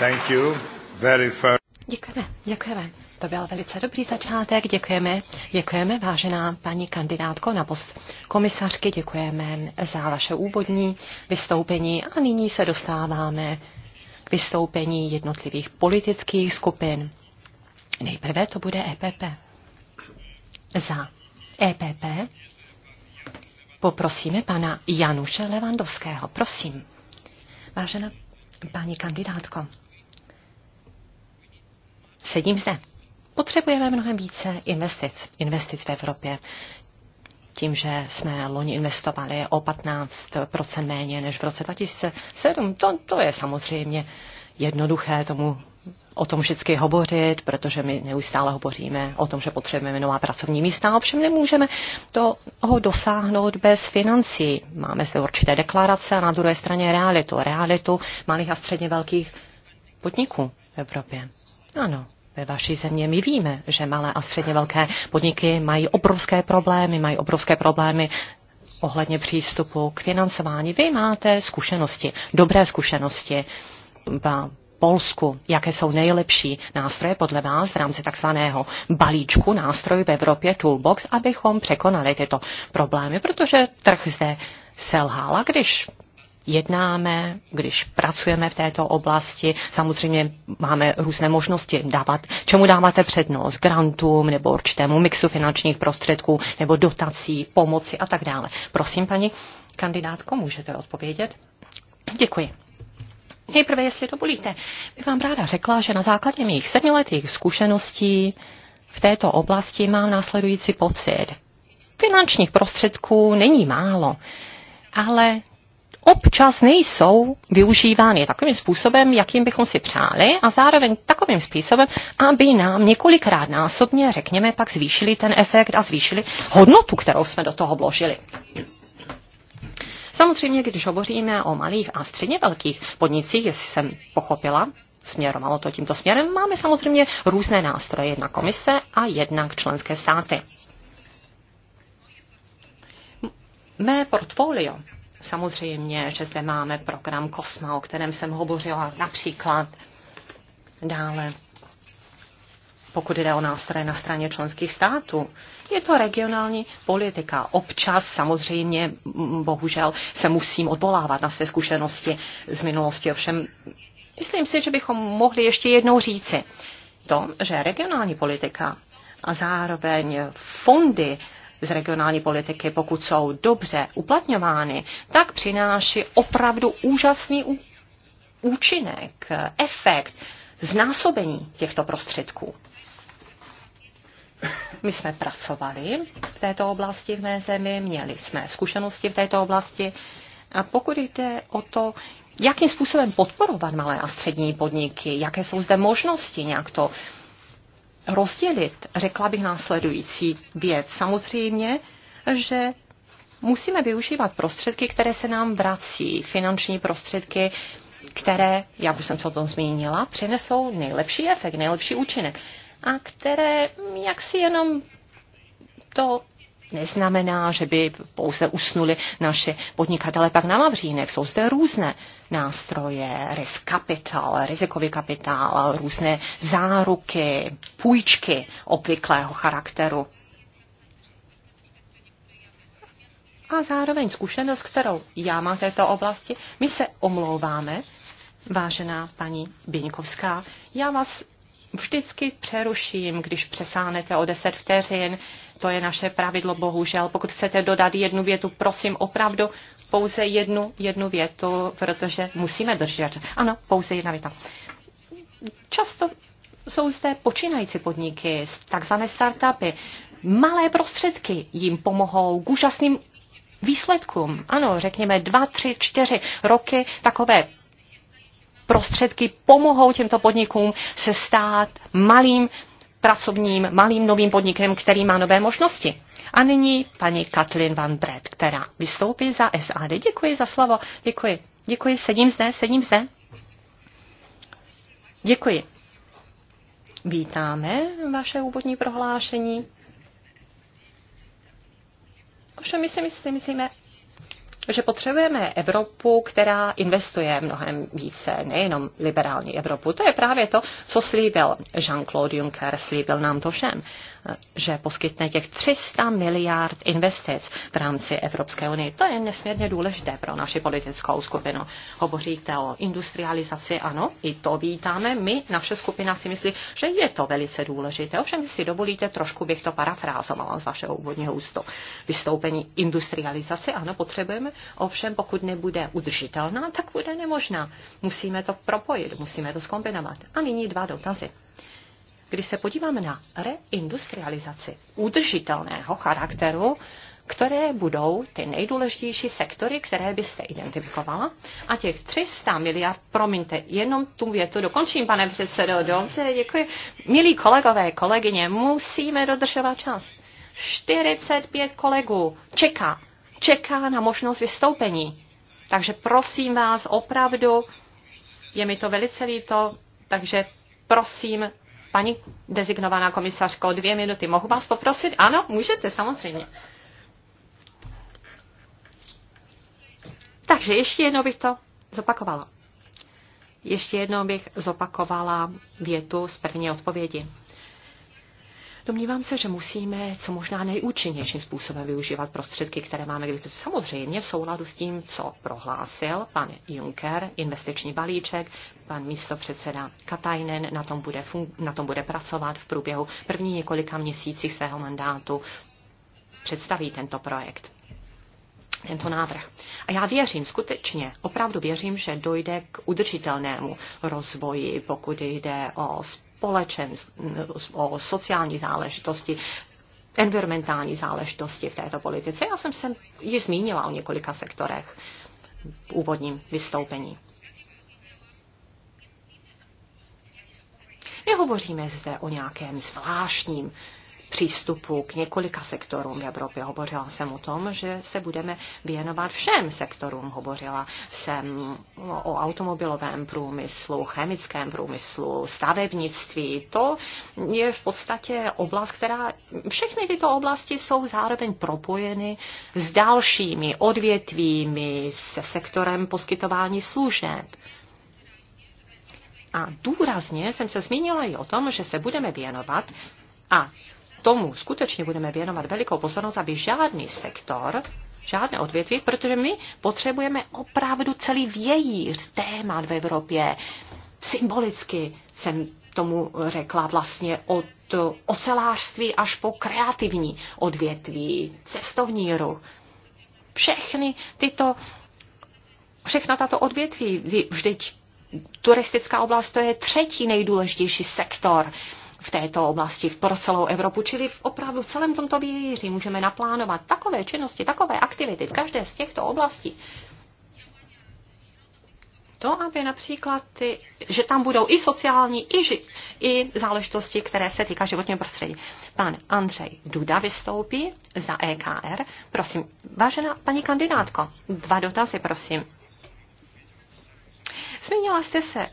Thank you very Děkujeme, děkujeme. To byl velice dobrý začátek. Děkujeme, děkujeme, vážená paní kandidátko na post komisařky. Děkujeme za vaše úvodní vystoupení a nyní se dostáváme k vystoupení jednotlivých politických skupin. Nejprve to bude EPP. Za EPP poprosíme pana Januše Levandovského. Prosím. Vážená paní kandidátko, sedím zde. Potřebujeme mnohem více investic, investic v Evropě. Tím, že jsme loni investovali o 15% méně než v roce 2007, to, to je samozřejmě jednoduché tomu o tom vždycky hovořit, protože my neustále hovoříme o tom, že potřebujeme nová pracovní místa, ovšem nemůžeme toho dosáhnout bez financí. Máme zde určité deklarace a na druhé straně realitu. Realitu malých a středně velkých podniků v Evropě. Ano, ve vaší země my víme, že malé a středně velké podniky mají obrovské problémy, mají obrovské problémy ohledně přístupu k financování. Vy máte zkušenosti, dobré zkušenosti v Polsku, jaké jsou nejlepší nástroje podle vás v rámci takzvaného balíčku nástrojů v Evropě Toolbox, abychom překonali tyto problémy, protože trh zde selhal. A když jednáme, když pracujeme v této oblasti. Samozřejmě máme různé možnosti dávat, čemu dáváte přednost, grantům nebo určitému mixu finančních prostředků nebo dotací, pomoci a tak dále. Prosím, paní kandidátko, můžete odpovědět? Děkuji. Nejprve, jestli to bolíte, bych vám ráda řekla, že na základě mých sedmiletých zkušeností v této oblasti mám následující pocit. Finančních prostředků není málo, ale občas nejsou využívány takovým způsobem, jakým bychom si přáli a zároveň takovým způsobem, aby nám několikrát násobně, řekněme, pak zvýšili ten efekt a zvýšili hodnotu, kterou jsme do toho vložili. Samozřejmě, když hovoříme o malých a středně velkých podnicích, jestli jsem pochopila, směrovalo to tímto směrem, máme samozřejmě různé nástroje, jedna komise a jednak členské státy. Mé portfolio Samozřejmě, že zde máme program Kosma, o kterém jsem hovořila například dále. Pokud jde o nástroje na straně členských států, je to regionální politika. Občas samozřejmě, bohužel, se musím odvolávat na své zkušenosti z minulosti. Ovšem, myslím si, že bychom mohli ještě jednou říci to, že regionální politika a zároveň fondy z regionální politiky, pokud jsou dobře uplatňovány, tak přináší opravdu úžasný účinek, efekt znásobení těchto prostředků. My jsme pracovali v této oblasti v mé zemi, měli jsme zkušenosti v této oblasti. A pokud jde o to, jakým způsobem podporovat malé a střední podniky, jaké jsou zde možnosti nějak to rozdělit, řekla bych následující věc. Samozřejmě, že musíme využívat prostředky, které se nám vrací, finanční prostředky, které, jak už jsem se o tom zmínila, přinesou nejlepší efekt, nejlepší účinek a které jaksi jenom to neznamená, že by pouze usnuli naše podnikatele pak na Mavřínek Jsou zde různé nástroje, risk capital, rizikový kapitál, různé záruky, půjčky obvyklého charakteru. A zároveň zkušenost, kterou já mám v této oblasti, my se omlouváme, vážená paní Biňkovská, já vás vždycky přeruším, když přesáhnete o 10 vteřin. To je naše pravidlo, bohužel. Pokud chcete dodat jednu větu, prosím opravdu pouze jednu, jednu větu, protože musíme držet. Ano, pouze jedna věta. Často jsou zde počínající podniky, takzvané startupy. Malé prostředky jim pomohou k úžasným výsledkům. Ano, řekněme dva, tři, čtyři roky takové prostředky pomohou těmto podnikům se stát malým pracovním, malým novým podnikem, který má nové možnosti. A nyní paní Katlin Van Bred, která vystoupí za SAD. Děkuji za slovo. Děkuji. Děkuji. Sedím zde, sedím zde. Děkuji. Vítáme vaše úvodní prohlášení. Ovšem my si myslíme, že potřebujeme Evropu, která investuje mnohem více, nejenom liberální Evropu. To je právě to, co slíbil Jean-Claude Juncker, slíbil nám to všem že poskytne těch 300 miliard investic v rámci Evropské unie. To je nesmírně důležité pro naši politickou skupinu. Hovoříte o industrializaci, ano, i to vítáme. My, naše skupina si myslí, že je to velice důležité. Ovšem, si dovolíte, trošku bych to parafrázovala z vašeho úvodního ústu. Vystoupení industrializace, ano, potřebujeme, ovšem pokud nebude udržitelná, tak bude nemožná. Musíme to propojit, musíme to skombinovat. A nyní dva dotazy. Když se podíváme na reindustrializaci udržitelného charakteru, které budou ty nejdůležitější sektory, které byste identifikovala. A těch 300 miliard, promiňte, jenom tu větu dokončím, pane předsedo, dobře, děkuji. Milí kolegové, kolegyně, musíme dodržovat čas. 45 kolegů čeká, čeká na možnost vystoupení. Takže prosím vás, opravdu, je mi to velice líto, takže prosím, Paní dezignovaná komisařko, dvě minuty. Mohu vás poprosit? Ano, můžete, samozřejmě. Takže ještě jednou bych to zopakovala. Ještě jednou bych zopakovala větu z první odpovědi. Domnívám se, že musíme co možná nejúčinnějším způsobem využívat prostředky, které máme k dispozici. Samozřejmě v souladu s tím, co prohlásil pan Juncker, investiční balíček, pan místopředseda Katajnen na tom bude, na tom bude pracovat v průběhu první několika měsíců svého mandátu, představí tento projekt tento návrh. A já věřím, skutečně, opravdu věřím, že dojde k udržitelnému rozvoji, pokud jde o společenství, o sociální záležitosti, environmentální záležitosti v této politice. Já jsem se ji zmínila o několika sektorech v úvodním vystoupení. Nehovoříme zde o nějakém zvláštním přístupu k několika sektorům v Evropě. Hovořila jsem o tom, že se budeme věnovat všem sektorům. Hovořila jsem o automobilovém průmyslu, chemickém průmyslu, stavebnictví. To je v podstatě oblast, která všechny tyto oblasti jsou zároveň propojeny s dalšími odvětvími, se sektorem poskytování služeb. A důrazně jsem se zmínila i o tom, že se budeme věnovat a tomu skutečně budeme věnovat velikou pozornost, aby žádný sektor, žádné odvětví, protože my potřebujeme opravdu celý vějíř témat v Evropě. Symbolicky jsem tomu řekla vlastně od ocelářství až po kreativní odvětví, cestovní ruch. Všechny tyto, všechna tato odvětví, vždyť turistická oblast to je třetí nejdůležitější sektor v této oblasti v pro celou Evropu, čili v opravdu v celém tomto vějíři můžeme naplánovat takové činnosti, takové aktivity v každé z těchto oblastí. To, aby například, ty, že tam budou i sociální, i, ži, i záležitosti, které se týká životního prostředí. Pan Andřej Duda vystoupí za EKR. Prosím, vážená paní kandidátko, dva dotazy, prosím. Zmínila jste se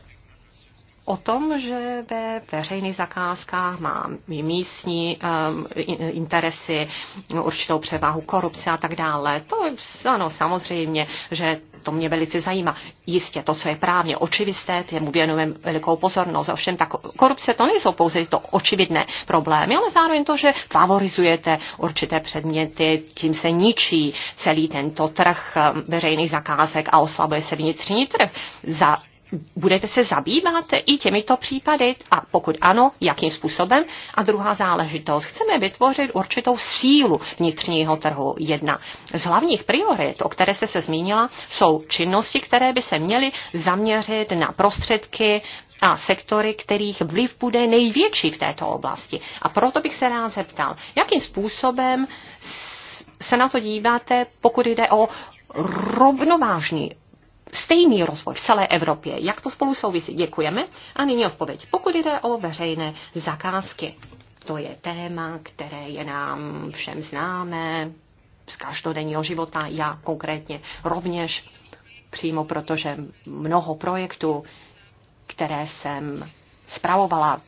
o tom, že ve veřejných zakázkách má místní um, interesy, určitou převahu korupce a tak dále. To ano, samozřejmě, že to mě velice zajímá. Jistě to, co je právně očivisté, těmu věnujeme velikou pozornost. Ovšem, tak korupce to nejsou pouze to očividné problémy, ale zároveň to, že favorizujete určité předměty, tím se ničí celý tento trh um, veřejných zakázek a oslabuje se vnitřní trh. Za budete se zabývat i těmito případy a pokud ano, jakým způsobem? A druhá záležitost, chceme vytvořit určitou sílu vnitřního trhu. Jedna z hlavních priorit, o které jste se zmínila, jsou činnosti, které by se měly zaměřit na prostředky a sektory, kterých vliv bude největší v této oblasti. A proto bych se rád zeptal, jakým způsobem se na to díváte, pokud jde o rovnovážný stejný rozvoj v celé Evropě. Jak to spolu souvisí? Děkujeme. A nyní odpověď. Pokud jde o veřejné zakázky, to je téma, které je nám všem známé z každodenního života, já konkrétně rovněž přímo, protože mnoho projektů, které jsem spravovala,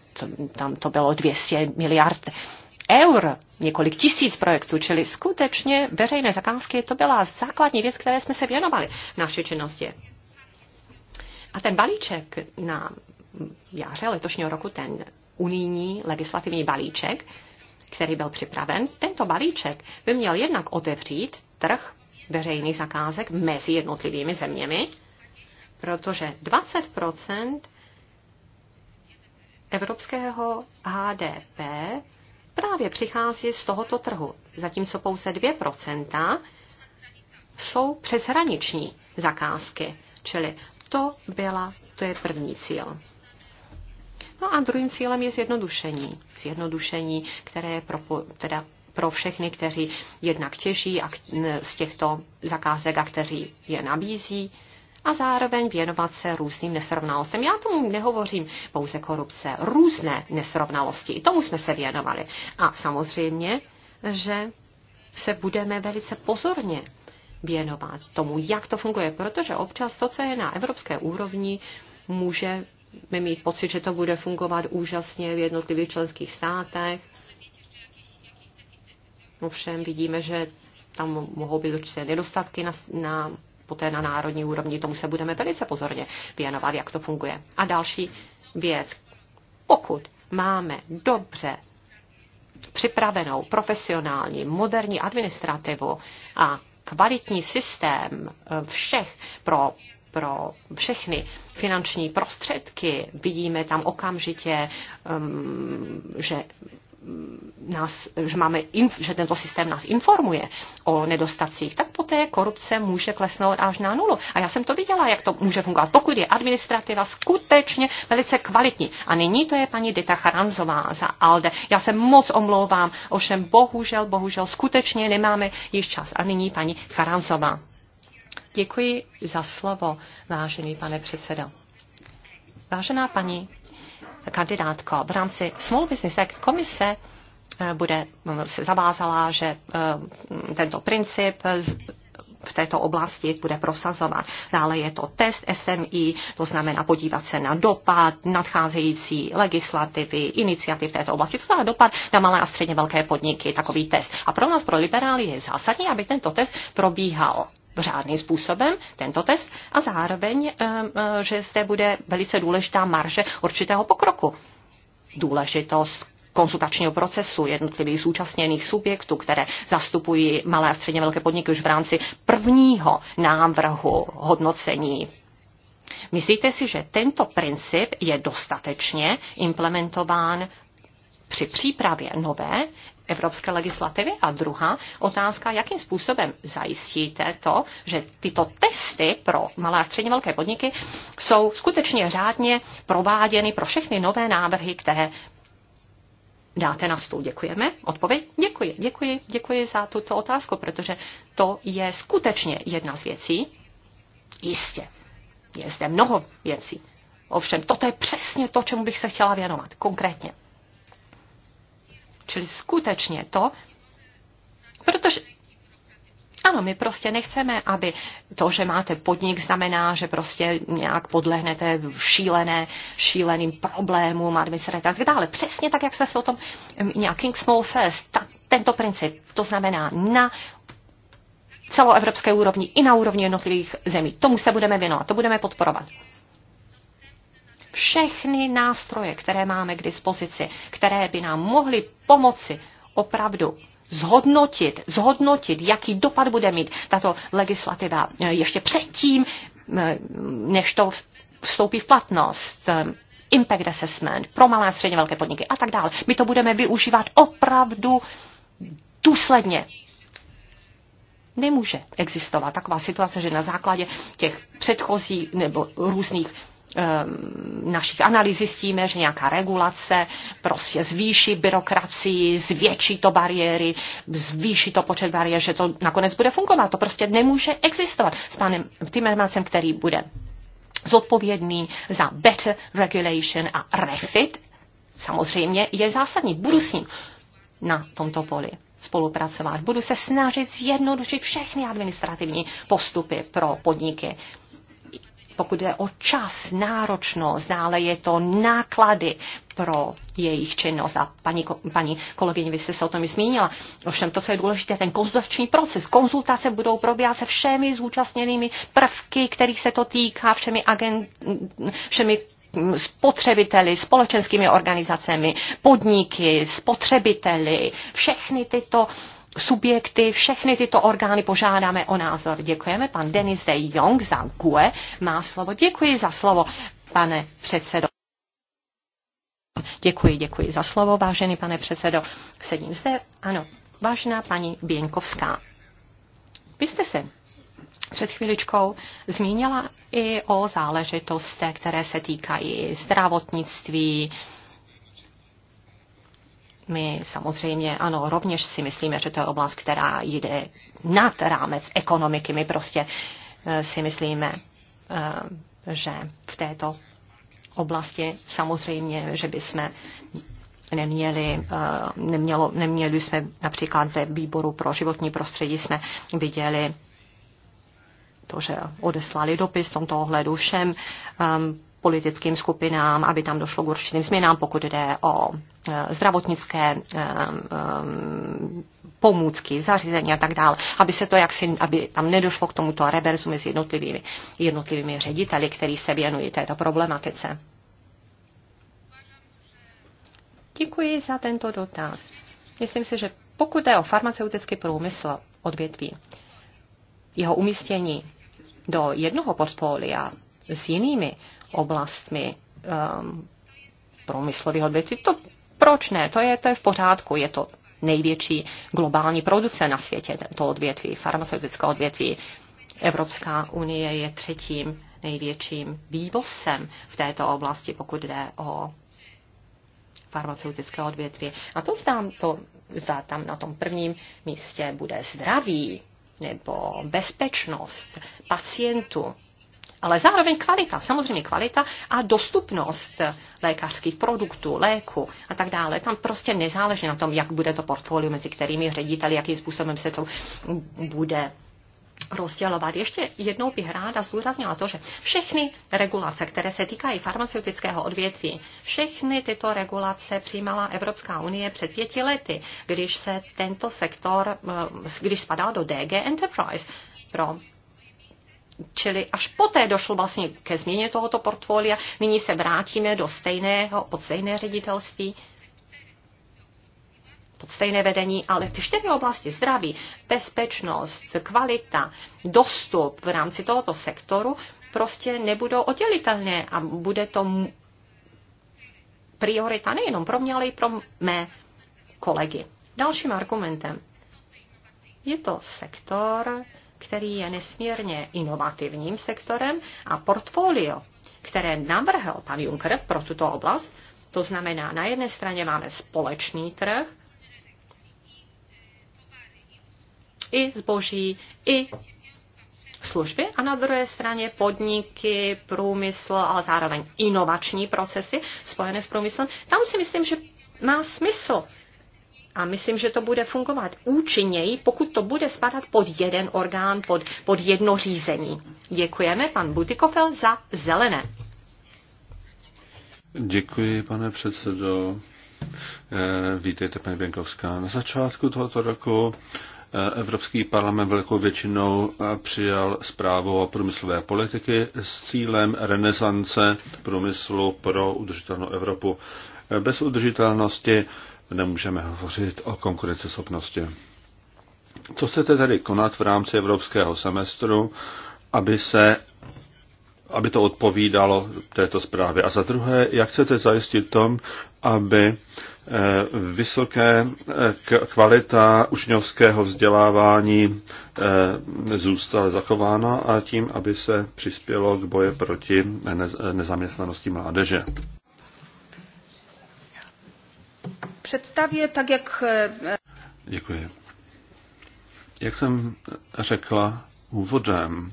tam to bylo 200 miliard eur, několik tisíc projektů, čili skutečně veřejné zakázky, to byla základní věc, které jsme se věnovali v naší činnosti. A ten balíček na jaře letošního roku, ten unijní legislativní balíček, který byl připraven, tento balíček by měl jednak otevřít trh veřejných zakázek mezi jednotlivými zeměmi, protože 20 evropského HDP právě přichází z tohoto trhu, zatímco pouze 2% jsou přeshraniční zakázky, čili to, byla, to je první cíl. No a druhým cílem je zjednodušení. Zjednodušení, které je pro, teda pro všechny, kteří jednak těží z těchto zakázek a kteří je nabízí a zároveň věnovat se různým nesrovnalostem. Já tomu nehovořím pouze korupce, různé nesrovnalosti. I tomu jsme se věnovali. A samozřejmě, že se budeme velice pozorně věnovat tomu, jak to funguje, protože občas to, co je na evropské úrovni, může mít pocit, že to bude fungovat úžasně v jednotlivých členských státech. Ovšem vidíme, že tam mohou být určité nedostatky na, na poté na národní úrovni. Tomu se budeme velice pozorně věnovat, jak to funguje. A další věc. Pokud máme dobře připravenou profesionální moderní administrativu a kvalitní systém eh, všech pro pro všechny finanční prostředky. Vidíme tam okamžitě, ehm, že nás, že, máme, že tento systém nás informuje o nedostacích, tak poté korupce může klesnout až na nulu. A já jsem to viděla, jak to může fungovat, pokud je administrativa skutečně velice kvalitní. A nyní to je paní Dita Charanzová za ALDE. Já se moc omlouvám, ovšem bohužel, bohužel skutečně nemáme již čas. A nyní paní Charanzová. Děkuji za slovo, vážený pane předsedo. Vážená paní kandidátko, v rámci Small Business Act komise eh, bude, se zavázala, že eh, tento princip v této oblasti bude prosazovat. Dále je to test SMI, to znamená podívat se na dopad nadcházející legislativy, iniciativ v této oblasti, to znamená dopad na malé a středně velké podniky, takový test. A pro nás, pro liberály, je zásadní, aby tento test probíhal řádným způsobem tento test a zároveň, eh, eh, že zde bude velice důležitá marže určitého pokroku. Důležitost konzultačního procesu jednotlivých zúčastněných subjektů, které zastupují malé a středně velké podniky už v rámci prvního návrhu hodnocení. Myslíte si, že tento princip je dostatečně implementován při přípravě nové evropské legislativy? A druhá otázka, jakým způsobem zajistíte to, že tyto testy pro malé a středně velké podniky jsou skutečně řádně prováděny pro všechny nové návrhy, které dáte na stůl. Děkujeme. Odpověď? Děkuji, děkuji, děkuji za tuto otázku, protože to je skutečně jedna z věcí. Jistě, je zde mnoho věcí. Ovšem, toto je přesně to, čemu bych se chtěla věnovat, konkrétně. Čili skutečně to, protože ano, my prostě nechceme, aby to, že máte podnik, znamená, že prostě nějak podlehnete šílené, šíleným problémům, administrativě a tak dále. Přesně tak, jak jste se o tom nějakým Small Fest, ta, tento princip, to znamená na celoevropské úrovni i na úrovni jednotlivých zemí. Tomu se budeme věnovat, to budeme podporovat všechny nástroje, které máme k dispozici, které by nám mohly pomoci opravdu zhodnotit, zhodnotit, jaký dopad bude mít tato legislativa eh, ještě předtím, eh, než to vstoupí v platnost eh, impact assessment pro malé a středně velké podniky a tak dále. My to budeme využívat opravdu důsledně. Nemůže existovat taková situace, že na základě těch předchozích nebo různých Ehm, našich analýz zjistíme, že nějaká regulace prostě zvýší byrokracii, zvětší to bariéry, zvýší to počet bariér, že to nakonec bude fungovat. To prostě nemůže existovat s panem Timmermansem, který bude zodpovědný za better regulation a refit, samozřejmě je zásadní. Budu s ním na tomto poli spolupracovat. Budu se snažit zjednodušit všechny administrativní postupy pro podniky pokud je o čas, náročnost, dále je to náklady pro jejich činnost. A paní, paní kolegyně, vy jste se o tom i zmínila. Ovšem to, co je důležité, ten konzultační proces. Konzultace budou probíhat se všemi zúčastněnými prvky, kterých se to týká, všemi, agent, všemi mm, spotřebiteli, společenskými organizacemi, podniky, spotřebiteli, všechny tyto uh, subjekty, všechny tyto orgány požádáme o názor. Děkujeme. Pan Denis de Jong za GUE má slovo. Děkuji za slovo, pane předsedo. Děkuji, děkuji za slovo, vážený pane předsedo. Sedím zde. Ano, vážná paní Běnkovská. Vy jste se před chvíličkou zmínila i o záležitostech, které se týkají zdravotnictví, my samozřejmě, ano, rovněž si myslíme, že to je oblast, která jde nad rámec ekonomiky. My prostě eh, si myslíme, eh, že v této oblasti samozřejmě, že by jsme neměli, eh, nemělo, neměli jsme například ve výboru pro životní prostředí jsme viděli to, že odeslali dopis v tomto ohledu všem ehm, politickým skupinám, aby tam došlo k určitým změnám, pokud jde o e, zdravotnické e, e, pomůcky, zařízení a tak dále, aby se to jaksi, aby tam nedošlo k tomuto reverzu mezi jednotlivými, jednotlivými řediteli, který se věnují této problematice. Děkuji za tento dotaz. Myslím si, že pokud je o farmaceutický průmysl odvětví, jeho umístění do jednoho portfolia s jinými oblastmi um, průmyslových odvětví. To proč ne? To je, to je v pořádku. Je to největší globální produce na světě, to odvětví, farmaceutické odvětví. Evropská unie je třetím největším vývozem v této oblasti, pokud jde o farmaceutické odvětví. A to zdám to, zdá tam na tom prvním místě bude zdraví nebo bezpečnost pacientů ale zároveň kvalita, samozřejmě kvalita a dostupnost lékařských produktů, léku a tak dále. Tam prostě nezáleží na tom, jak bude to portfolio, mezi kterými řediteli, jakým způsobem se to bude rozdělovat. Ještě jednou bych ráda zdůraznila to, že všechny regulace, které se týkají farmaceutického odvětví, všechny tyto regulace přijímala Evropská unie před pěti lety, když se tento sektor, eh, když spadal do DG Enterprise pro Čili až poté došlo vlastně ke změně tohoto portfolia. Nyní se vrátíme do stejného, pod stejné ředitelství, pod stejné vedení, ale ty čtyři oblasti zdraví, bezpečnost, kvalita, dostup v rámci tohoto sektoru prostě nebudou oddělitelné a bude to priorita nejenom pro mě, ale i pro mé kolegy. Dalším argumentem. Je to sektor, který je nesmírně inovativním sektorem a portfolio, které navrhl pan Juncker pro tuto oblast, to znamená, na jedné straně máme společný trh, i zboží, i služby a na druhé straně podniky, průmysl, ale zároveň inovační procesy spojené s průmyslem. Tam si myslím, že má smysl a myslím, že to bude fungovat účinněji, pokud to bude spadat pod jeden orgán, pod, pod jedno řízení. Děkujeme pan Butikofel za zelené. Děkuji, pane předsedo. Eh, vítejte, paní Benkovská. Na začátku tohoto roku eh, Evropský parlament velkou většinou eh, přijal zprávu o průmyslové politiky s cílem renesance průmyslu pro udržitelnou Evropu. Bez udržitelnosti nemůžeme hovořit o konkurenceschopnosti. Co chcete tedy konat v rámci evropského semestru, aby se aby to odpovídalo této zprávě. A za druhé, jak chcete zajistit tom, aby eh, vysoké eh, kvalita učňovského vzdělávání eh, zůstala zachována a tím, aby se přispělo k boje proti nezaměstnanosti mládeže. Představě, tak jak... Eh, Děkuji. Jak jsem řekla úvodem,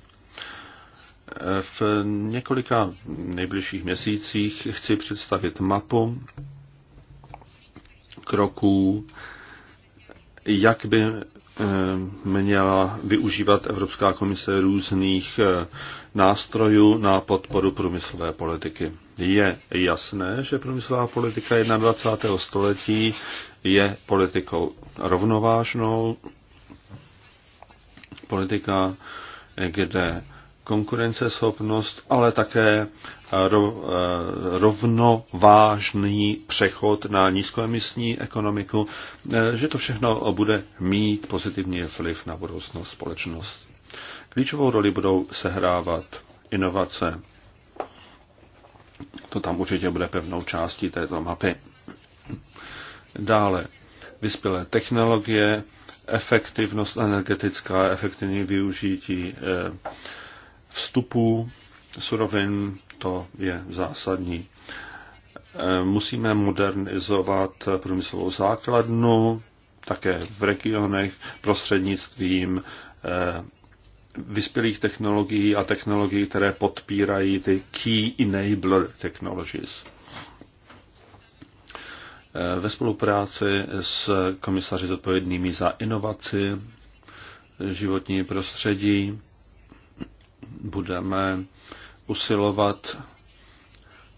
eh, v několika nejbližších měsících chci představit mapu kroků, jak by eh, měla využívat Evropská komise různých nástrojů na podporu průmyslové politiky. Je jasné, že průmyslová politika 21. století je politikou rovnovážnou, politika, kde konkurenceschopnost, ale také eh, rovnovážný přechod na nízkoemisní ekonomiku, eh, že to všechno bude mít pozitivní vliv na budoucnost společnost. Klíčovou roli budou sehrávat inovace. To tam určitě bude pevnou částí této mapy. Dále vyspělé technologie, efektivnost energetická, efektivní využití eh, vstupů surovin, to je zásadní. Eh, musíme modernizovat průmyslovou základnu, také v regionech prostřednictvím eh, vyspělých technologií a technologií, které podpírají ty key enabler technologies. Eh, ve spolupráci s komisaři zodpovědnými za inovaci, životní prostředí budeme usilovat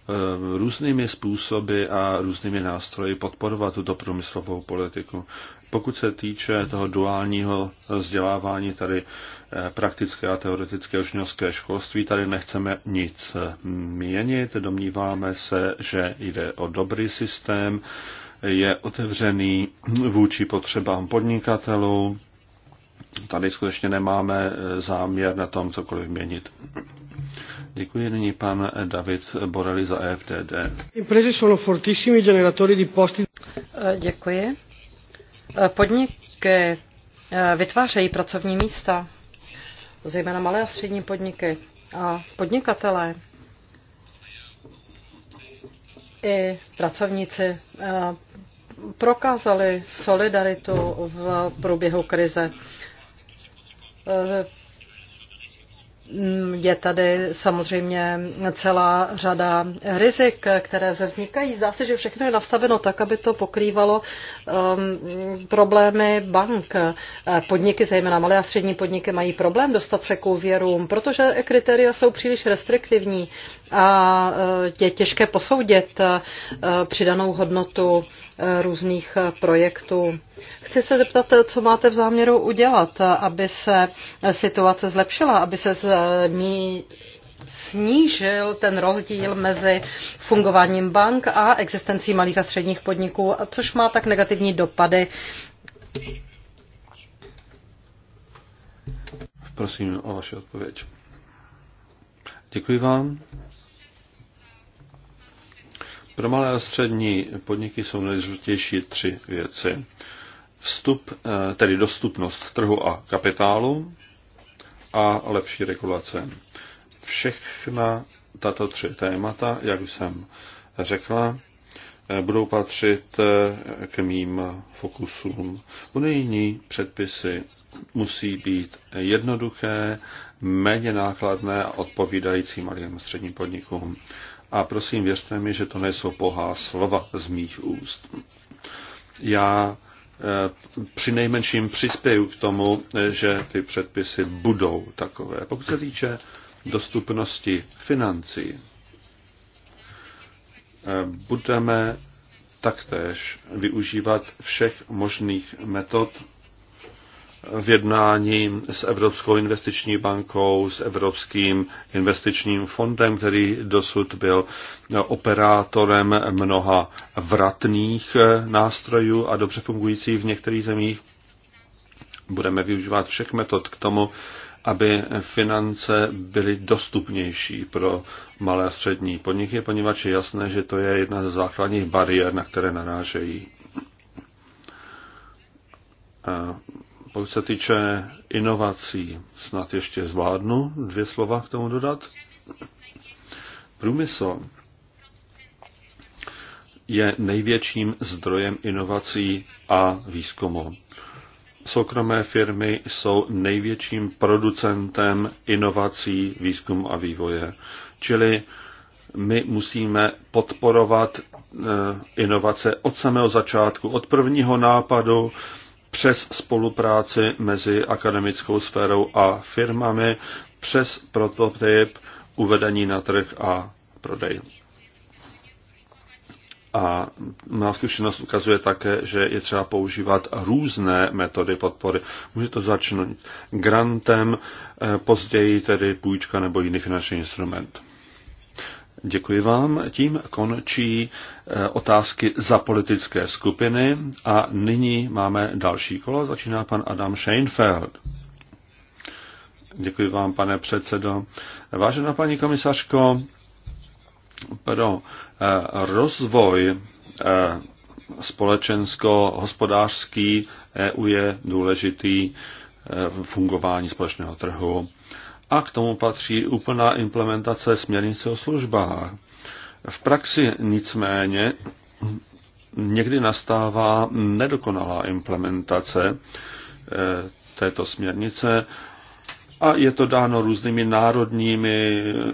Eh, různými způsoby a různými nástroji podporovat tuto průmyslovou politiku. Pokud se týče toho duálního vzdělávání, tady eh, praktické a teoretické učňovské školství, tady nechceme nic eh, měnit. Domníváme se, že jde o dobrý systém, je otevřený vůči potřebám podnikatelů. Tady skutečně nemáme záměr na tom cokoliv měnit. Děkuji nyní pan David Borelli za EFTD. Děkuji. Podniky eh, vytvářejí pracovní místa, zejména malé a střední podniky a podnikatelé i pracovníci eh, prokázali solidaritu v průběhu krize. Eh, Mm, je tady samozřejmě celá řada rizik, které se vznikají. Zdá se, že všechno je nastaveno tak, aby to pokrývalo um, problémy bank. Podniky, zejména malé a střední podniky, mají problém dostat se k úvěrům, protože kritéria jsou příliš restriktivní a eh, je těžké posoudit eh, přidanou hodnotu eh, různých projektů. Chci se zeptat, co máte v záměru udělat, aby se situace zlepšila, aby se zmí, snížil ten rozdíl mezi fungováním bank a existencí malých a středních podniků, což má tak negativní dopady. Prosím o vaši odpověď. Děkuji vám. Pro malé a střední podniky jsou nejdůležitější tři věci vstup, eh, tedy dostupnost trhu a kapitálu a lepší regulace. Všechna tato tři témata, jak už jsem řekla, eh, budou patřit eh, k mým fokusům. Unijní předpisy musí být jednoduché, méně nákladné a odpovídající malým a středním podnikům. A prosím, věřte mi, že to nejsou pohá slova z mých úst. Já Eh, při nejmenším přispěju k tomu, eh, že ty předpisy budou takové. Pokud se týče dostupnosti financí, eh, budeme taktéž využívat všech možných metod v jednání s Evropskou investiční bankou, s Evropským investičním fondem, který dosud byl operátorem mnoha vratných eh, nástrojů a dobře fungující v některých zemích. Budeme využívat všech metod k tomu, aby finance byly dostupnější pro malé a střední podniky, poněvadž je jasné, že to je jedna ze základních bariér, na které narážejí eh, pokud se týče inovací, snad ještě zvládnu dvě slova k tomu dodat. Průmysl je největším zdrojem inovací a výzkumu. Soukromé firmy jsou největším producentem inovací, výzkumu a vývoje. Čili my musíme podporovat eh, inovace od samého začátku, od prvního nápadu přes spolupráci mezi akademickou sférou a firmami, přes prototyp uvedení na trh a prodej. A má zkušenost ukazuje také, že je třeba používat různé metody podpory. Může to začnout grantem, eh, později tedy půjčka nebo jiný finanční instrument. Děkuji vám. Tím končí eh, otázky za politické skupiny a nyní máme další kolo. Začíná pan Adam Scheinfeld. Děkuji vám, pane předsedo. Vážená paní komisařko, pro eh, rozvoj eh, společensko-hospodářský EU je důležitý fungování společného trhu a k tomu patří úplná implementace směrnice o službách. V praxi nicméně někdy nastává nedokonalá implementace eh, této směrnice a je to dáno různými národními, eh,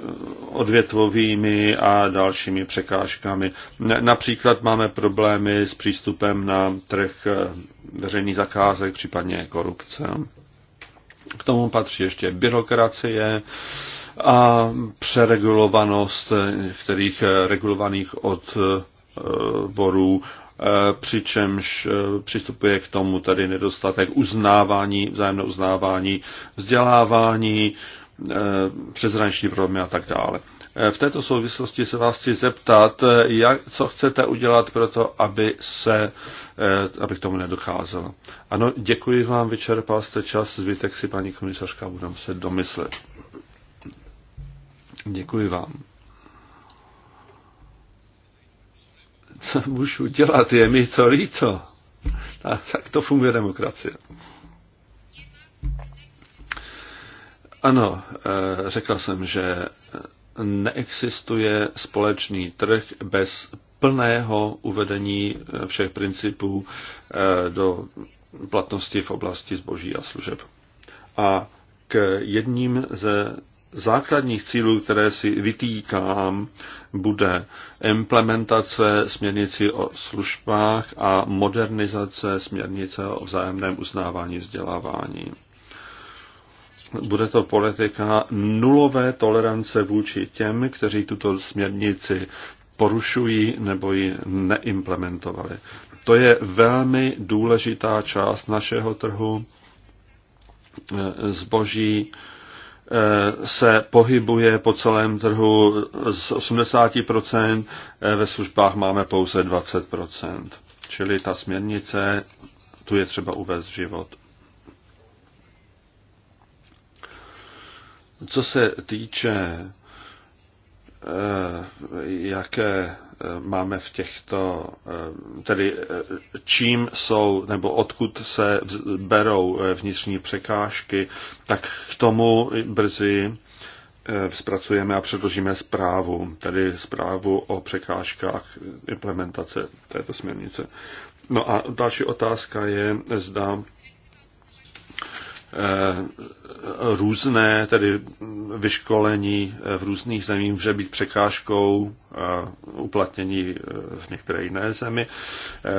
odvětvovými a dalšími překážkami. Například máme problémy s přístupem na trh eh, veřejných zakázek, případně korupce. K tomu patří ještě byrokracie a přeregulovanost některých regulovaných odborů eh, přičemž eh, přistupuje k tomu tady nedostatek uznávání, vzájemné uznávání, vzdělávání, eh, přeshraniční problémy a tak dále. V této souvislosti se vás chci zeptat, jak, co chcete udělat pro to, aby, se, eh, aby k tomu nedocházelo. Ano, děkuji vám, vyčerpal jste čas, zbytek si paní komisařka budu se domyslet. Děkuji vám. Co můžu dělat, je mi to líto. Tak, tak to funguje demokracie. Ano, eh, řekl jsem, že neexistuje společný trh bez plného uvedení eh, všech principů eh, do platnosti v oblasti zboží a služeb. A k jedním ze základních cílů, které si vytýkám, bude implementace směrnici o službách a modernizace směrnice o vzájemném uznávání vzdělávání bude to politika nulové tolerance vůči těm, kteří tuto směrnici porušují nebo ji neimplementovali. To je velmi důležitá část našeho trhu. Zboží eh, se pohybuje po celém trhu z 80%, eh, ve službách máme pouze 20%. Čili ta směrnice tu je třeba uvést život. Co se týče, eh, jaké eh, máme v těchto, eh, tedy čím jsou nebo odkud se berou vnitřní překážky, tak k tomu brzy zpracujeme a předložíme zprávu, tedy zprávu o překážkách implementace této směrnice. No a další otázka je, zda Eh, různé, tedy vyškolení eh, v různých zemích může být překážkou eh, uplatnění v některé jiné zemi,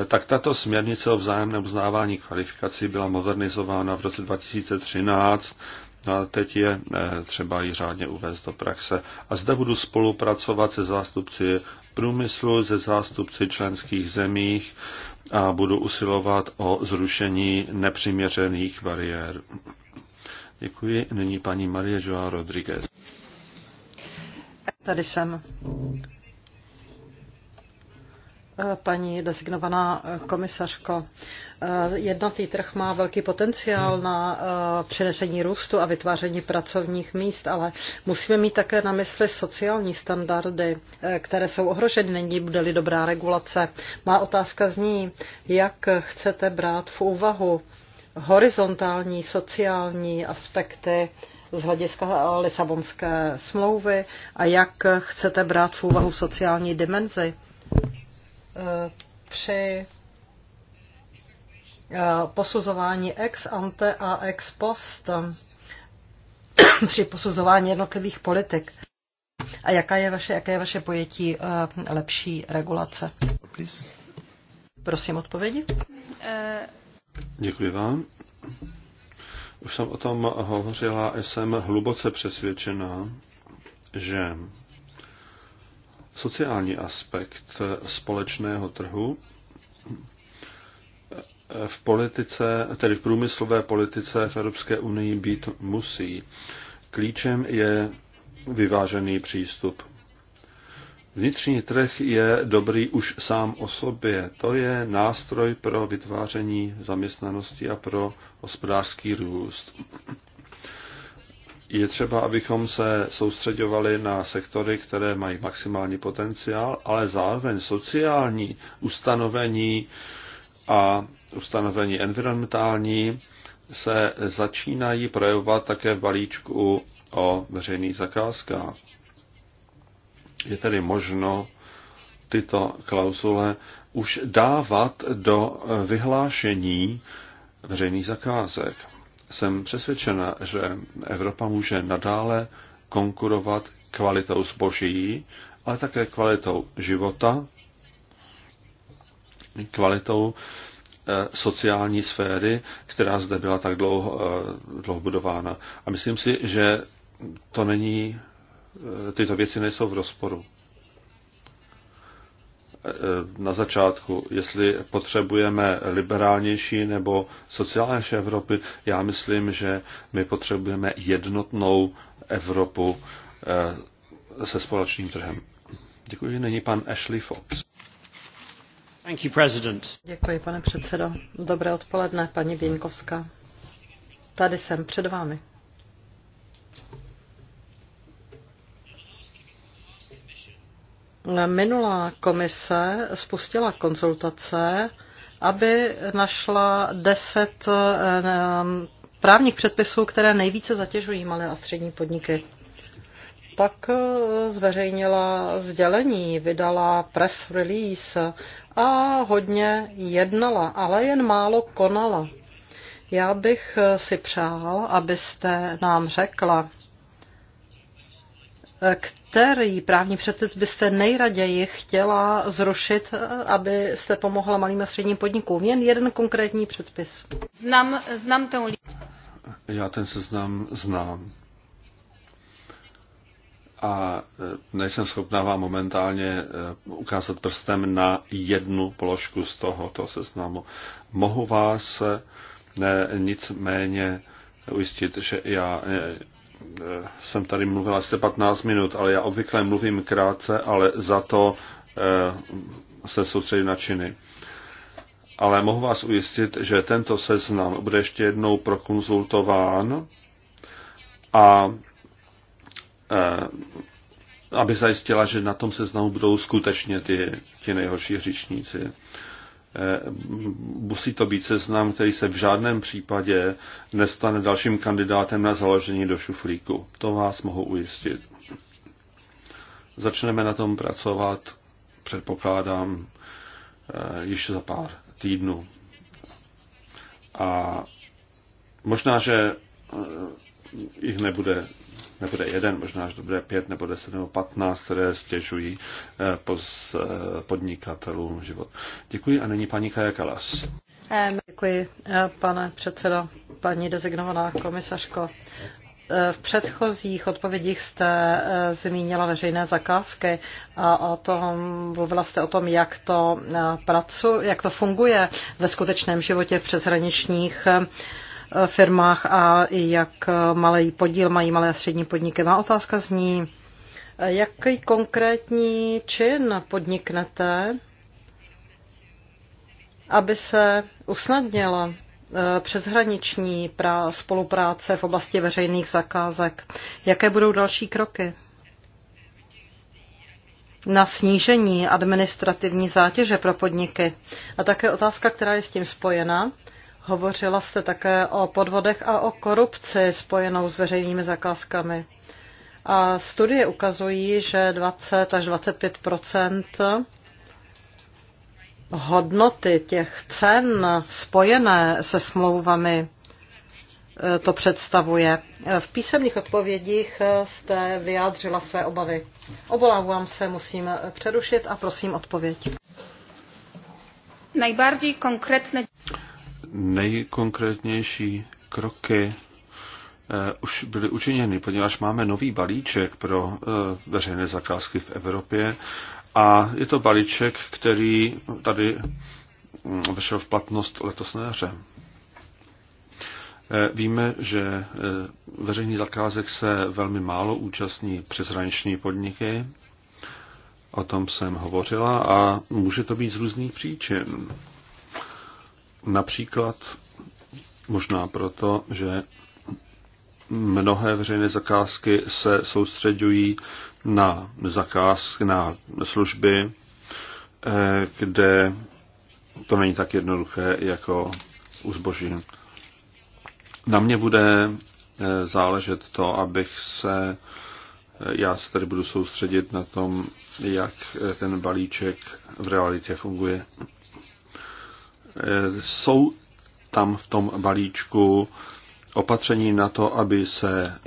tak tato směrnice o vzájemném uznávání kvalifikací byla modernizována v roce 2013 a teď je třeba ji řádně uvést do praxe. A zde budu spolupracovat se zástupci průmyslu, se zástupci členských zemích, a budu usilovat o zrušení nepřiměřených bariér. Děkuji. Nyní paní Marie Joa Rodriguez. Tady jsem. Paní designovaná komisařko, Eh, jednotný trh má velký potenciál na eh, přenesení růstu a vytváření pracovních míst, ale musíme mít také na mysli sociální standardy, eh, které jsou ohroženy, není bude-li dobrá regulace. Má otázka zní, jak chcete brát v úvahu horizontální sociální aspekty z hlediska Lisabonské smlouvy a jak chcete brát v úvahu sociální dimenzi při Eh, posuzování ex ante a ex post eh, při posuzování jednotlivých politik. A jaká je vaše, jaké je vaše pojetí eh, lepší regulace? Please. Prosím odpovědi. Děkuji vám. Už jsem o tom hovořila a jsem hluboce přesvědčená, že sociální aspekt společného trhu v politice, tedy v průmyslové politice v Evropské unii být musí. Klíčem je vyvážený přístup. Vnitřní trh je dobrý už sám o sobě. To je nástroj pro vytváření zaměstnanosti a pro hospodářský růst. Je třeba, abychom se soustředovali na sektory, které mají maximální potenciál, ale zároveň sociální ustanovení a ustanovení environmentální se začínají projevovat také v balíčku o veřejných zakázkách. Je tedy možno tyto klauzule už dávat do vyhlášení veřejných zakázek. Jsem přesvědčena, že Evropa může nadále konkurovat kvalitou zboží, ale také kvalitou života kvalitou eh, sociální sféry, která zde byla tak dlouho, eh, dlouho budována. A myslím si, že to není, eh, tyto věci nejsou v rozporu. Na začátku, jestli potřebujeme liberálnější nebo sociálnější Evropy, já myslím, že my potřebujeme jednotnou Evropu se společným trhem. Děkuji, není pan Ashley Fox. Děkuji, pane předsedo. Dobré odpoledne, paní Běňkovská. Tady jsem před vámi. Minulá komise spustila konzultace, aby našla deset eh, eh, právních předpisů, které nejvíce zatěžují malé a střední podniky pak eh, zveřejnila sdělení, vydala press release a hodně jednala, ale jen málo konala. Já bych eh, si přál, abyste nám řekla, eh, který právní předpis byste nejraději chtěla zrušit, abyste pomohla malým a středním podnikům? Jen jeden konkrétní předpis. Znám, znám ten Já ten seznam znám a e, nejsem schopná vám momentálně e, ukázat prstem na jednu položku z tohoto seznamu. Mohu vás ne, e, nicméně ujistit, že já jsem tady mluvil asi 15 minut, ale já obvykle mluvím krátce, ale za to se soustředím na činy. Ale mohu vás ujistit, že tento seznam bude ještě jednou prokonzultován a Eh, aby zajistila, že na tom seznamu budou skutečně ty, ti nejhorší hřičníci. Eh, musí to být seznam, který se v žádném případě nestane dalším kandidátem na založení do šuflíku. To vás mohu ujistit. Začneme na tom pracovat, předpokládám, eh, již za pár týdnů. A možná, že jich nebude nebude jeden, možná až to bude pět nebo deset nebo patnáct, které stěžují eh, eh, podnikatelům život. Děkuji a nyní paní Kaja Kalas. Děkuji, eh, pane předsedo, paní dezignovaná komisařko. V předchozích odpovědích jste zmínila veřejné zakázky a o tom, mluvila jste o tom, jak to, pracu, jak to funguje ve skutečném životě v přeshraničních Eh, firmách a jak eh, malý podíl mají malé a střední podniky. Má otázka zní, eh, jaký konkrétní čin podniknete, aby se usnadnila přeshraniční spolupráce v oblasti veřejných zakázek. Jaké budou další kroky? na snížení administrativní zátěže pro podniky. A také otázka, která je s tím spojena. Hovořila jste také o podvodech a o korupci spojenou s veřejnými zakázkami. A studie ukazují, že 20 až 25 hodnoty těch cen spojené se smlouvami e, to představuje. V písemných odpovědích jste vyjádřila své obavy. Obolávám se, musím přerušit a prosím odpověď. Nejbardziej konkrétne nejkonkrétnější kroky eh, už byly učiněny, poněvadž máme nový balíček pro eh, veřejné zakázky v Evropě a je to balíček, který tady hm, vešel v platnost letos na jaře. Eh, víme, že veřejný zakázek se velmi málo účastní přeshraniční podniky. O tom jsem hovořila a může to být z různých příčin. Například možná proto, že mnohé veřejné zakázky se soustředují na zakázky, na služby, eh, kde to není tak jednoduché jako u zboží. Na mě bude eh, záležet to, abych se, eh, já se tady budu soustředit na tom, jak ten balíček v realitě funguje. Eh, jsou tam v tom balíčku opatření na to, aby se eh,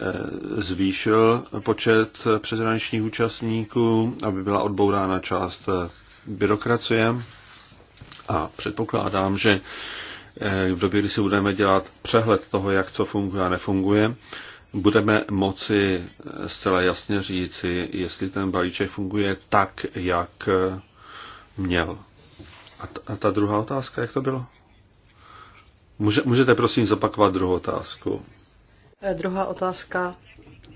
zvýšil počet přeshraničních účastníků, aby byla odbourána část eh, byrokracie. A předpokládám, že v době, kdy si budeme dělat přehled toho, jak co funguje a nefunguje, budeme moci zcela jasně říci, jestli ten balíček funguje tak, jak měl. A ta, a ta druhá otázka, jak to bylo? Může, můžete prosím zopakovat druhou otázku? Eh, druhá otázka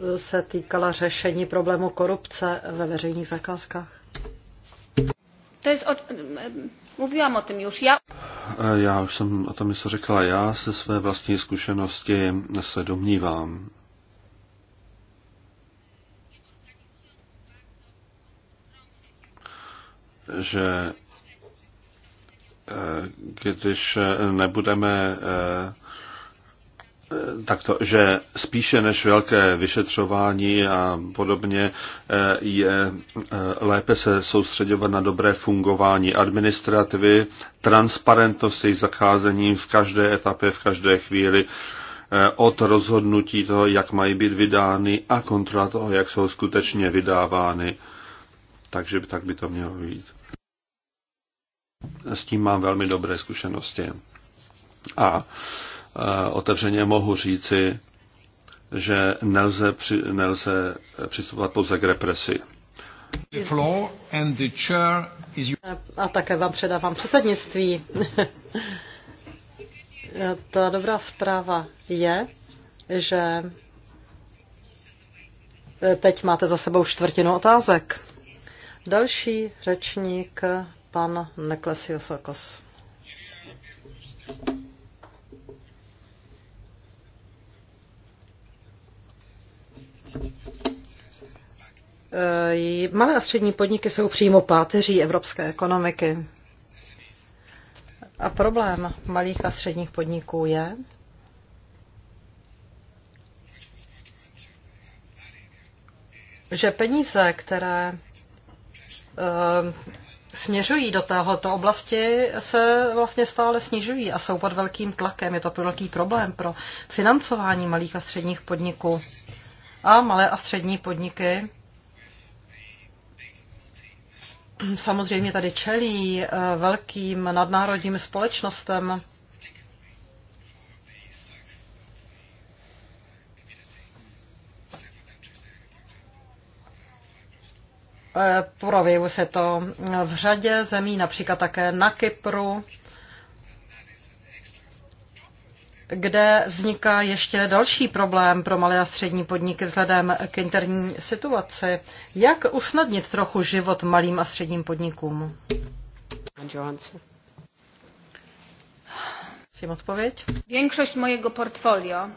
eh, se týkala řešení problému korupce ve veřejných zakázkách. To je od... Eh, Mluvila o tom už. Já... já už jsem o tom něco řekla. Já se své vlastní zkušenosti se domnívám, že když eh, nebudeme eh, takto, že spíše než velké vyšetřování a podobně eh, je lépe se soustředovat na dobré fungování administrativy, transparentnost jejich zacházení v každé etapě, v každé chvíli, od rozhodnutí toho, jak mají být vydány a kontrola toho, jak jsou skutečně vydávány. Takže tak by to mělo být. S tím mám velmi dobré zkušenosti. A e, otevřeně mohu říci, že nelze, při, nelze přistupovat pouze k represi. A také vám předávám předsednictví. Ta dobrá zpráva je, že teď máte za sebou čtvrtinu otázek. Další řečník, pan Neklesiosakos. E, malé a střední podniky jsou přímo páteří evropské ekonomiky. A problém malých a středních podniků je, že peníze, které směřují do této oblasti, se vlastně stále snižují a jsou pod velkým tlakem. Je to velký problém pro financování malých a středních podniků. A malé a střední podniky samozřejmě tady čelí eh, velkým nadnárodním společnostem, Eh, Projevuje se to v řadě zemí, například také na Kypru, kde vzniká ještě další problém pro malé a střední podniky vzhledem k interní situaci. Jak usnadnit trochu život malým a středním podnikům? Prosím odpověď. Większość mojego portfolio.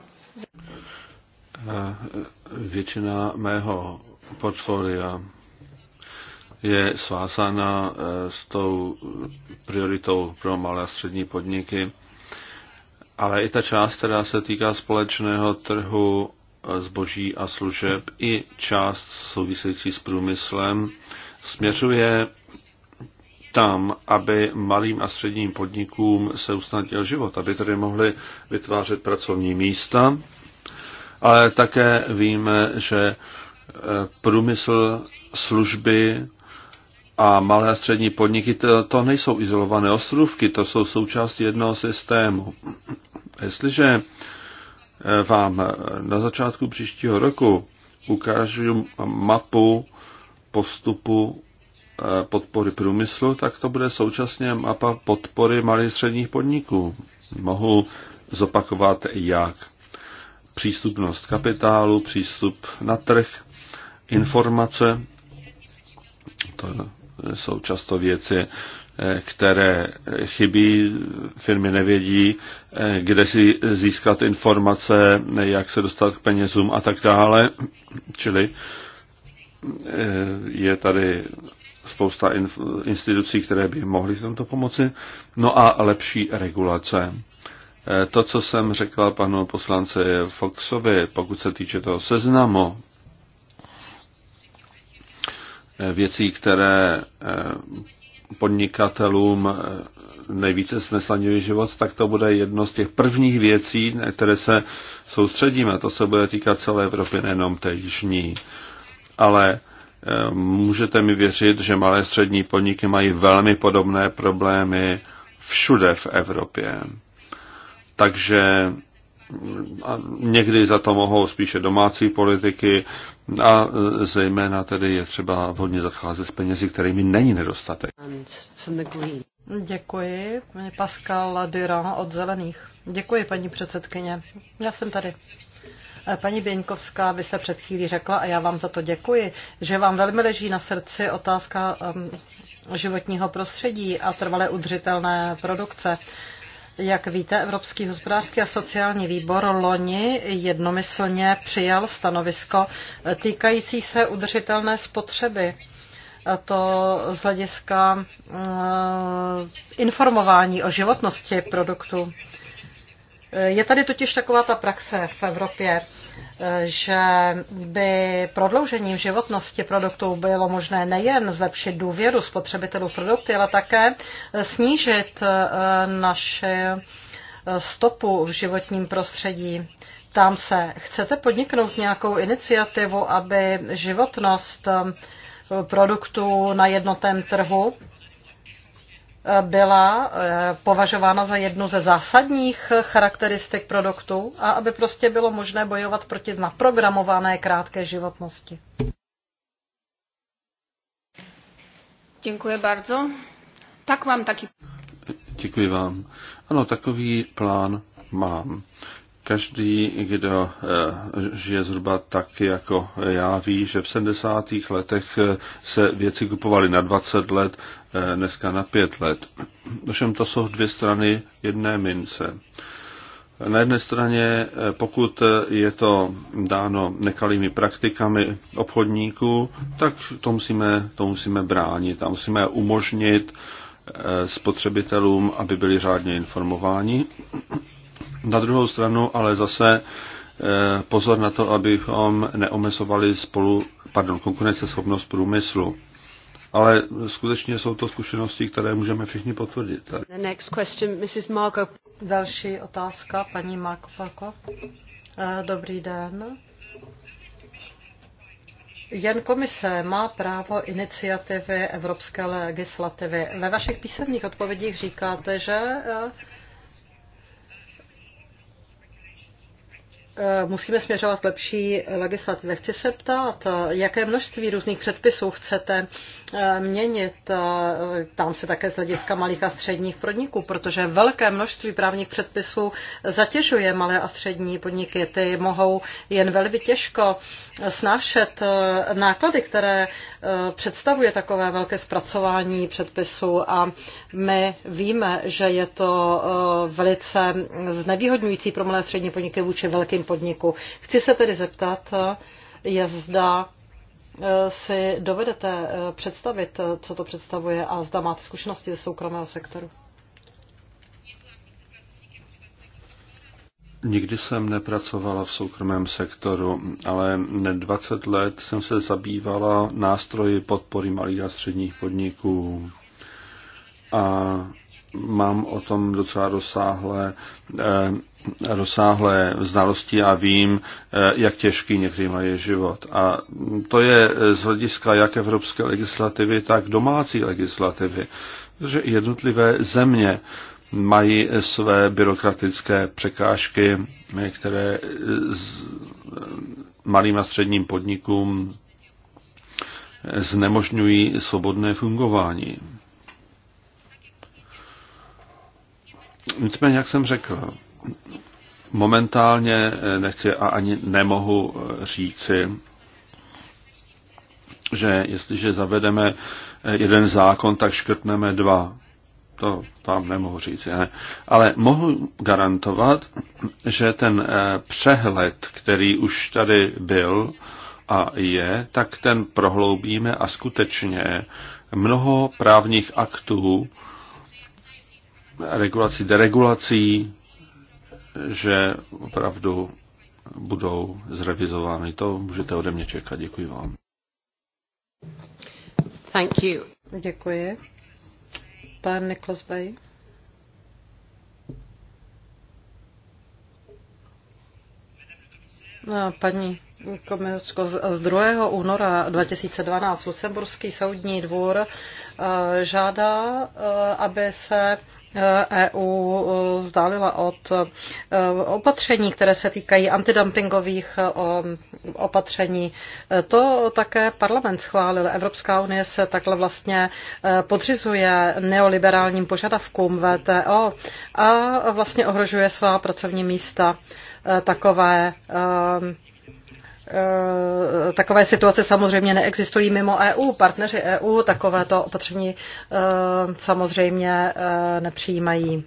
Eh, většina mého portfolia je svázána eh, s tou prioritou pro malé a střední podniky. Ale i ta část, která se týká společného trhu eh, zboží a služeb, i část související s průmyslem, směřuje tam, aby malým a středním podnikům se usnadnil život, aby tedy mohli vytvářet pracovní místa. Ale také víme, že eh, průmysl služby a malé a střední podniky to, to nejsou izolované ostrůvky, to jsou součást jednoho systému. Jestliže eh, vám eh, na začátku příštího roku ukážu mapu postupu eh, podpory průmyslu, tak to bude současně mapa podpory malých a středních podniků. Mohu zopakovat jak přístupnost kapitálu, přístup na trh, informace, to jsou často věci, eh, které chybí, firmy nevědí, eh, kde si získat informace, jak se dostat k penězům a tak dále. Čili eh, je tady spousta institucí, které by mohly v tomto pomoci. No a lepší regulace. To, co jsem řekla panu poslance Foxovi, pokud se týče toho seznamu věcí, které eh, podnikatelům eh, nejvíce snesaňují život, tak to bude jedno z těch prvních věcí, na které se soustředíme. To se bude týkat celé Evropy, nejenom té jižní. Ale eh, můžete mi věřit, že malé střední podniky mají velmi podobné problémy všude v Evropě. Takže a někdy za to mohou spíše domácí politiky a e, zejména tedy je třeba hodně zacházet s penězi, kterými není nedostatek. Děkuji, Pascal Ladyra od Zelených. Děkuji, paní předsedkyně. Já jsem tady. E, paní Běňkovská, vy jste před chvílí řekla, a já vám za to děkuji, že vám velmi leží na srdci otázka životního prostředí a trvalé udržitelné produkce. Jak víte, Evropský hospodářský a sociální výbor loni jednomyslně přijal stanovisko týkající se udržitelné spotřeby. A to z hlediska mm, informování o životnosti produktu. Je tady totiž taková ta praxe v Evropě, že by prodloužením životnosti produktů bylo možné nejen zlepšit důvěru spotřebitelů v produkty, ale také snížit eh, naše eh, stopu v životním prostředí. Tam se, chcete podniknout nějakou iniciativu, aby životnost eh, produktů na jednotém trhu byla eh, považována za jednu ze zásadních charakteristik produktu a aby prostě bylo možné bojovat proti naprogramované krátké životnosti. Děkuji bardzo. Tak mám taky. Děkuji vám. Ano, takový plán mám. Každý, kdo eh, žije zhruba tak jako já, ví, že v 70. letech eh, se věci kupovaly na 20 let, eh, dneska na 5 let. Všem to jsou dvě strany jedné mince. Na jedné straně, pokud je to dáno nekalými praktikami obchodníků, tak to musíme, to musíme bránit a musíme umožnit spotřebitelům, aby byli řádně informováni. Na druhou stranu ale zase eh, pozor na to, abychom neomezovali spolu, pardon, konkurenceschopnost průmyslu. Ale skutečně jsou to zkušenosti, které můžeme všichni potvrdit. The next question, Mrs. Marko. Další otázka, paní Marko Falko. Eh, dobrý den. Jen komise má právo iniciativy evropské legislativy. Ve vašich písemných odpovědích říkáte, že eh, Eh, musíme směřovat k lepší legislativě. Chci se ptát, eh, jaké množství různých předpisů chcete eh, měnit. Tam se také z hlediska malých a středních podniků, protože velké množství právních předpisů zatěžuje malé a střední podniky. Ty mohou jen velmi těžko snášet náklady, které představuje takové velké zpracování předpisů a my víme, že je to velice znevýhodňující pro malé a střední podniky vůči velkým podniku. Chci se tedy zeptat, je zda eh, si dovedete eh, představit, eh, co to představuje a zda máte zkušenosti ze soukromého sektoru. Nikdy jsem nepracovala v soukromém sektoru, ale 20 let jsem se zabývala nástroji podpory malých a středních podniků. A mám o tom docela rozsáhlé rozsáhlé znalosti a vím, eh, jak těžký někdy mají život. A to je eh, z hlediska jak evropské legislativy, tak domácí legislativy. Protože jednotlivé země mají eh, své byrokratické překážky, které malým a středním podnikům znemožňují svobodné fungování. Nicméně, jak jsem řekl, momentálně eh, nechci a ani nemohu eh, říci, že jestliže zavedeme eh, jeden zákon, tak škrtneme dva. To vám nemohu říct. Ne? Ale mohu garantovat, že ten přehled, který už tady byl a je, tak ten prohloubíme a skutečně mnoho právních aktů, regulací, deregulací, že opravdu budou zrevizovány. To můžete ode mě čekat. Děkuji vám. Thank you. Děkuji. Pan Niklas Bay. No, paní komisařko, z 2. února 2012 Lucemburský soudní dvůr eh, žádá, eh, aby se EU e e, vzdálila od e, opatření, které se týkají antidumpingových opatření. To také parlament schválil. Evropská unie se takhle vlastně podřizuje neoliberálním požadavkům VTO a vlastně ohrožuje svá pracovní místa takové Eh, takové situace samozřejmě neexistují mimo EU. Partneři EU takovéto opatření eh, samozřejmě eh, nepřijímají.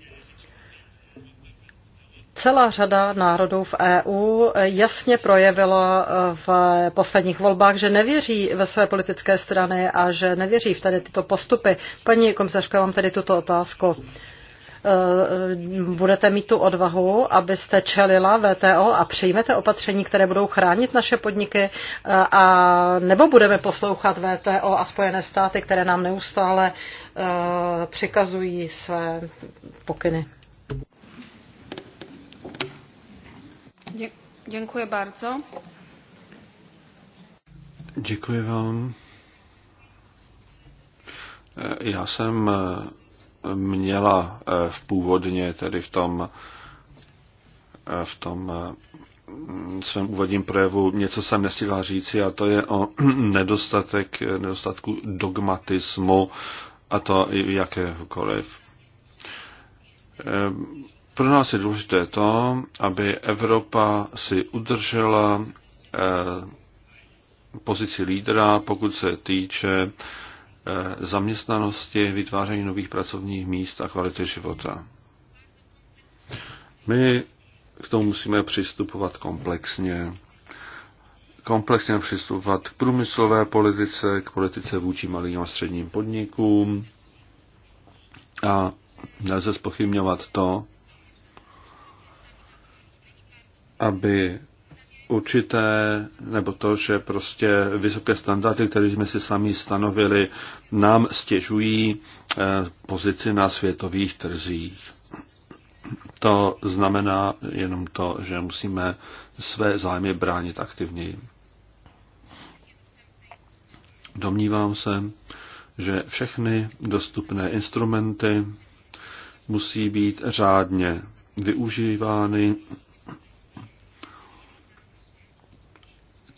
Celá řada národů v EU jasně projevila v posledních volbách, že nevěří ve své politické strany a že nevěří v tady tyto postupy. Paní komisařka, mám tady tuto otázku. Eh, budete mít tu odvahu, abyste čelila VTO a přijmete opatření, které budou chránit naše podniky, eh, a nebo budeme poslouchat VTO a Spojené státy, které nám neustále eh, přikazují své pokyny. Děkuji bardzo. Děkuji vám. Já jsem měla eh, v původně, tedy v tom, eh, v tom eh, mm, svém úvodním projevu, něco jsem nestihla říci a to je o nedostatek, nedostatku dogmatismu a to jakéhokoliv. Pro nás je důležité to, aby Evropa si udržela pozici lídra, pokud se týče Eh, zaměstnanosti, vytváření nových pracovních míst a kvality života. My k tomu musíme přistupovat komplexně. Komplexně přistupovat k průmyslové politice, k politice vůči malým a středním podnikům. A nelze spochybňovat to, aby určité, nebo to, že prostě vysoké standardy, které jsme si sami stanovili, nám stěžují eh, pozici na světových trzích. To znamená jenom to, že musíme své zájmy bránit aktivněji. Domnívám se, že všechny dostupné instrumenty musí být řádně využívány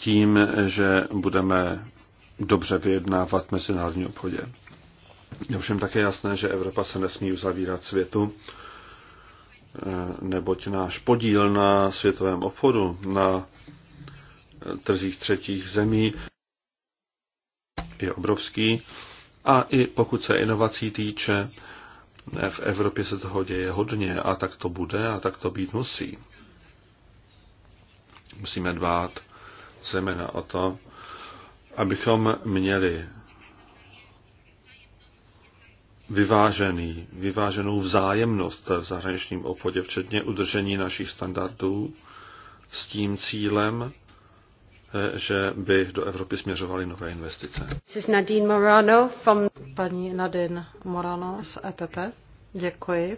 tím, že budeme dobře vyjednávat v mezinárodní obchodě. Je všem také jasné, že Evropa se nesmí uzavírat světu, eh, neboť náš podíl na světovém obchodu, na trzích třetích zemí je obrovský. A i pokud se inovací týče, eh, v Evropě se toho děje hodně a tak to bude a tak to být musí. Musíme dbát zejména o to, abychom měli vyvážený, vyváženou vzájemnost v zahraničním obchodě, včetně udržení našich standardů, s tím cílem, eh, že by do Evropy směřovaly nové investice. This Nadine Morano from... Paní Nadine Morano z EPP. Děkuji.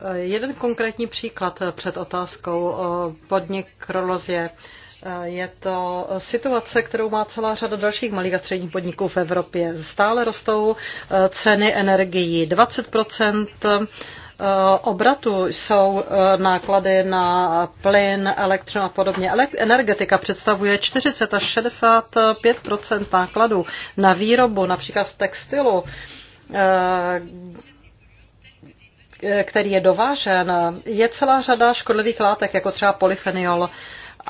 Eh, jeden konkrétní příklad před otázkou o podnik rolozie. Eh, je to situace, kterou má celá řada dalších malých a středních podniků v Evropě. Stále rostou eh, ceny energií. 20 eh, obratu jsou náklady na plyn, elektřinu a podobně. Energetika představuje 40 až 65 nákladů na výrobu, například v textilu který je dovážen, je celá řada škodlivých látek, jako třeba polyfenol,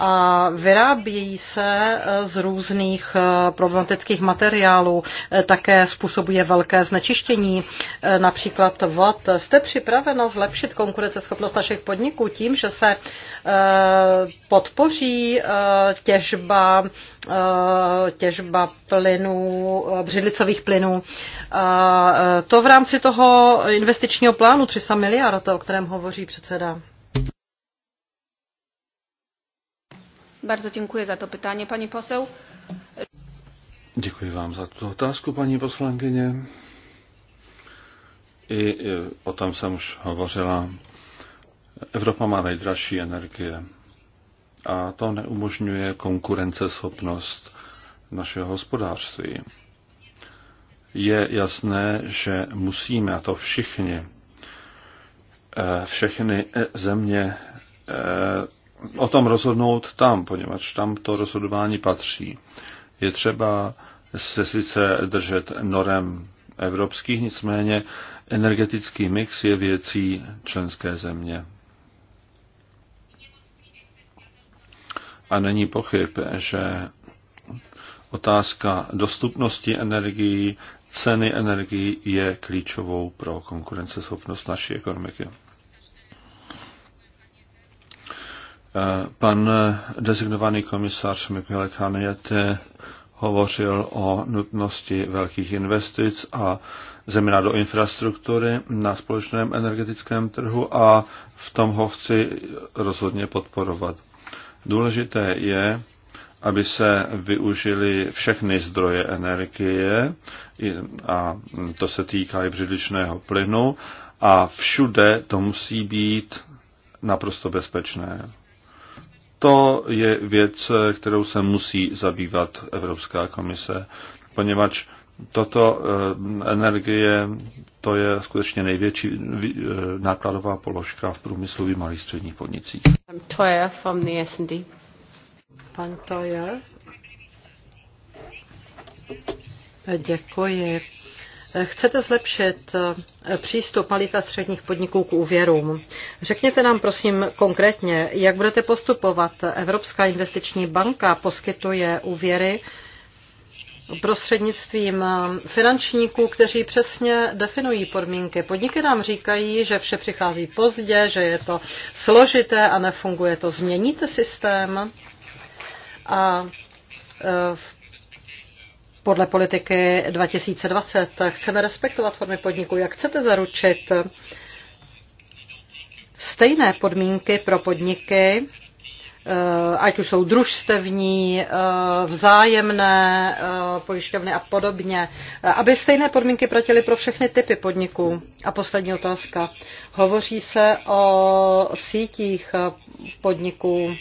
a vyrábějí se e, z různých e, problematických materiálů. E, také způsobuje velké znečištění, například vod. Jste připravena zlepšit konkurenceschopnost našich podniků tím, že se podpoří těžba, těžba plynů, břidlicových plynů. To v rámci toho investičního plánu 300 miliard, o kterém hovoří předseda. Bardzo dziękuję za to pytanie, pani poseł. Děkuji vám za tu otázku, paní poslankyně. I, I o tom jsem už hovořila. Evropa má nejdražší energie a to neumožňuje konkurenceschopnost našeho hospodářství. Je jasné, že musíme, a to všichni, eh, všechny eh, země eh, o tom rozhodnout tam, poněvadž tam to rozhodování patří. Je třeba se sice držet norem evropských, nicméně energetický mix je věcí členské země. A není pochyb, že otázka dostupnosti energií, ceny energií je klíčovou pro konkurenceschopnost naší ekonomiky. Pan designovaný komisář Mikhail Kanet hovořil o nutnosti velkých investic a zejména do infrastruktury na společném energetickém trhu a v tom ho chci rozhodně podporovat. Důležité je, aby se využili všechny zdroje energie, a to se týká i břidličného plynu, a všude to musí být naprosto bezpečné. To je věc, kterou se musí zabývat Evropská komise, poněvadž toto eh, energie, to je skutečně největší eh, nákladová položka v průmyslu v malých středních podnicích. Děkuji, Chcete zlepšit eh, přístup malých a středních podniků k úvěrům. Řekněte nám prosím konkrétně, jak budete postupovat. Evropská investiční banka poskytuje úvěry prostřednictvím eh, finančníků, kteří přesně definují podmínky. Podniky nám říkají, že vše přichází pozdě, že je to složité a nefunguje to. Změníte systém a eh, v podle politiky 2020. Chceme respektovat formy podniku. Jak chcete zaručit stejné podmínky pro podniky, eh, ať už jsou družstevní, eh, vzájemné eh, pojišťovny a podobně, aby stejné podmínky platily pro všechny typy podniků. A poslední otázka. Hovoří se o sítích podniků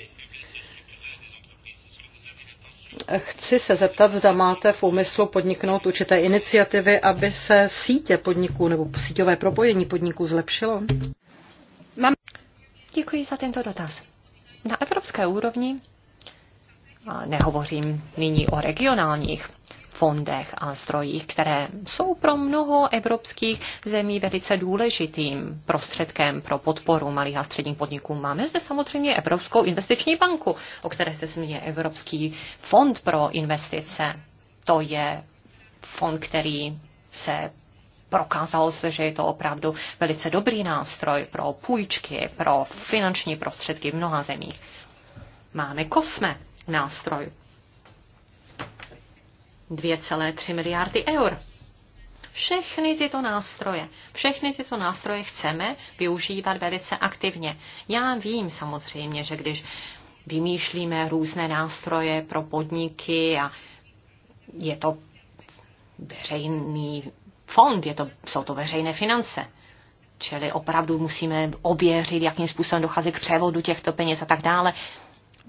Chci se zeptat, zda máte v úmyslu podniknout určité iniciativy, aby se sítě podniků nebo síťové propojení podniků zlepšilo? Mám... Děkuji za tento dotaz. Na evropské úrovni, a nehovořím nyní o regionálních fondech a zdrojích, které jsou pro mnoho evropských zemí velice důležitým prostředkem pro podporu malých a středních podniků. Máme zde samozřejmě Evropskou investiční banku, o které se zmíní Evropský fond pro investice. To je fond, který se prokázalo se, že je to opravdu velice dobrý nástroj pro půjčky, pro finanční prostředky v mnoha zemích. Máme kosme nástroj 2,3 miliardy eur. Všechny tyto nástroje, všechny tyto nástroje chceme využívat velice aktivně. Já vím samozřejmě, že když vymýšlíme různé nástroje pro podniky a je to veřejný fond, je to, jsou to veřejné finance. Čili opravdu musíme ověřit, jakým způsobem dochází k převodu těchto peněz a tak dále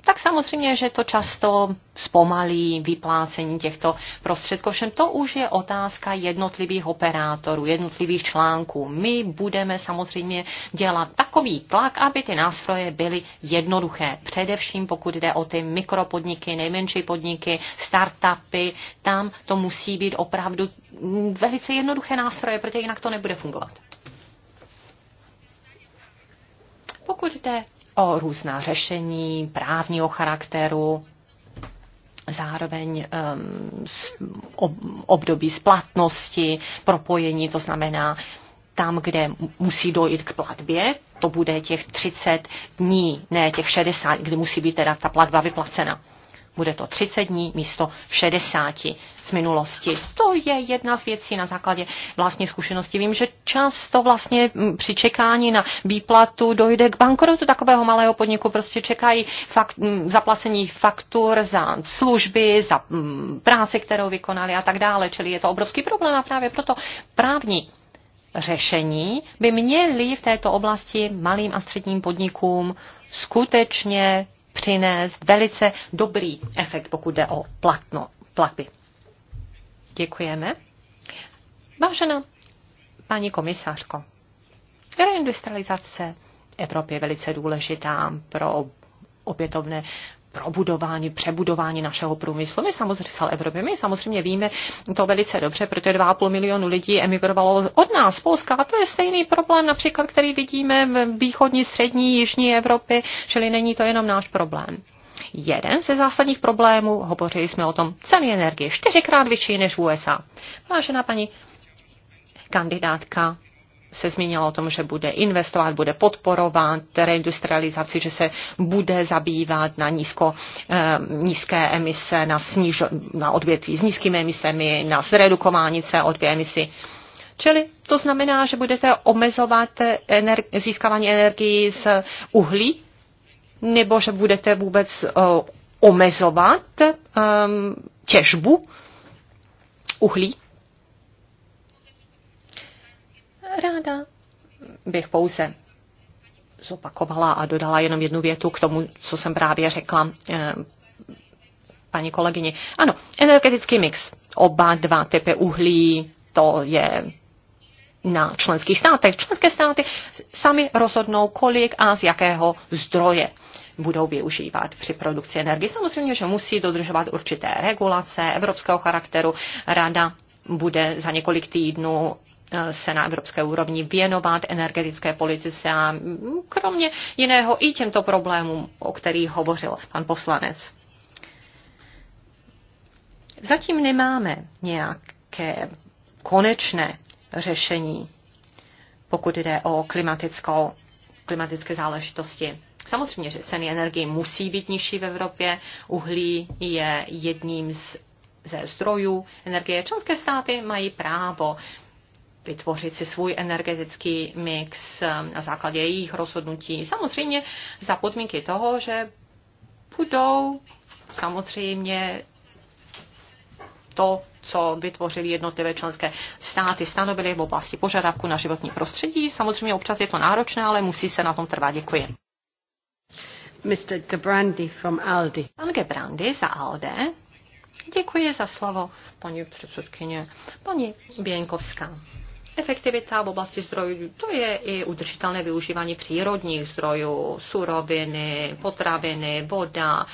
tak samozřejmě, že to často zpomalí vyplácení těchto prostředků. Všem to už je otázka jednotlivých operátorů, jednotlivých článků. My budeme samozřejmě dělat takový tlak, aby ty nástroje byly jednoduché. Především pokud jde o ty mikropodniky, nejmenší podniky, startupy, tam to musí být opravdu velice jednoduché nástroje, protože jinak to nebude fungovat. Pokud jde o různá řešení právního charakteru, zároveň um, období splatnosti, propojení, to znamená tam, kde musí dojít k platbě, to bude těch 30 dní, ne těch 60, kdy musí být teda ta platba vyplacena. Bude to 30 dní místo 60 z minulosti. To je jedna z věcí na základě vlastní zkušenosti. Vím, že často vlastně mm, při čekání na výplatu dojde k bankrotu takového malého podniku. Prostě čekají fakt, mm, zaplacení faktur za služby, za mm, práci, kterou vykonali a tak dále. Čili je to obrovský problém a právě proto právní řešení by měly v této oblasti malým a středním podnikům skutečně přinést velice dobrý efekt, pokud jde o platno, platby. Děkujeme. Vážená paní komisářko, reindustrializace Evropy je velice důležitá pro opětovné probudování, přebudování našeho průmyslu. My samozřejmě, celé Evropě, my samozřejmě víme to velice dobře, protože 2,5 milionu lidí emigrovalo od nás, z Polska. A to je stejný problém, například, který vidíme v východní, střední, jižní Evropě, čili není to jenom náš problém. Jeden ze zásadních problémů, hovořili jsme o tom, ceny energie čtyřikrát vyšší než v USA. Vážená paní kandidátka se zmínilo o tom, že bude investovat, bude podporovat reindustrializaci, že se bude zabývat na nízko, eh, nízké emise, na, sniž, na odvětví s nízkými emisemi, na zredukování CO2 emisí. Čili to znamená, že budete omezovat ener- získávání energii z uhlí, nebo že budete vůbec uh, omezovat um, těžbu uhlí Ráda bych pouze zopakovala a dodala jenom jednu větu k tomu, co jsem právě řekla eh, paní kolegyni. Ano, energetický mix. Oba dva typy uhlí, to je na členských státech. Členské státy sami rozhodnou, kolik a z jakého zdroje budou využívat při produkci energie. Samozřejmě, že musí dodržovat určité regulace evropského charakteru. Rada bude za několik týdnů se na evropské úrovni věnovat energetické politice a kromě jiného i těmto problémům, o kterých hovořil pan poslanec. Zatím nemáme nějaké konečné řešení, pokud jde o klimatickou, klimatické záležitosti. Samozřejmě, že ceny energie musí být nižší v Evropě. Uhlí je jedním z ze zdrojů energie. Členské státy mají právo vytvořit si svůj energetický mix um, na základě jejich rozhodnutí. Samozřejmě za podmínky toho, že budou samozřejmě to, co vytvořili jednotlivé členské státy, stanovili v oblasti požadavku na životní prostředí. Samozřejmě občas je to náročné, ale musí se na tom trvat. Děkuji. Mr. Gebrandi from Aldi. Pan Gebrandi za Alde. Děkuji za slovo, paní předsedkyně. Paní Běnkovská, Efektivita v oblasti zdrojů, to je i udržitelné využívání přírodních zdrojů, suroviny, potraviny, voda,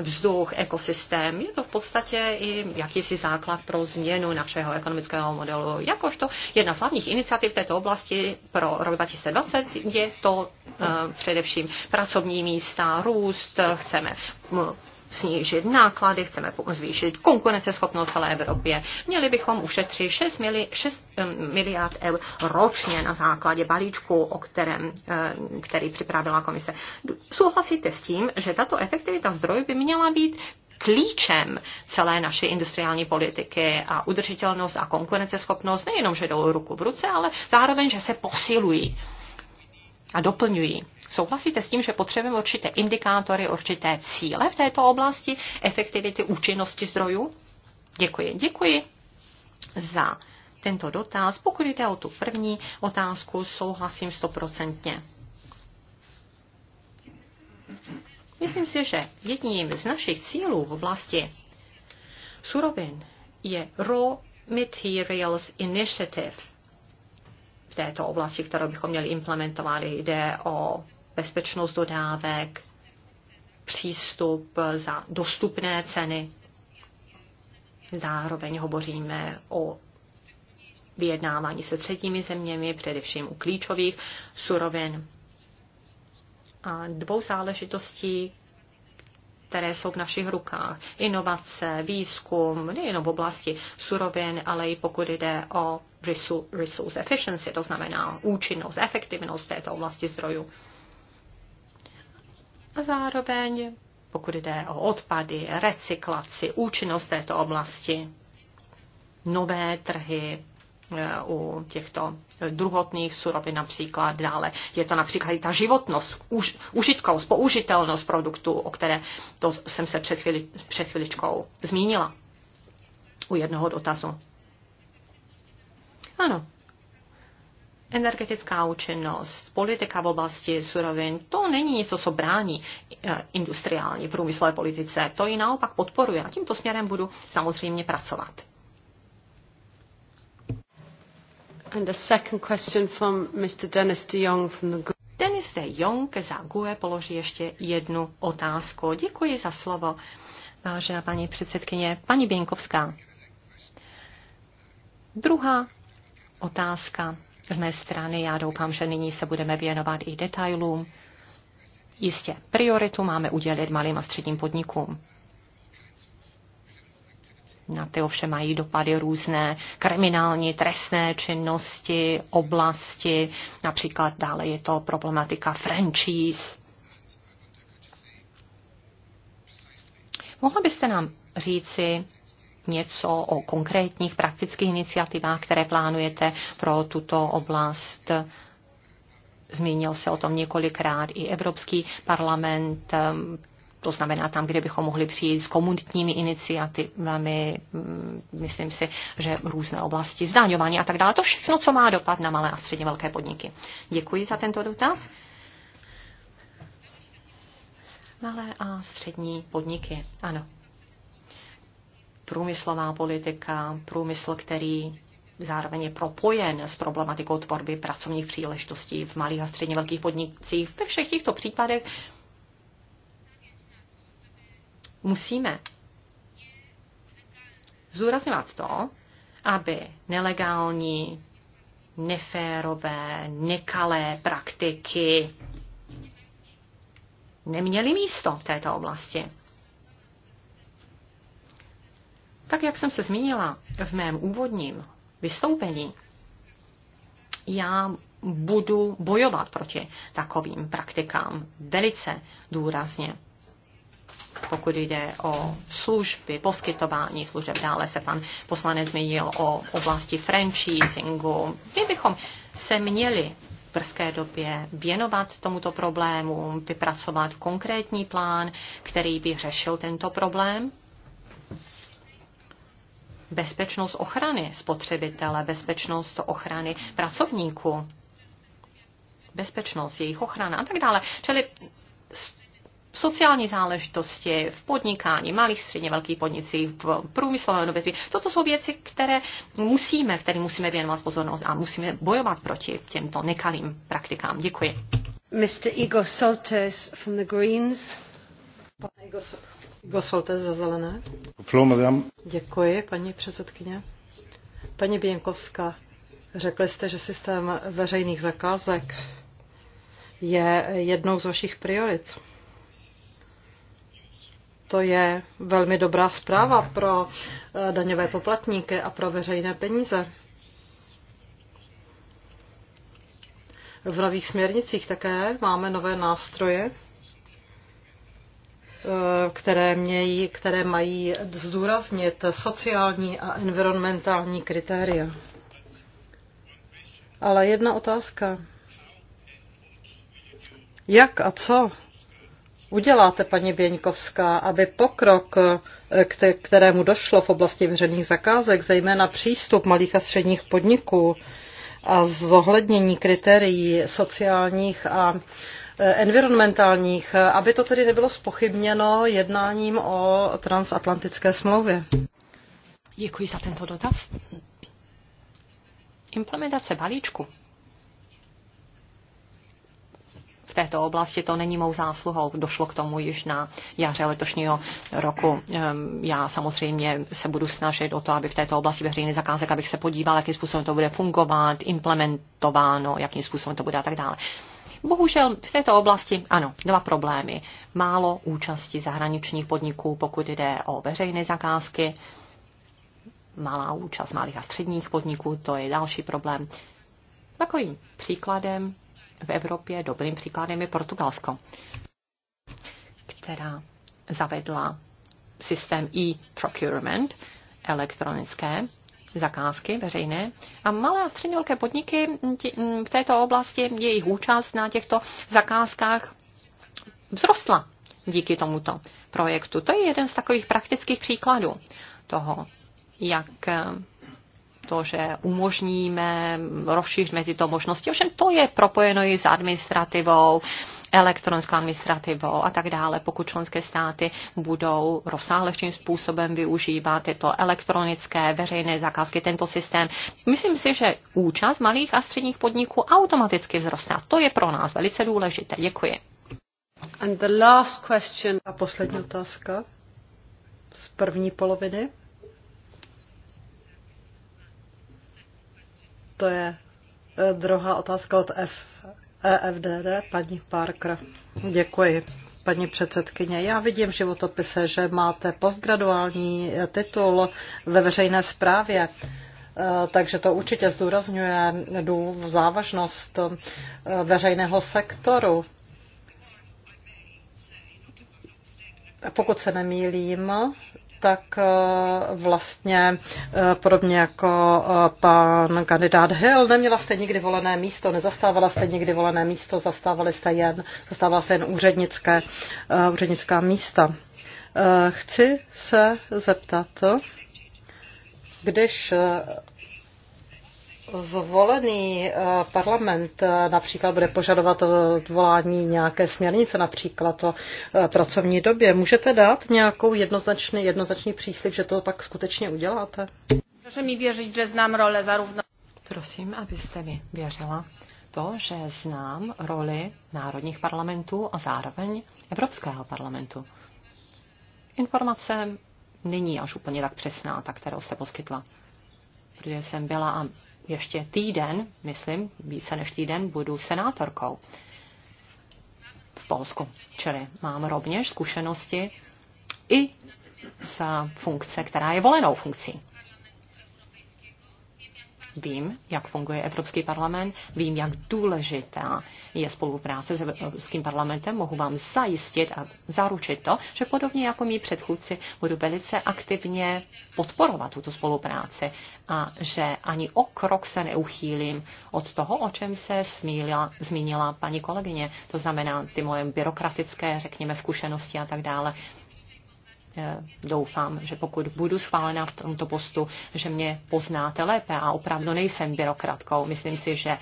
vzduch, ekosystém. Je to v podstatě i jakýsi základ pro změnu našeho ekonomického modelu. Jakožto jedna z hlavních iniciativ této oblasti pro rok 2020 je to uh, především pracovní místa, růst, chceme snížit náklady, chceme zvýšit konkurenceschopnost celé Evropě. Měli bychom ušetřit 6, mili, 6 miliard eur ročně na základě balíčku, o kterém, eh, který připravila komise. Souhlasíte s tím, že tato efektivita zdrojů by měla být klíčem celé naší industriální politiky a udržitelnost a konkurenceschopnost nejenom, že jdou ruku v ruce, ale zároveň, že se posilují a doplňují. Souhlasíte s tím, že potřebujeme určité indikátory, určité cíle v této oblasti efektivity účinnosti zdrojů? Děkuji. Děkuji za tento dotaz. Pokud jde o tu první otázku, souhlasím stoprocentně. Myslím si, že jedním z našich cílů v oblasti surovin je Raw Materials Initiative této oblasti, kterou bychom měli implementovat. Jde o bezpečnost dodávek, přístup za dostupné ceny. Zároveň hovoříme o vyjednávání se třetími zeměmi, především u klíčových surovin. A dvou záležitostí, které jsou v našich rukách. Inovace, výzkum, nejen v oblasti surovin, ale i pokud jde o resource efficiency, to znamená účinnost, efektivnost této oblasti zdrojů. A zároveň, pokud jde o odpady, recyklaci, účinnost této oblasti, nové trhy, u těchto druhotných surovin například dále. Je to například i ta životnost, už, užitkost, použitelnost produktů, o které to jsem se před, chvíli, před chviličkou zmínila u jednoho dotazu. Ano, energetická účinnost, politika v oblasti surovin, to není něco, co brání eh, industriální průmyslové politice. To ji naopak podporuje a tímto směrem budu samozřejmě pracovat. And Dennis de Jong za GUE položí ještě jednu otázku. Děkuji za slovo, vážená paní předsedkyně. Paní Běnkovská, druhá otázka z mé strany. Já doufám, že nyní se budeme věnovat i detailům. Jistě, prioritu máme udělit malým a středním podnikům. Na ty ovšem mají dopady různé kriminální, trestné činnosti, oblasti. Například dále je to problematika franchise. Mohla byste nám říci, něco o konkrétních praktických iniciativách, které plánujete pro tuto oblast. Zmínil se o tom několikrát i Evropský parlament to znamená tam, kde bychom mohli přijít s komunitními iniciativami, mm, myslím si, že různé oblasti zdáňování a tak dále. To všechno, co má dopad na malé a středně velké podniky. Děkuji za tento dotaz. Malé a střední podniky, ano. Průmyslová politika, průmysl, který zároveň je propojen s problematikou tvorby pracovních příležitostí v malých a středně velkých podnicích. Ve všech těchto případech musíme zúrazňovat to, aby nelegální, neférové, nekalé praktiky neměly místo v této oblasti. Tak jak jsem se zmínila v mém úvodním vystoupení, já budu bojovat proti takovým praktikám velice důrazně pokud jde o služby, poskytování služeb. Dále se pan poslanec zmínil o oblasti franchisingu. My bychom se měli v brzké době věnovat tomuto problému, vypracovat konkrétní plán, který by řešil tento problém. Bezpečnost ochrany spotřebitele, bezpečnost ochrany pracovníků, bezpečnost, jejich ochrana a tak dále. Čili v sociální záležitosti, v podnikání, malých, středně velkých podnicích, v průmyslovém odvětví. Toto jsou věci, které musíme, které musíme věnovat pozornost a musíme bojovat proti těmto nekalým praktikám. Děkuji. Mr. Igor Soltes from the Greens. Pane Igor, Igor Soltes za zelené. Děkuji, paní předsedkyně. Paní Běnkovská, řekli jste, že systém veřejných zakázek je jednou z vašich priorit. To je velmi dobrá zpráva pro eh, daňové poplatníky a pro veřejné peníze. V nových směrnicích také máme nové nástroje, eh, které, mějí, které mají zdůraznit sociální a environmentální kritéria. Ale jedna otázka. Jak a co uděláte, paní Běňkovská, aby pokrok, eh, kterému došlo v oblasti veřejných zakázek, zejména přístup malých a středních podniků a zohlednění kritérií sociálních a eh, environmentálních, eh, aby to tedy nebylo spochybněno jednáním o transatlantické smlouvě? Děkuji za tento dotaz. Implementace balíčku v této oblasti, to není mou zásluhou. Došlo k tomu již na jaře letošního roku. Ehm, já samozřejmě se budu snažit o to, aby v této oblasti veřejných zakázek, abych se podíval, jakým způsobem to bude fungovat, implementováno, jakým způsobem to bude a tak dále. Bohužel v této oblasti, ano, dva problémy. Málo účasti zahraničních podniků, pokud jde o veřejné zakázky, malá účast malých a středních podniků, to je další problém. Takovým příkladem v Evropě. Dobrým příkladem je Portugalsko, která zavedla systém e-procurement, elektronické zakázky veřejné. A malé a střední velké podniky mm, v této oblasti, jejich účast na těchto zakázkách vzrostla díky tomuto projektu. To je jeden z takových praktických příkladů toho, jak to, že umožníme, rozšíříme tyto možnosti. Ovšem to je propojeno i s administrativou, elektronickou administrativou a tak dále, pokud členské státy budou rozsáhlejším způsobem využívat tyto elektronické veřejné zakázky, tento systém. Myslím si, že účast malých a středních podniků automaticky vzrostá. To je pro nás velice důležité. Děkuji. And the last question, a poslední otázka z první poloviny. to je e, druhá otázka od F, EFDD, paní Parker. Děkuji, paní předsedkyně. Já vidím v životopise, že máte postgraduální e, titul ve veřejné správě. E, takže to určitě zdůrazňuje závažnost veřejného sektoru. Pokud se nemýlím, tak eh, vlastně eh, podobně jako eh, pan kandidát Hill, neměla jste nikdy volené místo, nezastávala jste nikdy volené místo, zastávali jste jen, zastávala jste jen úřednické, úřednická místa. Chci se zeptat, když zvolený eh, parlament eh, například bude požadovat odvolání nějaké směrnice, například o eh, pracovní době, můžete dát nějakou jednoznačný, jednoznačný příslip, že to pak skutečně uděláte? Můžete mi věřit, že znám role zarovna. Prosím, abyste mi věřila to, že znám roli národních parlamentů a zároveň Evropského parlamentu. Informace není až úplně tak přesná, ta, kterou jste poskytla protože jsem byla a ještě týden, myslím, více než týden, budu senátorkou v Polsku. Čili mám rovněž zkušenosti i z funkce, která je volenou funkcí. Vím, jak funguje Evropský parlament, vím, jak důležitá je spolupráce s Evropským parlamentem. Mohu vám zajistit a zaručit to, že podobně jako mý předchůdci budu velice aktivně podporovat tuto spolupráci a že ani o krok se neuchýlím od toho, o čem se smíla, zmínila paní kolegyně. To znamená ty moje byrokratické, řekněme, zkušenosti a tak dále. Eh, doufám, že pokud budu schválena v tomto postu, že mě poznáte lépe a opravdu nejsem byrokratkou. Myslím si, že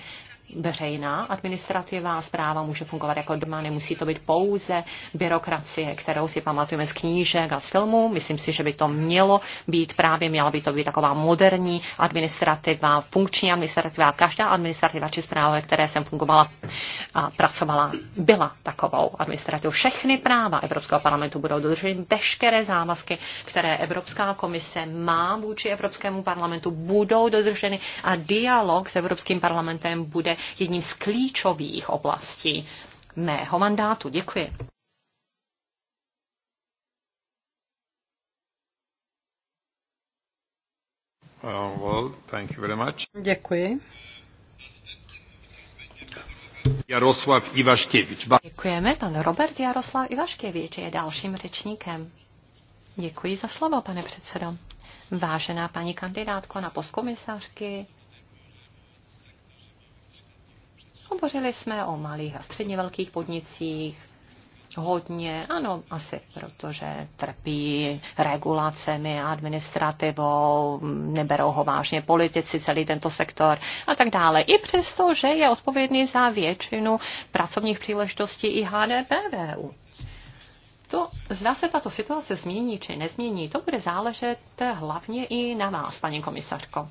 veřejná administrativa, zpráva může fungovat jako doma, nemusí to být pouze byrokracie, kterou si pamatujeme z knížek a z filmů. Myslím si, že by to mělo být právě, měla by to být taková moderní administrativa, funkční administrativa. Každá administrativa či zpráva, které jsem fungovala a pracovala, byla takovou administrativou. Všechny práva Evropského parlamentu budou dodrženy, veškeré závazky, které Evropská komise má vůči Evropskému parlamentu, budou dodrženy a dialog s Evropským parlamentem bude jedním z klíčových oblastí mého mandátu. Děkuji. Uh, well, thank you very much. Děkuji. Jaroslav Ivaškevič. Děkujeme. Pan Robert Jaroslav Ivaškevič je dalším řečníkem. Děkuji za slovo, pane předsedo. Vážená paní kandidátko na poskomisařky, Hovořili jsme o malých a středně velkých podnicích, hodně, ano, asi protože trpí regulacemi, administrativou, neberou ho vážně politici, celý tento sektor a tak dále. I přesto, že je odpovědný za většinu pracovních příležitostí i HDP VU. To, zda se tato situace změní či nezmění, to bude záležet hlavně i na vás, paní komisařko.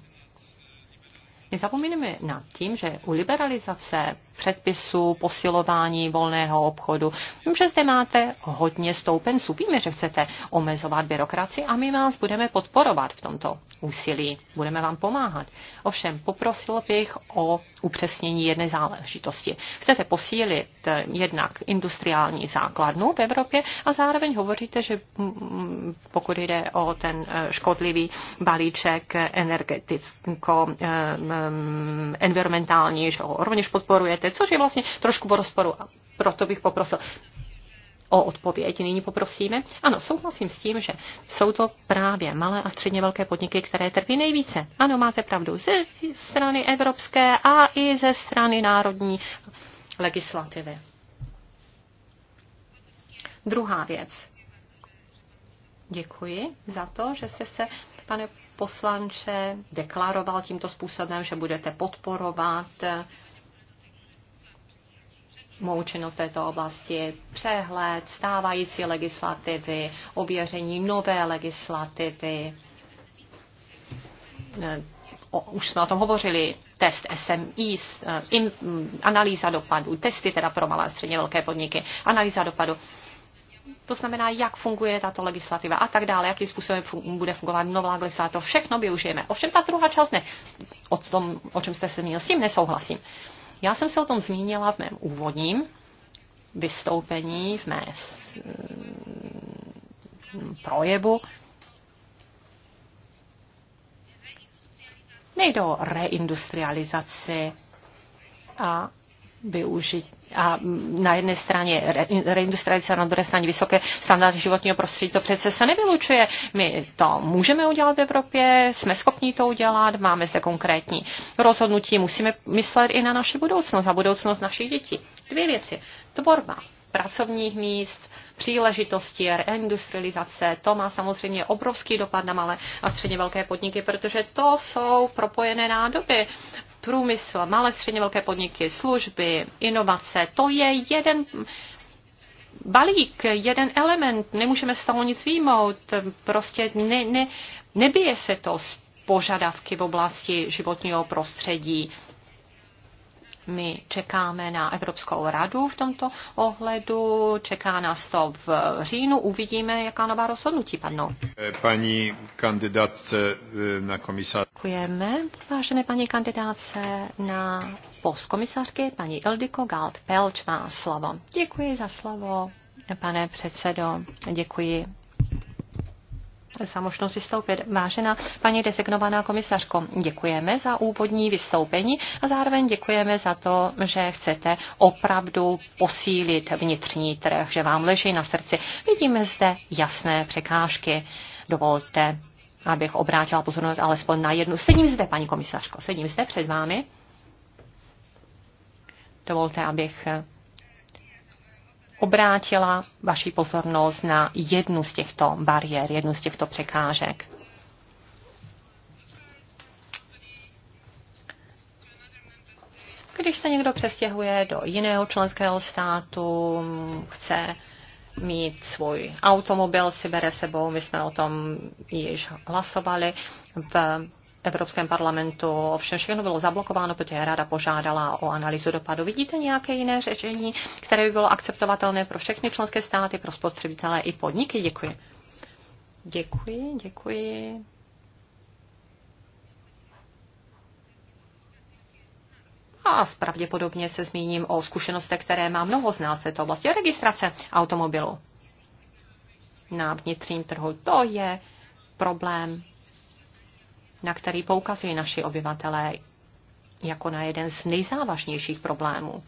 Nezapomínáme na tím, že u liberalizace předpisů, posilování volného obchodu. Vím, že zde máte hodně stoupenců. Víme, že chcete omezovat byrokraci a my vás budeme podporovat v tomto úsilí. Budeme vám pomáhat. Ovšem, poprosil bych o upřesnění jedné záležitosti. Chcete posílit eh, jednak industriální základnu v Evropě a zároveň hovoříte, že mm, mm, pokud jde o ten eh, škodlivý balíček energeticko-environmentální, eh, mm, že ho rovněž podporujete, práci, což je vlastně trošku po rozporu. A proto bych poprosil o odpověď. Nyní poprosíme. Ano, souhlasím s tím, že jsou to právě malé a středně velké podniky, které trpí nejvíce. Ano, máte pravdu. Ze strany evropské a i ze strany národní legislativy. Druhá věc. Děkuji za to, že jste se, pane poslanče, deklaroval tímto způsobem, že budete podporovat mou činnost této oblasti, přehled stávající legislativy, ověření nové legislativy. O, už jsme o tom hovořili, test SMI, eh, mm, analýza dopadů, testy teda pro malé a středně velké podniky, analýza dopadů. To znamená, jak funguje tato legislativa a tak dále, jakým způsobem fun- bude fungovat nová legislativa. To všechno využijeme. Ovšem ta druhá část ne. O tom, o čem jste se měl s tím nesouhlasím. Já jsem se o tom zmínila v mém úvodním vystoupení, v mé mm, projevu. Nejde o reindustrializaci a využít a na jedné straně reindustrializace, na druhé straně vysoké standardy životního prostředí, to přece se nevylučuje. My to můžeme udělat v Evropě, jsme schopni to udělat, máme zde konkrétní rozhodnutí, musíme myslet i na naši budoucnost, na budoucnost našich dětí. Dvě věci. Tvorba pracovních míst, příležitosti, reindustrializace. To má samozřejmě obrovský dopad na malé a středně velké podniky, protože to jsou propojené nádoby průmysl, malé středně velké podniky, služby, inovace. To je jeden balík, jeden element. Nemůžeme z toho nic výjmout. Prostě ne, ne, nebije se to s požadavky v oblasti životního prostředí, my čekáme na Evropskou radu v tomto ohledu, čeká nás to v říjnu, uvidíme, jaká nová rozhodnutí padnou. Paní kandidátce eh, na komisář. Děkujeme, vážené paní kandidáce na post komisářky, paní Ildiko Galt-Pelč má slovo. Děkuji za slovo, pane předsedo, děkuji za možnost vystoupit. Vážená paní designovaná komisařko, děkujeme za úvodní vystoupení a zároveň děkujeme za to, že chcete opravdu posílit vnitřní trh, že vám leží na srdci. Vidíme zde jasné překážky. Dovolte, abych obrátila pozornost alespoň na jednu. Sedím zde, paní komisařko, sedím zde před vámi. Dovolte, abych obrátila vaši pozornost na jednu z těchto bariér, jednu z těchto překážek. Když se někdo přestěhuje do jiného členského státu, chce mít svůj automobil, si bere sebou, my jsme o tom již hlasovali v Evropském parlamentu. Ovšem všechno bylo zablokováno, protože rada požádala o analýzu dopadu. Vidíte nějaké jiné řešení, které by bylo akceptovatelné pro všechny členské státy, pro spotřebitele i podniky? Děkuji. Děkuji, děkuji. a pravděpodobně se zmíním o zkušenostech, které má mnoho z nás v této oblasti. Registrace automobilu na vnitřním trhu, to je problém na který poukazují naši obyvatelé jako na jeden z nejzávažnějších problémů.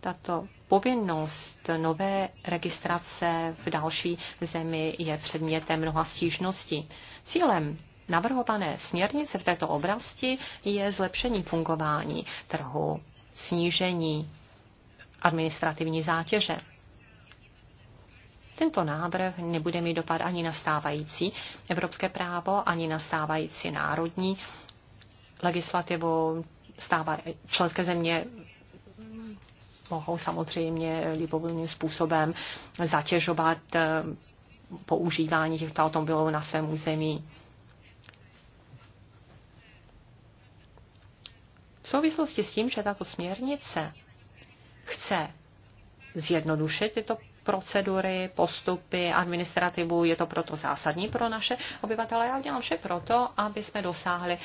Tato povinnost nové registrace v další zemi je předmětem mnoha stížností. Cílem navrhované směrnice v této oblasti je zlepšení fungování trhu, snížení administrativní zátěže. Tento návrh nebude mít dopad ani na stávající evropské právo, ani na stávající národní legislativu. Stává, členské země mohou samozřejmě libovolným způsobem zatěžovat eh, používání těchto automobilů na svém území. V souvislosti s tím, že tato směrnice chce zjednodušit tyto procedury, postupy, administrativu. Je to proto zásadní pro naše obyvatele. Já udělám vše proto, aby jsme dosáhli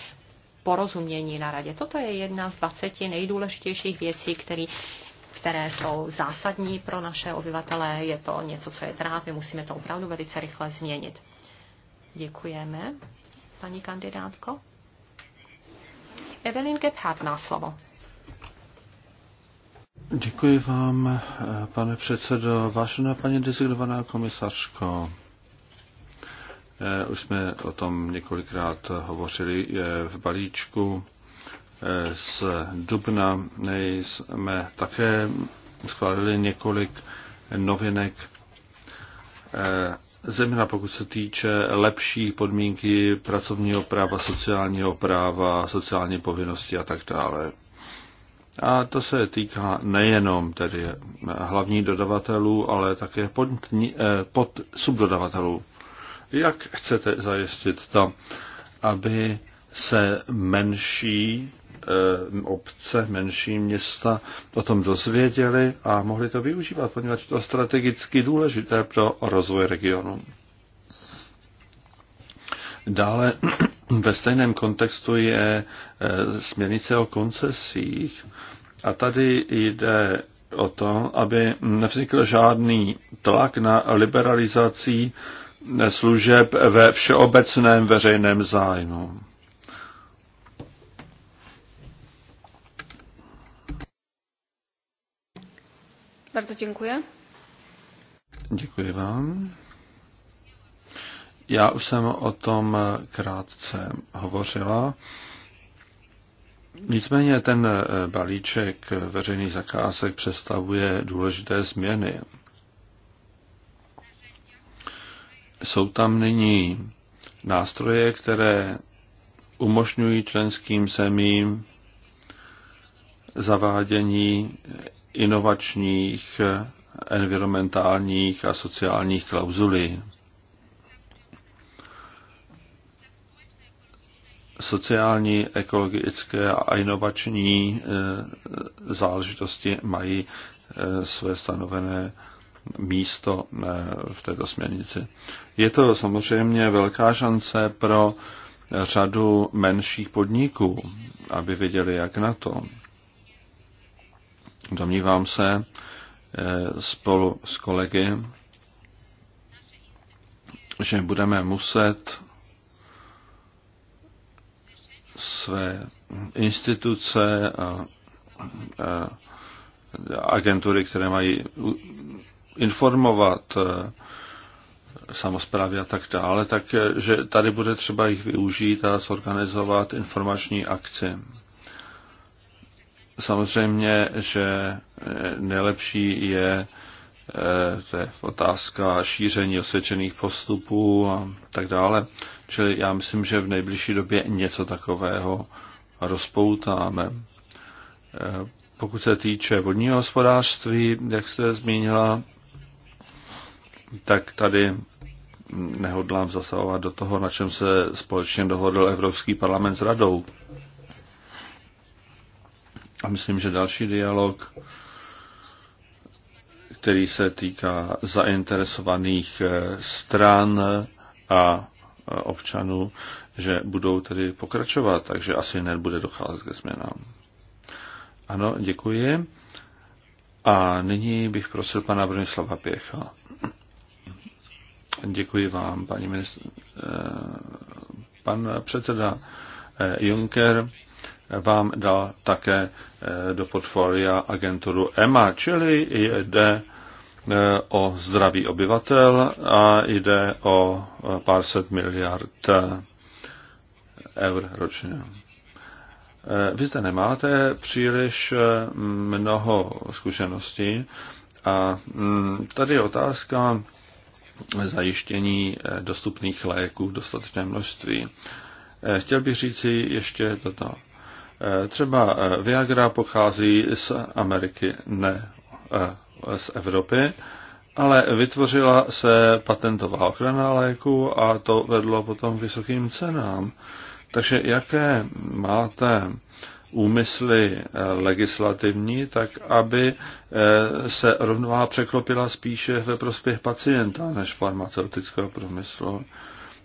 porozumění na radě. Toto je jedna z 20 nejdůležitějších věcí, které které jsou zásadní pro naše obyvatele. Je to něco, co je trápí, musíme to opravdu velice rychle změnit. Děkujeme, paní kandidátko. Evelyn Gebhardt má slovo. Děkuji vám, pane předsedo. Vážená paní designovaná komisařko, eh, už jsme o tom několikrát hovořili eh, v balíčku. Eh, z Dubna jsme také schválili několik novinek, zejména pokud se týče lepší podmínky pracovního práva, sociálního práva, sociální povinnosti a tak dále. A to se týká nejenom tedy hlavních dodavatelů, ale také pod, eh, pod subdodavatelů. Jak chcete zajistit to, aby se menší eh, obce, menší města o tom dozvěděli a mohli to využívat, poněvadž to je strategicky důležité pro rozvoj regionu. Dále ve stejném kontextu je e, směrnice o koncesích. A tady jde o to, aby nevznikl žádný tlak na liberalizací e, služeb ve všeobecném veřejném zájmu. Bardzo dziękuję. Děkuji vám. Já už jsem o tom eh, krátce hovořila. Nicméně ten eh, balíček veřejných zakázek představuje důležité změny. Jsou tam nyní nástroje, které umožňují členským zemím zavádění inovačních, eh, environmentálních a sociálních klauzulí. sociální, ekologické a inovační e, záležitosti mají e, své stanovené místo e, v této směrnici. Je to samozřejmě velká šance pro řadu menších podniků, aby věděli, jak na to. Domnívám se spolu s kolegy, že budeme muset své instituce a, a agentury, které mají informovat e, samozprávy a tak dále, takže e, tady bude třeba jich využít a zorganizovat informační akci. Samozřejmě, že e, nejlepší je Eh, to je otázka šíření osvědčených postupů a tak dále. Čili já myslím, že v nejbližší době něco takového rozpoutáme. Eh, pokud se týče vodního hospodářství, jak jste zmínila, tak tady nehodlám zasahovat do toho, na čem se společně dohodl Evropský parlament s radou. A myslím, že další dialog který se týká zainteresovaných eh, stran a eh, občanů, že budou tedy pokračovat, takže asi nebude docházet ke změnám. Ano, děkuji. A nyní bych prosil pana Bronislava Pěcha. Děkuji vám, paní ministr. Eh, pan předseda Juncker vám dal také do portfolia agenturu EMA, čili jde o zdraví obyvatel a jde o pár set miliard eur ročně. Vy zde nemáte příliš mnoho zkušeností a tady je otázka zajištění dostupných léků v dostatečné množství. Chtěl bych říci ještě toto. Třeba Viagra pochází z Ameriky, ne z Evropy, ale vytvořila se patentová ochrana léku a to vedlo potom k vysokým cenám. Takže jaké máte úmysly legislativní, tak aby eh, se rovnováha překlopila spíše ve prospěch pacienta než farmaceutického průmyslu.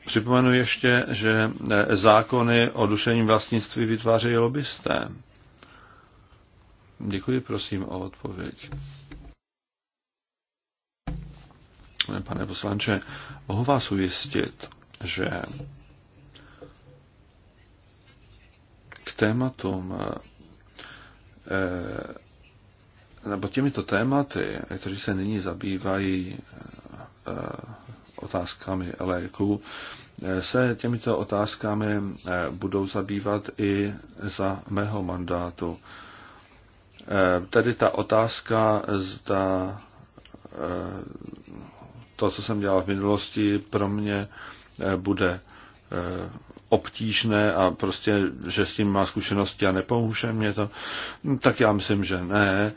Připomenu ještě, že eh, zákony o duševním vlastnictví vytvářejí lobbysté. Děkuji prosím o odpověď. Pane poslanče, mohu vás ujistit, že k tématům eh, nebo těmito tématy, kteří se nyní zabývají eh, otázkami léku, eh, se těmito otázkami budou zabývat i za mého mandátu. Tedy ta otázka, zda to, co jsem dělal v minulosti, pro mě eh, bude eh, obtížné a prostě, že s tím má zkušenosti a nepomůže mě to, hm, tak já myslím, že ne.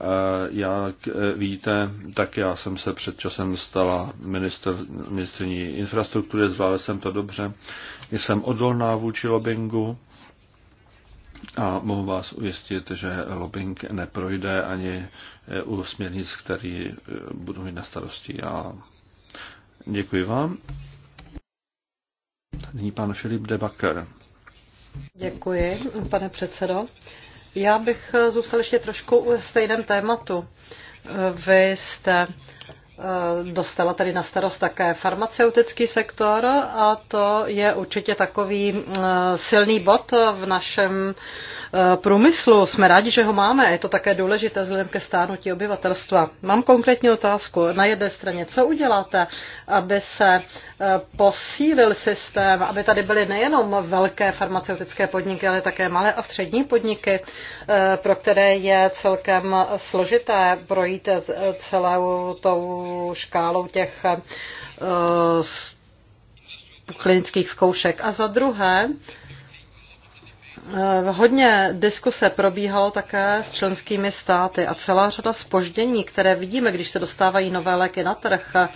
Eh, jak víte, tak já jsem se před časem stala minister, ministrní infrastruktury, zvládla jsem to dobře. Jsem odolná vůči lobingu, a mohu vás ujistit, že lobbying neprojde ani eh, u směrnic, který eh, budu mít na starosti. A děkuji vám. Nyní pan Filip Debaker. Děkuji, pane předsedo. Já bych eh, zůstal ještě trošku u stejném tématu. Vy jste Eh, dostala tady na starost také farmaceutický sektor a to je určitě takový eh, silný bod v našem Eh, průmyslu. Jsme rádi, že ho máme. Je to také důležité vzhledem ke stárnutí obyvatelstva. Mám konkrétní otázku. Na jedné straně, co uděláte, aby se eh, posílil systém, aby tady byly nejenom velké farmaceutické podniky, ale také malé a střední podniky, eh, pro které je celkem složité projít celou tou škálou těch klinických zkoušek. A za druhé, Eh, hodně diskuse probíhalo také s členskými státy a celá řada spoždění, které vidíme, když se dostávají nové léky na trh, eh,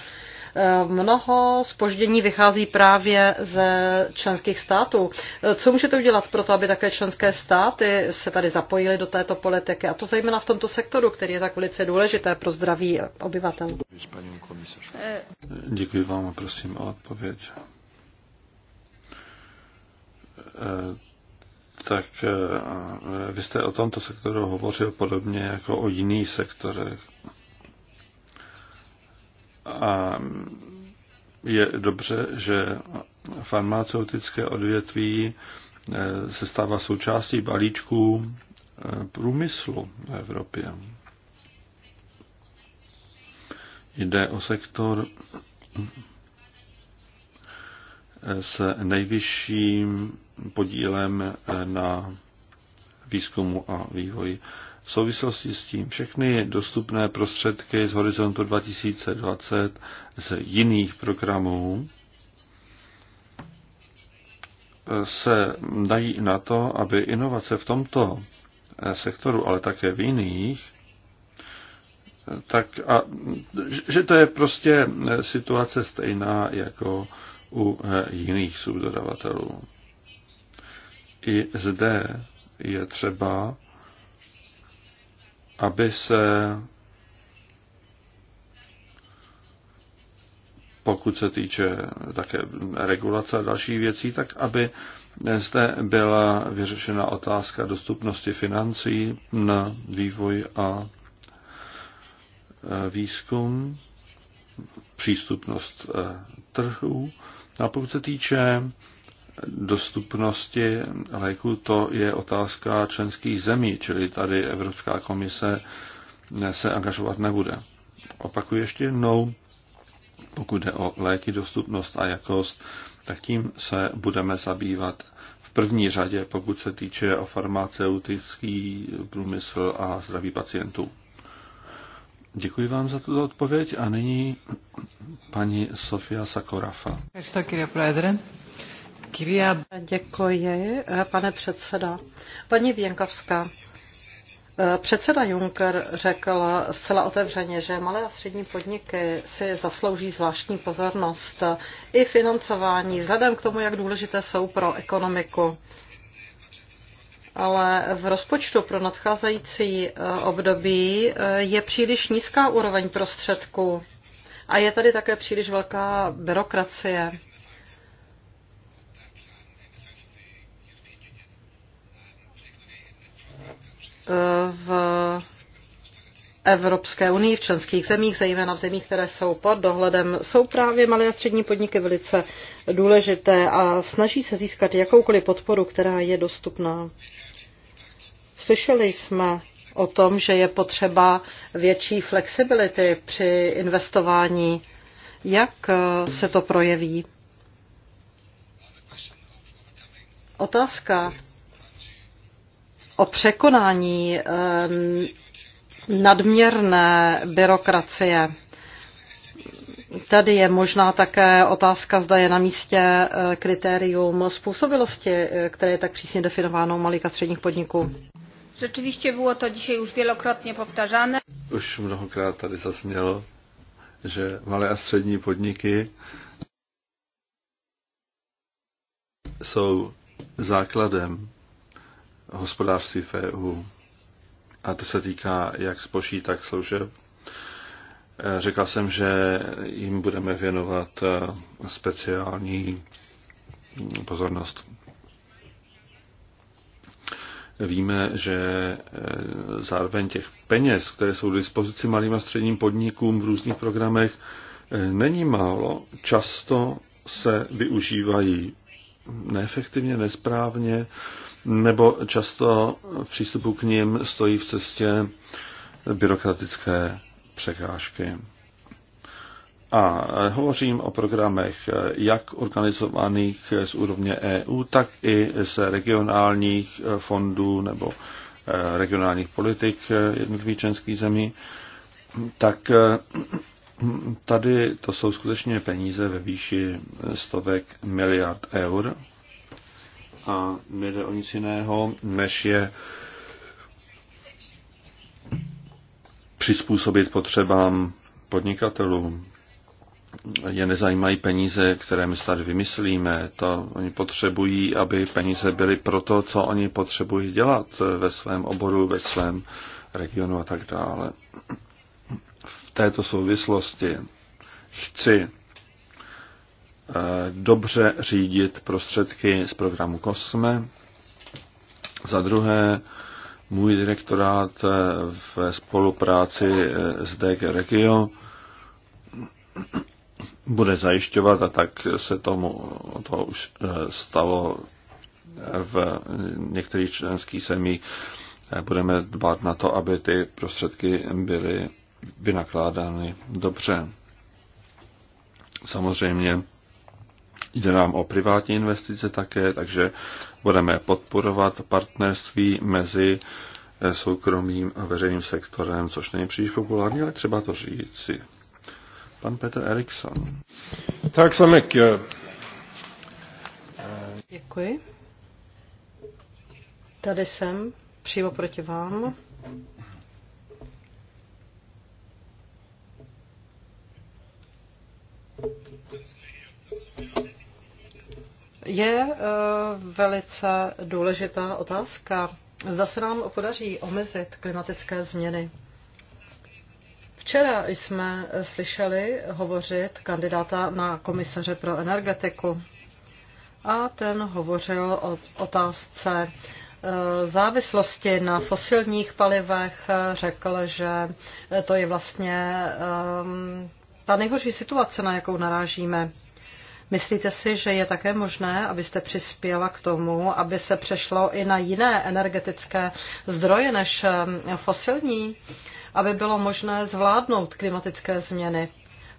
Mnoho spoždění vychází právě ze členských států. Eh, co můžete udělat pro to, aby také členské státy se tady zapojily do této politiky, a to zejména v tomto sektoru, který je tak velice důležité pro zdraví obyvatel? Děkuji vám a prosím o odpověď tak eh, vy jste o tomto sektoru hovořil podobně jako o jiných sektorech. A je dobře, že farmaceutické odvětví eh, se stává součástí balíčků eh, průmyslu v Evropě. Jde o sektor s nejvyšším podílem eh, na výzkumu a vývoji. V souvislosti s tím všechny dostupné prostředky z Horizontu 2020 z jiných programů eh, se dají na to, aby inovace v tomto eh, sektoru, ale také v jiných, tak a, že to je prostě situace stejná jako u jiných subdodavatelů. I zde je třeba, aby se pokud se týče také regulace a dalších věcí, tak aby zde byla vyřešena otázka dostupnosti financí na vývoj a e, výzkum, přístupnost e, trhů. A pokud se týče dostupnosti léku, to je otázka členských zemí, čili tady Evropská komise se angažovat nebude. Opakuji ještě jednou, pokud jde o léky, dostupnost a jakost, tak tím se budeme zabývat v první řadě, pokud se týče o farmaceutický průmysl a zdraví pacientů. Děkuji vám za tuto odpověď a nyní paní Sofia Sakorafa. Děkuji, eh, pane předseda. Paní Věnkovská, eh, Předseda Juncker řekl zcela otevřeně, že malé a střední podniky si zaslouží zvláštní pozornost i financování, vzhledem k tomu, jak důležité jsou pro ekonomiku. Ale v rozpočtu pro nadcházející eh, období je příliš nízká úroveň prostředků a je tady také příliš velká byrokracie. v Evropské unii, v členských zemích, zejména v zemích, které jsou pod dohledem, jsou právě malé a střední podniky velice důležité a snaží se získat jakoukoliv podporu, která je dostupná. Slyšeli jsme o tom, že je potřeba větší flexibility při investování. Jak se to projeví? Otázka o překonání eh, nadměrné byrokracie. Tady je možná také otázka, zda je na místě eh, kritérium způsobilosti, eh, které je tak přísně definováno u malých a středních podniků. Rzeczywiście bylo to dzisiaj už wielokrotnie powtarzane. Už mnohokrát tady zasnělo, že malé a střední podniky jsou základem hospodářství v EU. A to se týká jak zboží, tak služeb. E, Řekl jsem, že jim budeme věnovat e, speciální pozornost. Víme, že e, zároveň těch peněz, které jsou k dispozici malým a středním podnikům v různých programech, není málo. Často se využívají neefektivně, nesprávně nebo často v přístupu k ním stojí v cestě byrokratické překážky. A hovořím o programech jak organizovaných z úrovně EU, tak i z regionálních fondů nebo eh, regionálních politik jednotlivých členských zemí. Tak eh, tady to jsou skutečně peníze ve výši stovek miliard eur a nejde o nic jiného, než je přizpůsobit potřebám podnikatelů. Je nezajímají peníze, které my tady vymyslíme. To oni potřebují, aby peníze byly pro to, co oni potřebují dělat ve svém oboru, ve svém regionu a tak dále. V této souvislosti chci Eh, dobře řídit prostředky z programu COSME. Za druhé, můj direktorát eh, ve spolupráci eh, s DG Regio bude zajišťovat, a tak se tomu to už stalo v některých členských zemích, budeme dbát na to, aby ty prostředky byly vynakládány dobře. Samozřejmě Jde nám o privátní investice také, takže budeme podporovat partnerství mezi eh, soukromým a veřejným sektorem, což není příliš populární, ale třeba to říci. Pan Petr Eriksson. Tak samek. Děkuji. Tady jsem, přímo proti vám je eh, velice důležitá otázka. Zda se nám podaří omezit klimatické změny. Včera jsme slyšeli hovořit kandidáta na komisaře pro energetiku a ten hovořil o otázce eh, závislosti na fosilních palivech. Řekl, že to je vlastně ehm, ta nejhorší situace, na jakou narážíme. Myslíte si, že je také možné, abyste přispěla k tomu, aby se přešlo i na jiné energetické zdroje než um, fosilní, aby bylo možné zvládnout klimatické změny?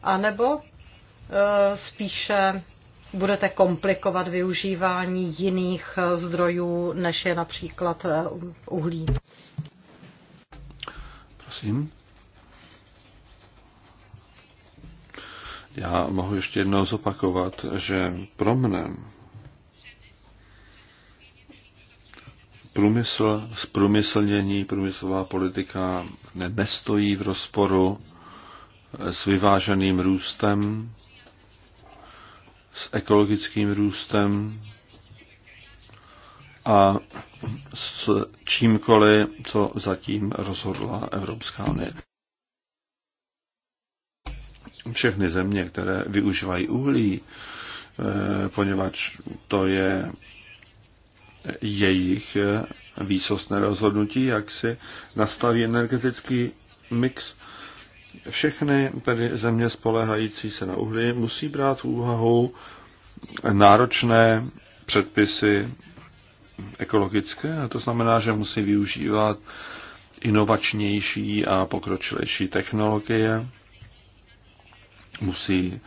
A nebo uh, spíše budete komplikovat využívání jiných uh, zdrojů, než je například uh, uhlí? Prosím. Já mohu ještě jednou zopakovat, že pro mne průmysl, zprůmyslnění, průmyslová politika nestojí v rozporu s vyváženým růstem, s ekologickým růstem a s čímkoliv, co zatím rozhodla Evropská unie všechny země, které využívají uhlí, eh, poněvadž to je jejich eh, výsostné rozhodnutí, jak si nastaví energetický mix. Všechny tedy země spolehající se na uhlí musí brát v úvahu náročné předpisy ekologické, a to znamená, že musí využívat inovačnější a pokročilejší technologie, musí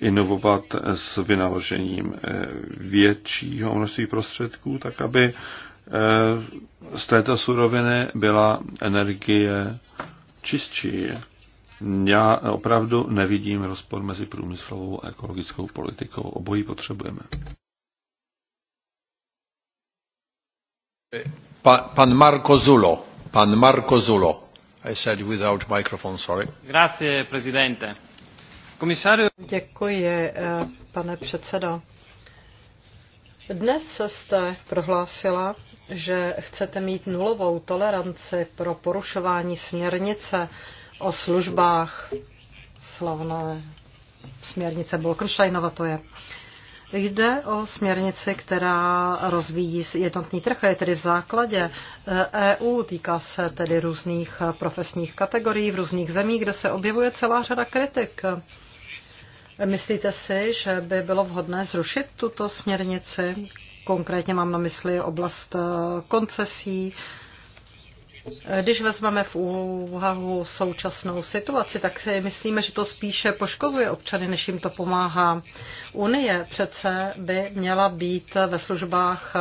inovovat s vynaložením eh, většího množství prostředků, tak aby eh, z této suroviny byla energie čistší. Já opravdu nevidím rozpor mezi průmyslovou a ekologickou politikou. Obojí potřebujeme. Pa, pan Marco Zulo. Pan Marco Zulo. I said without microphone, sorry. Grazie, presidente. Děkuji, eh, pane předsedo. Dnes jste prohlásila, že chcete mít nulovou toleranci pro porušování směrnice o službách. Slavné směrnice Bolkrušajnova to je. Jde o směrnici, která rozvíjí jednotný trh, je tedy v základě EU, eh, e týká se tedy různých profesních kategorií v různých zemích, kde se objevuje celá řada kritik. Myslíte si, že by bylo vhodné zrušit tuto směrnici? Konkrétně mám na mysli oblast eh, koncesí. Když vezmeme v úvahu současnou situaci, tak si myslíme, že to spíše poškozuje občany, než jim to pomáhá. Unie přece by měla být ve službách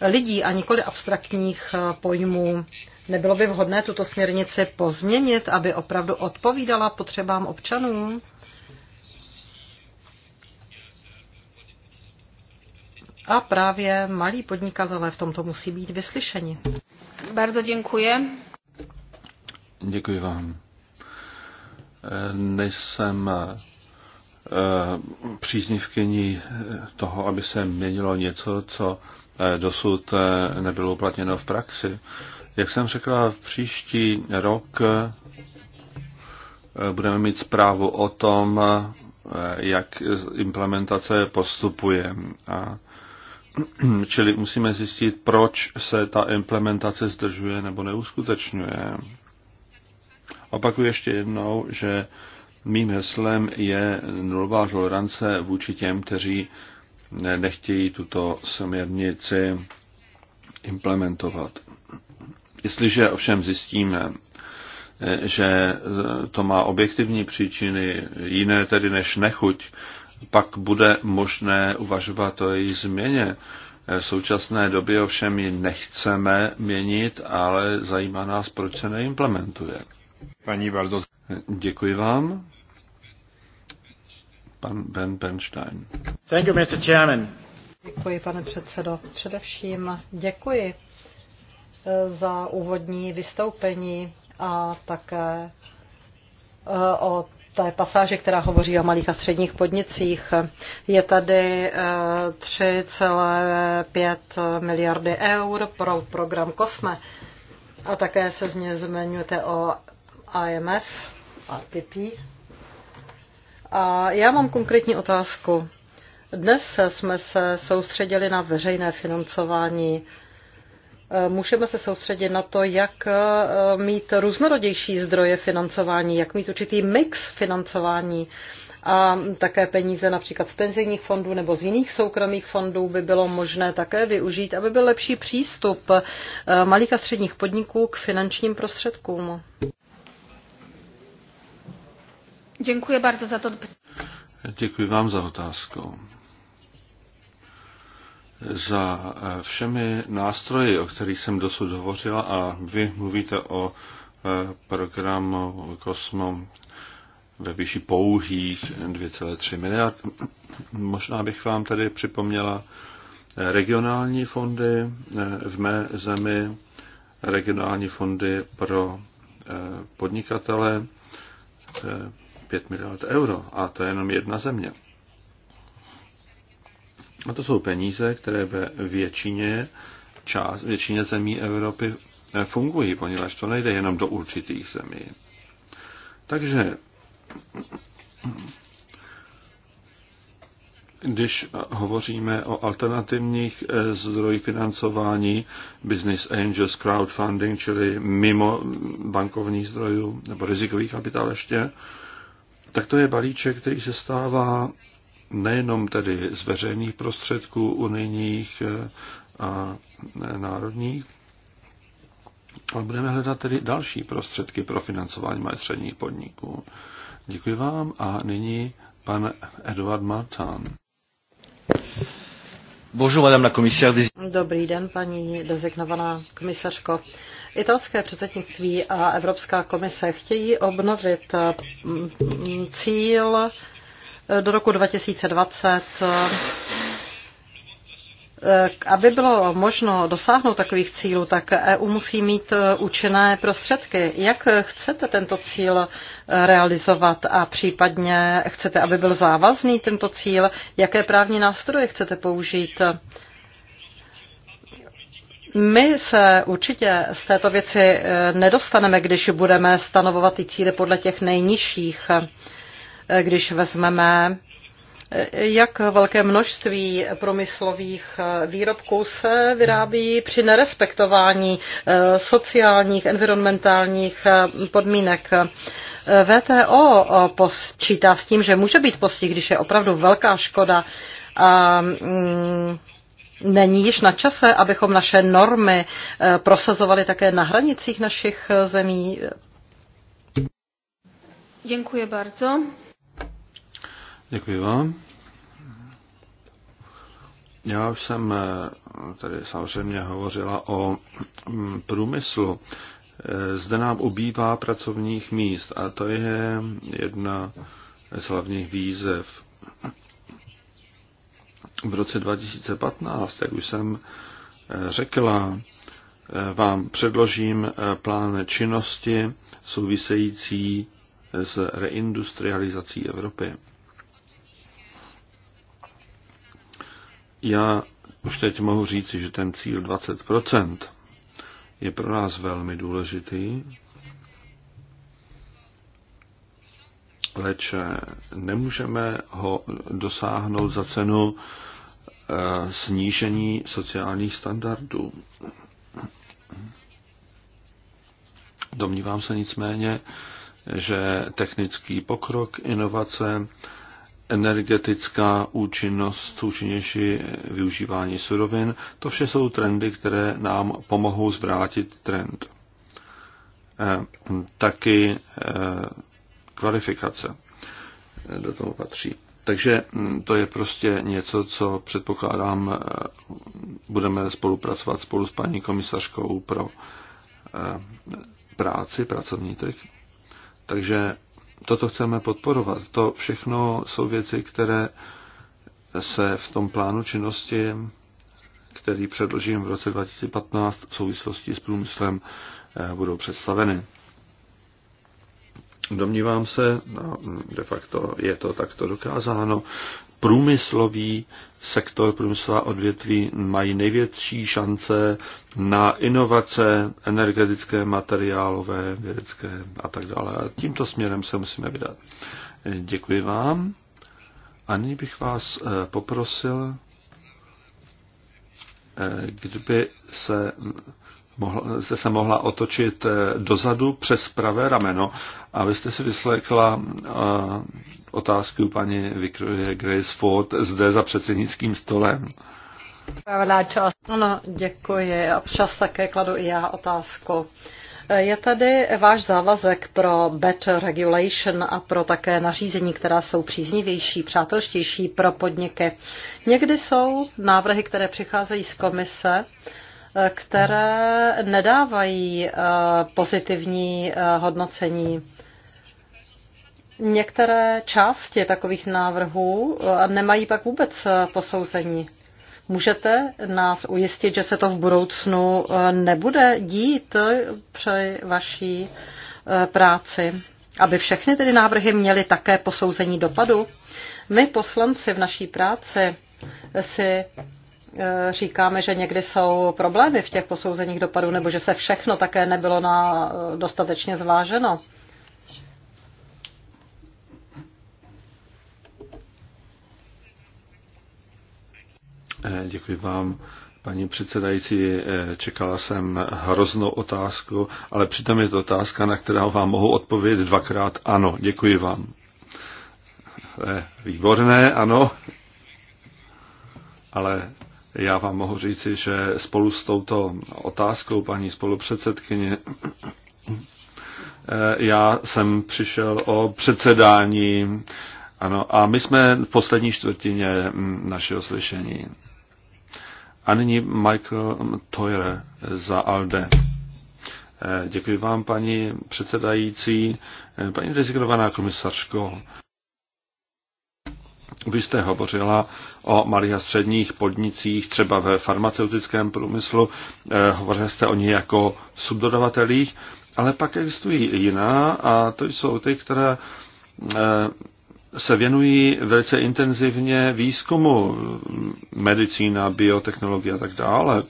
lidí a nikoli abstraktních pojmů. Nebylo by vhodné tuto směrnici pozměnit, aby opravdu odpovídala potřebám občanů? A právě malí podnikatelé v tomto musí být vyslyšeni. Bardzo děkuji. Děkuji vám. Eh, nejsem eh, příznivkyní eh, toho, aby se měnilo něco, co dosud nebylo uplatněno v praxi. Jak jsem řekla, v příští rok budeme mít zprávu o tom, jak implementace postupuje. A Čili musíme zjistit, proč se ta implementace zdržuje nebo neuskutečňuje. Opakuju ještě jednou, že mým heslem je nulová tolerance vůči těm, kteří nechtějí tuto směrnici implementovat. Jestliže ovšem zjistíme, že to má objektivní příčiny, jiné tedy než nechuť pak bude možné uvažovat o její změně. Eh, v současné době ovšem ji nechceme měnit, ale zajímá nás, proč se neimplementuje. Paní Vardo. Eh, děkuji vám. Pan Ben Bernstein. Thank you, Mr. Chairman. Děkuji, pane předsedo. Především děkuji eh, za úvodní vystoupení a také o té pasáže, která hovoří o malých a středních podnicích. Je tady 3,5 eh, miliardy eur pro program COSME a také se zmiňujete o IMF a PP. A já mám konkrétní otázku. Dnes jsme se soustředili na veřejné financování Eh, můžeme se soustředit na to, jak eh, mít různorodější zdroje financování, jak mít určitý mix financování a také peníze například z penzijních fondů nebo z jiných soukromých fondů by bylo možné také využít, aby byl lepší přístup eh, malých a středních podniků k finančním prostředkům. Děkuji bardzo za to. Děkuji vám za otázku za eh, všemi nástroji, o kterých jsem dosud hovořila a vy mluvíte o eh, programu Kosmo ve výši pouhých 2,3 miliard. Možná bych vám tady připomněla eh, regionální fondy v mé zemi, regionální fondy pro podnikatele 5 miliard euro a to je jenom jedna země. A to jsou peníze, které ve většině, část, většině zemí Evropy eh, fungují, poněvadž to nejde jenom do určitých zemí. Takže když hovoříme o alternativních eh, zdrojích financování, business angels, crowdfunding, čili mimo bankovních zdrojů nebo rizikový kapitál ještě, tak to je balíček, který se stává nejenom tedy z veřejných prostředků unijních eh, a národních, ale budeme hledat tedy další prostředky pro financování malých podniků. Děkuji vám a nyní pan Eduard Martán. Bonjour, madame la commissaire. Dobrý den, paní dezignovaná komisařko. Italské předsednictví a Evropská komise chtějí obnovit eh, cíl do roku 2020 eh, aby bylo možno dosáhnout takových cílů, tak EU musí mít eh, účinné prostředky. Jak chcete tento cíl eh, realizovat a případně chcete, aby byl závazný tento cíl? Jaké právní nástroje chcete použít? My se určitě z této věci nedostaneme, když budeme stanovovat ty cíle podle těch nejnižších když vezmeme, jak velké množství promyslových výrobků se vyrábí při nerespektování eh, sociálních, environmentálních eh, podmínek. VTO počítá s tím, že může být postih, když je opravdu velká škoda. A, mm, Není již na čase, abychom naše normy eh, prosazovali také na hranicích našich zemí? Děkuji bardzo. Děkuji vám. Já už jsem eh, tady samozřejmě hovořila o mm, průmyslu. Eh, zde nám ubývá pracovních míst a to je jedna z hlavních výzev. V roce 2015, jak už jsem eh, řekla, vám předložím plán činnosti související s reindustrializací Evropy. Já už teď mohu říci, že ten cíl 20% je pro nás velmi důležitý, leč eh, nemůžeme ho dosáhnout za cenu eh, snížení sociálních standardů. Domnívám se nicméně, že technický pokrok, inovace, energetická účinnost, účinnější využívání surovin, to vše jsou trendy, které nám pomohou zvrátit trend. Eh, taky eh, kvalifikace eh, do toho patří. Takže hm, to je prostě něco, co předpokládám, budeme spolupracovat spolu s paní komisařkou pro práci, pracovní trh. Takže toto chceme podporovat. To všechno jsou věci, které se v tom plánu činnosti, který předložím v roce 2015 v souvislosti s průmyslem, eh, budou představeny. Domnívám se, no de facto je to takto dokázáno, průmyslový sektor, průmyslová odvětví mají největší šance na inovace energetické, materiálové, vědecké a tak dále. A tímto směrem se musíme vydat. Děkuji vám. A nyní bych vás eh, poprosil, eh, kdyby se mohl, se, se mohla otočit eh, dozadu přes pravé rameno. A vy jste si vyslechla uh, otázku paní Vikruje Grace Ford zde za předsednickým stolem. Pravda čas. Ano, děkuji. A také kladu i já otázku. Eh, je tady váš závazek pro better regulation a pro také nařízení, která jsou příznivější, přátelštější pro podniky. Někdy jsou návrhy, které přicházejí z komise, Eh, které nedávají eh, pozitivní eh, hodnocení. Některé části takových návrhů nemají pak vůbec posouzení. Můžete nás ujistit, že se to v budoucnu nebude dít při vaší práci, aby všechny tedy návrhy měly také posouzení dopadu? My poslanci v naší práci si Eh, říkáme, že někdy jsou problémy v těch posouzeních dopadů, nebo že se všechno také nebylo na eh, dostatečně zváženo. Eh, děkuji vám, paní předsedající. Čekala jsem hroznou otázku, ale přitom je to otázka, na kterou vám mohu odpovědět dvakrát ano. Děkuji vám. Výborné, ano. Ale já vám mohu říci, že spolu s touto otázkou paní spolupředsedkyně eh, já jsem přišel o předsedání ano, a my jsme v poslední čtvrtině mm, našeho slyšení. A nyní Michael Toyer za ALDE. Eh, děkuji vám, paní předsedající. Eh, paní rezignovaná komisařko, vy jste hovořila o malých a středních podnicích, třeba ve farmaceutickém průmyslu, eh, hovořila jste o nich jako subdodavatelích, ale pak existují jiná a to jsou ty, které eh, se věnují velice intenzivně výzkumu medicína, biotechnologie a tak dále.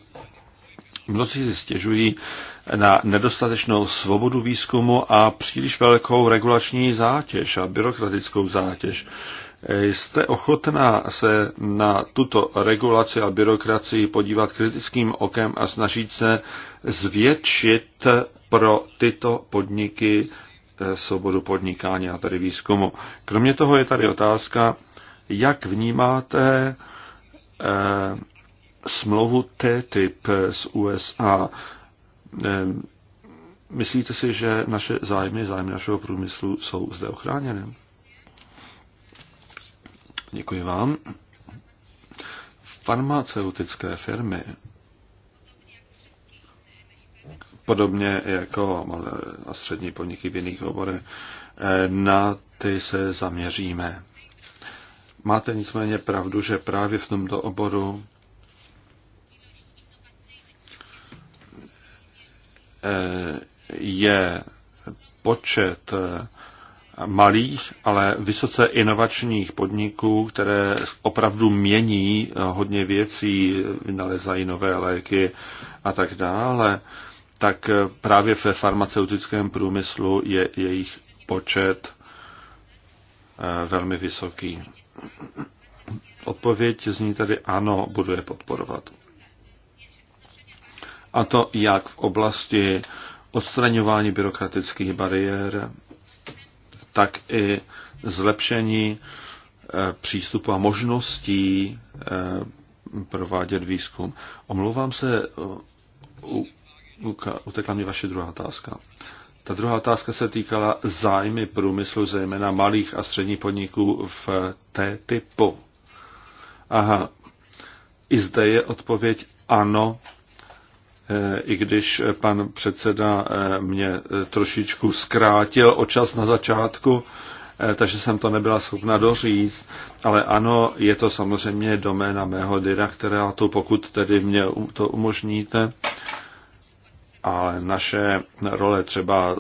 Mnozí si stěžují na nedostatečnou svobodu výzkumu a příliš velkou regulační zátěž a byrokratickou zátěž. Jste ochotná se na tuto regulaci a byrokracii podívat kritickým okem a snažit se zvětšit pro tyto podniky eh, svobodu podnikání a tady výzkumu. Kromě toho je tady otázka, jak vnímáte eh, smlouvu TTIP z USA. Eh, myslíte si, že naše zájmy, zájmy našeho průmyslu jsou zde ochráněny? Děkuji vám. Farmaceutické firmy, podobně jako malé a střední podniky v jiných oborech, eh, na ty se zaměříme. Máte nicméně pravdu, že právě v tomto oboru eh, je počet malých, ale vysoce inovačních podniků, které opravdu mění eh, hodně věcí, vynalezají nové léky a tak dále, tak eh, právě ve farmaceutickém průmyslu je jejich počet eh, velmi vysoký. Odpověď zní tedy ano, budu je podporovat. A to jak v oblasti odstraňování byrokratických bariér, tak i zlepšení eh, přístupu a možností eh, provádět výzkum. Omlouvám se, eh, utekla mi vaše druhá otázka. Ta druhá otázka se týkala zájmy průmyslu, zejména malých a středních podniků v té typu. Aha, i zde je odpověď ano, Eh, i když pan předseda eh, mě eh, trošičku zkrátil o čas na začátku, takže jsem to nebyla schopna doříct, ale ano, je to samozřejmě doména mého direktorátu, pokud tedy mě um-, to umožníte, ale naše role třeba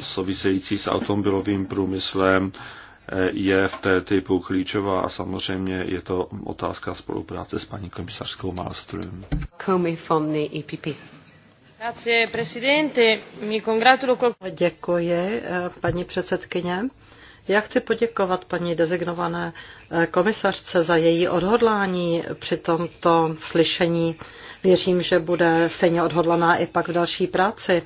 související s automobilovým průmyslem, je v té typu klíčová a samozřejmě je to otázka spolupráce s paní komisařskou Malström. E Děkuji, paní předsedkyně. Já chci poděkovat paní dezignované eh, komisařce za její odhodlání při tomto slyšení. Věřím, že bude stejně odhodlaná i pak v další práci.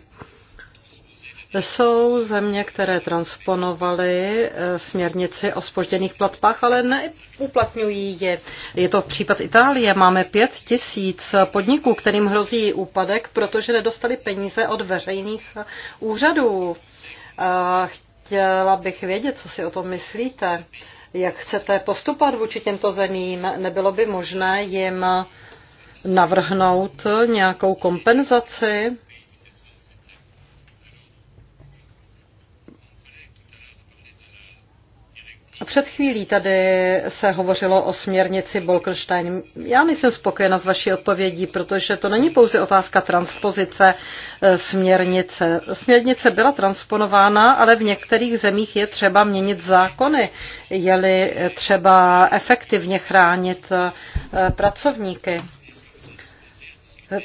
Jsou země, které transponovaly eh, směrnici o spožděných platbách, ale neuplatňují je. Je to případ Itálie. Máme pět tisíc podniků, kterým hrozí úpadek, protože nedostali peníze od veřejných eh, úřadů. Chtěla bych vědět, co si o tom myslíte. Jak chcete postupovat vůči těmto zemím? Nebylo by možné jim navrhnout nějakou kompenzaci? Před chvílí tady se hovořilo o směrnici Bolkenstein. Já nejsem spokojena s vaší odpovědí, protože to není pouze otázka transpozice e, směrnice. Směrnice byla transponována, ale v některých zemích je třeba měnit zákony, je-li třeba efektivně chránit e, pracovníky.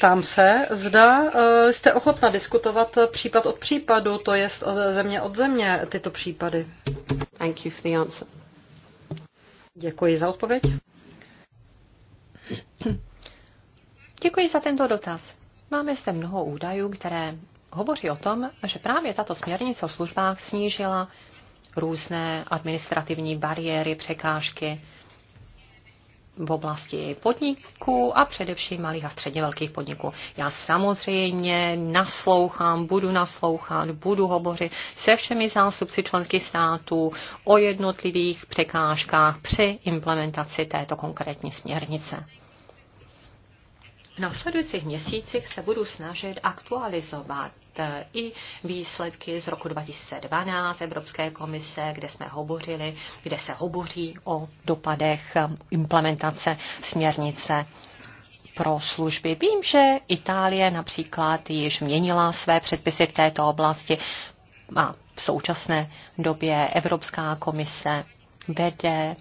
Tam se, zda eh, jste ochotna diskutovat případ od případu, to je země od země tyto případy. Thank you for the answer. Děkuji za odpověď. Děkuji za tento dotaz. Máme zde mnoho údajů, které hovoří o tom, že právě tato směrnice o službách snížila různé administrativní bariéry, překážky v oblasti podniků a především malých a středně velkých podniků. Já samozřejmě naslouchám, budu naslouchat, budu hovořit se všemi zástupci členských států o jednotlivých překážkách při implementaci této konkrétní směrnice. V následujících měsících se budu snažit aktualizovat Eh, i výsledky z roku 2012 Evropské komise, kde jsme hovořili, kde se hovoří o dopadech eh, implementace směrnice pro služby. Vím, že Itálie například již měnila své předpisy v této oblasti a v současné době Evropská komise vede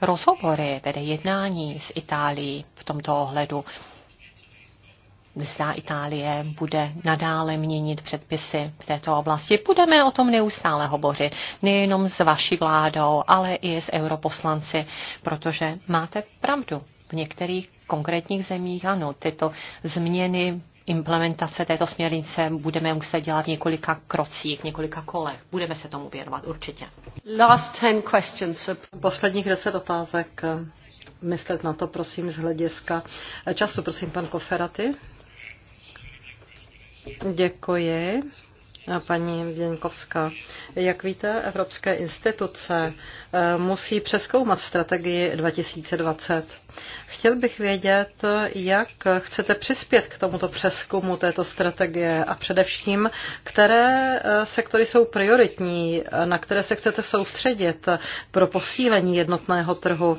rozhovory, vede jednání s Itálií v tomto ohledu zda Itálie bude nadále měnit předpisy v této oblasti. Budeme o tom neustále hovořit, nejenom s vaší vládou, ale i s europoslanci, protože máte pravdu. V některých konkrétních zemích ano, tyto změny implementace této směrnice budeme muset dělat v několika krocích, v několika kolech. Budeme se tomu věnovat určitě. Last ten questions. Posledních deset otázek. Myslet na to, prosím, z hlediska času. Prosím, pan Koferaty. Děkuji. Paní Děňkovská, jak víte, evropské instituce eh, musí přeskoumat strategii 2020. Chtěl bych vědět, jak chcete přispět k tomuto přeskumu této strategie a především, které eh, sektory jsou prioritní, na které se chcete soustředit pro posílení jednotného trhu.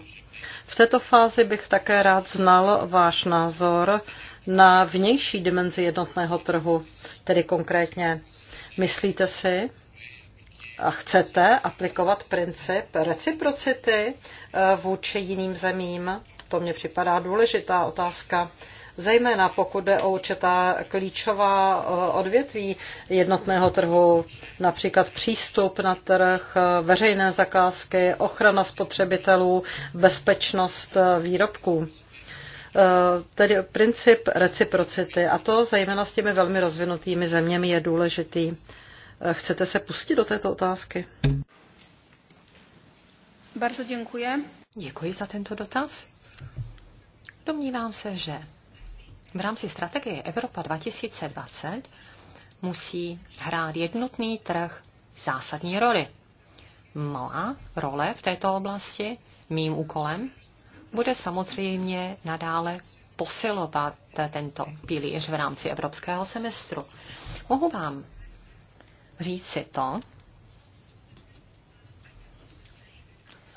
V této fázi bych také rád znal váš názor na vnější dimenzi jednotného trhu, tedy konkrétně myslíte si, a chcete aplikovat princip reciprocity eh, vůči jiným zemím? To mně připadá důležitá otázka zejména pokud jde o určitá klíčová eh, odvětví jednotného trhu, například přístup na trh, eh, veřejné zakázky, ochrana spotřebitelů, bezpečnost výrobků. Eh, tedy princip reciprocity, a to zejména s těmi velmi rozvinutými zeměmi, je důležitý. Eh, chcete se pustit do této otázky? Bardzo děkuji. Děkuji za tento dotaz. Domnívám se, že v rámci strategie Evropa 2020 musí hrát jednotný trh zásadní roli. Malá role v této oblasti mým úkolem bude samozřejmě nadále posilovat tento pilíř v rámci evropského semestru. Mohu vám říct, si to,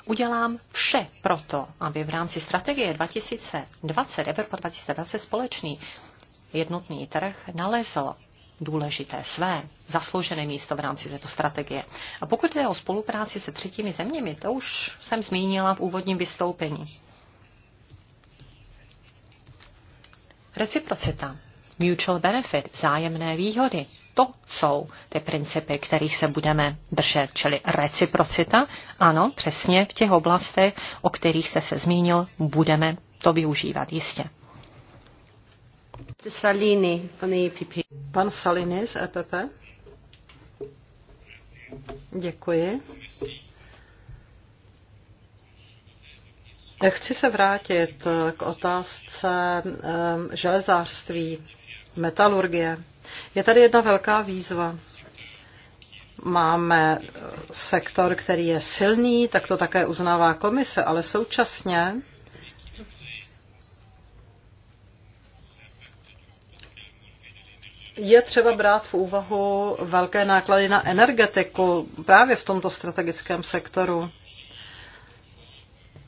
udělám vše proto, aby v rámci strategie 2020, Evropa 2020 společný jednotný trh nalezl důležité své zasloužené místo v rámci této strategie. A pokud jde o spolupráci se třetími zeměmi, to už jsem zmínila v úvodním vystoupení. Reciprocita, mutual benefit, zájemné výhody, to jsou ty principy, kterých se budeme držet, čili reciprocita. Ano, přesně v těch oblastech, o kterých jste se zmínil, budeme to využívat, jistě. Salini, pan e Pan Salini z EPP. Děkuji. Chci se vrátit k otázce ehm, železářství, metalurgie. Je tady jedna velká výzva. Máme eh, sektor, který je silný, tak to také uznává komise, ale současně je třeba brát v úvahu velké náklady na energetiku právě v tomto strategickém sektoru.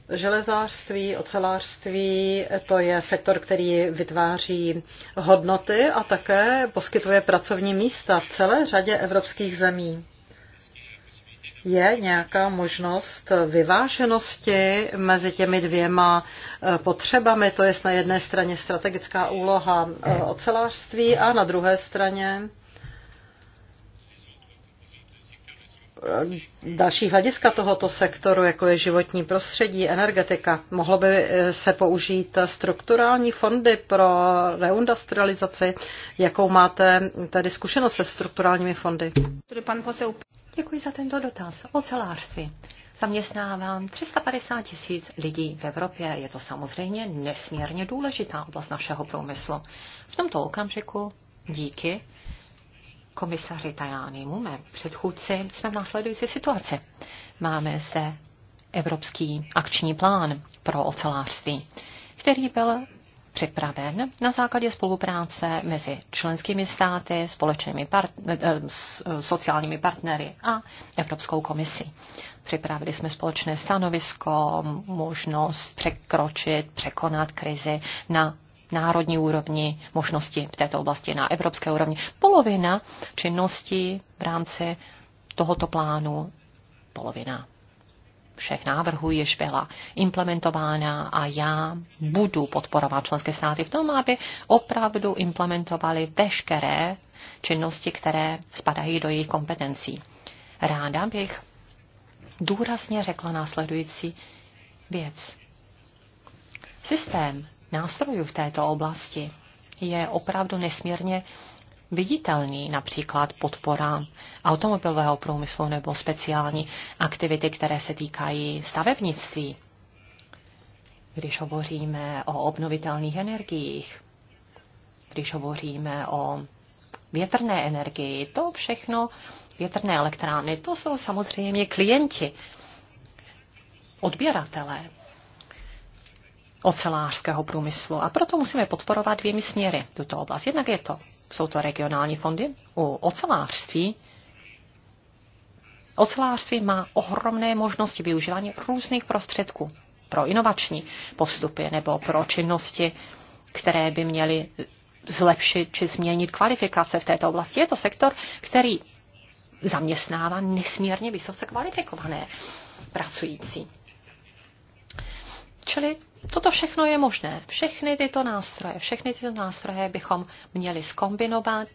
Železářství, ocelářství, to je sektor, který vytváří hodnoty a také poskytuje pracovní místa v celé řadě evropských zemí. Je nějaká možnost vyváženosti mezi těmi dvěma eh, potřebami, to je na jedné straně strategická úloha eh, ocelářství a na druhé straně další hlediska tohoto sektoru, jako je životní prostředí, energetika. Mohlo by eh, se použít strukturální fondy pro reindustrializaci. Jakou máte hm, tedy zkušenost se strukturálními fondy? Pan posel... Děkuji za tento dotaz. Ocelářství. Zaměstnávám 350 tisíc lidí v Evropě. Je to samozřejmě nesmírně důležitá oblast našeho průmyslu. V tomto okamžiku díky komisaři Tajánimu, mé předchůdci, jsme v následující situaci. Máme zde Evropský akční plán pro ocelářství, který byl připraven na základě spolupráce mezi členskými státy, společnými part- eh, eh, sociálními partnery a Evropskou komisí. Připravili jsme společné stanovisko, možnost překročit, překonat krizi na národní úrovni, možnosti v této oblasti na evropské úrovni. Polovina činností v rámci tohoto plánu, polovina všech návrhů již byla implementována a já budu podporovat členské státy v tom, aby opravdu implementovali veškeré činnosti, které spadají do jejich kompetencí. Ráda bych důrazně řekla následující věc. Systém nástrojů v této oblasti je opravdu nesmírně viditelný, například podpora automobilového průmyslu nebo speciální aktivity, které se týkají stavebnictví, když hovoříme o obnovitelných energiích, když hovoříme o větrné energii, to všechno, větrné elektrárny, to jsou samozřejmě klienti, odběratelé ocelářského průmyslu. A proto musíme podporovat dvěmi směry tuto oblast. Jednak je to, jsou to regionální fondy. U ocelářství Ocelářství má ohromné možnosti využívání různých prostředků pro inovační postupy nebo pro činnosti, které by měly zlepšit či změnit kvalifikace v této oblasti. Je to sektor, který zaměstnává nesmírně vysoce kvalifikované pracující. Čili Toto všechno je možné. Všechny tyto nástroje, všechny tyto nástroje bychom měli skombinovat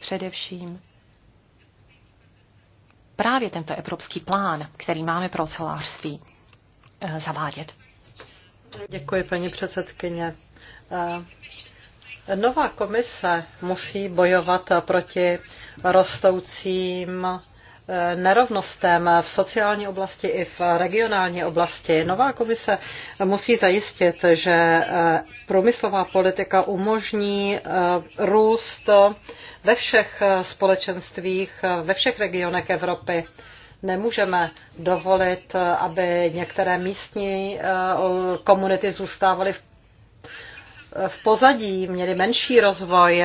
především právě tento evropský plán, který máme pro celářství, eh, zavádět. Děkuji, paní předsedkyně. Eh, nová komise musí bojovat proti rostoucím Eh, nerovnostem v sociální oblasti i v regionální oblasti. Nová komise musí zajistit, že eh, průmyslová politika umožní eh, růst ve všech společenstvích, ve všech regionech Evropy. Nemůžeme dovolit, aby některé místní komunity zůstávaly v pozadí, měly menší rozvoj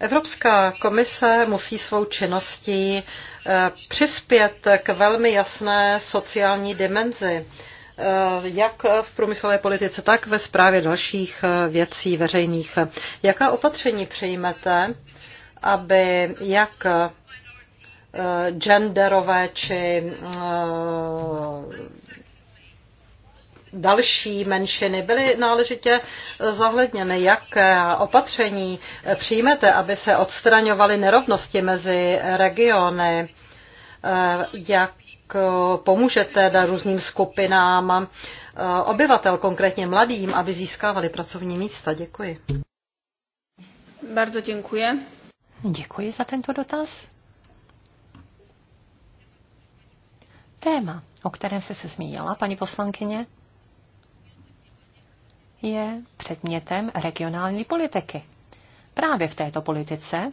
Evropská komise musí svou činností eh, přispět k velmi jasné sociální dimenzi, eh, jak v průmyslové politice, tak ve zprávě dalších eh, věcí veřejných. Jaká opatření přijmete, aby jak genderové či další menšiny byly náležitě zahledněny. Jak opatření přijmete, aby se odstraňovaly nerovnosti mezi regiony? Eh, jak pomůžete různým skupinám eh, obyvatel, konkrétně mladým, aby získávali pracovní místa? Děkuji. Bardzo děkuji. Děkuji za tento dotaz. Téma, o kterém jste se zmínila, paní poslankyně, je předmětem regionální politiky. Právě v této politice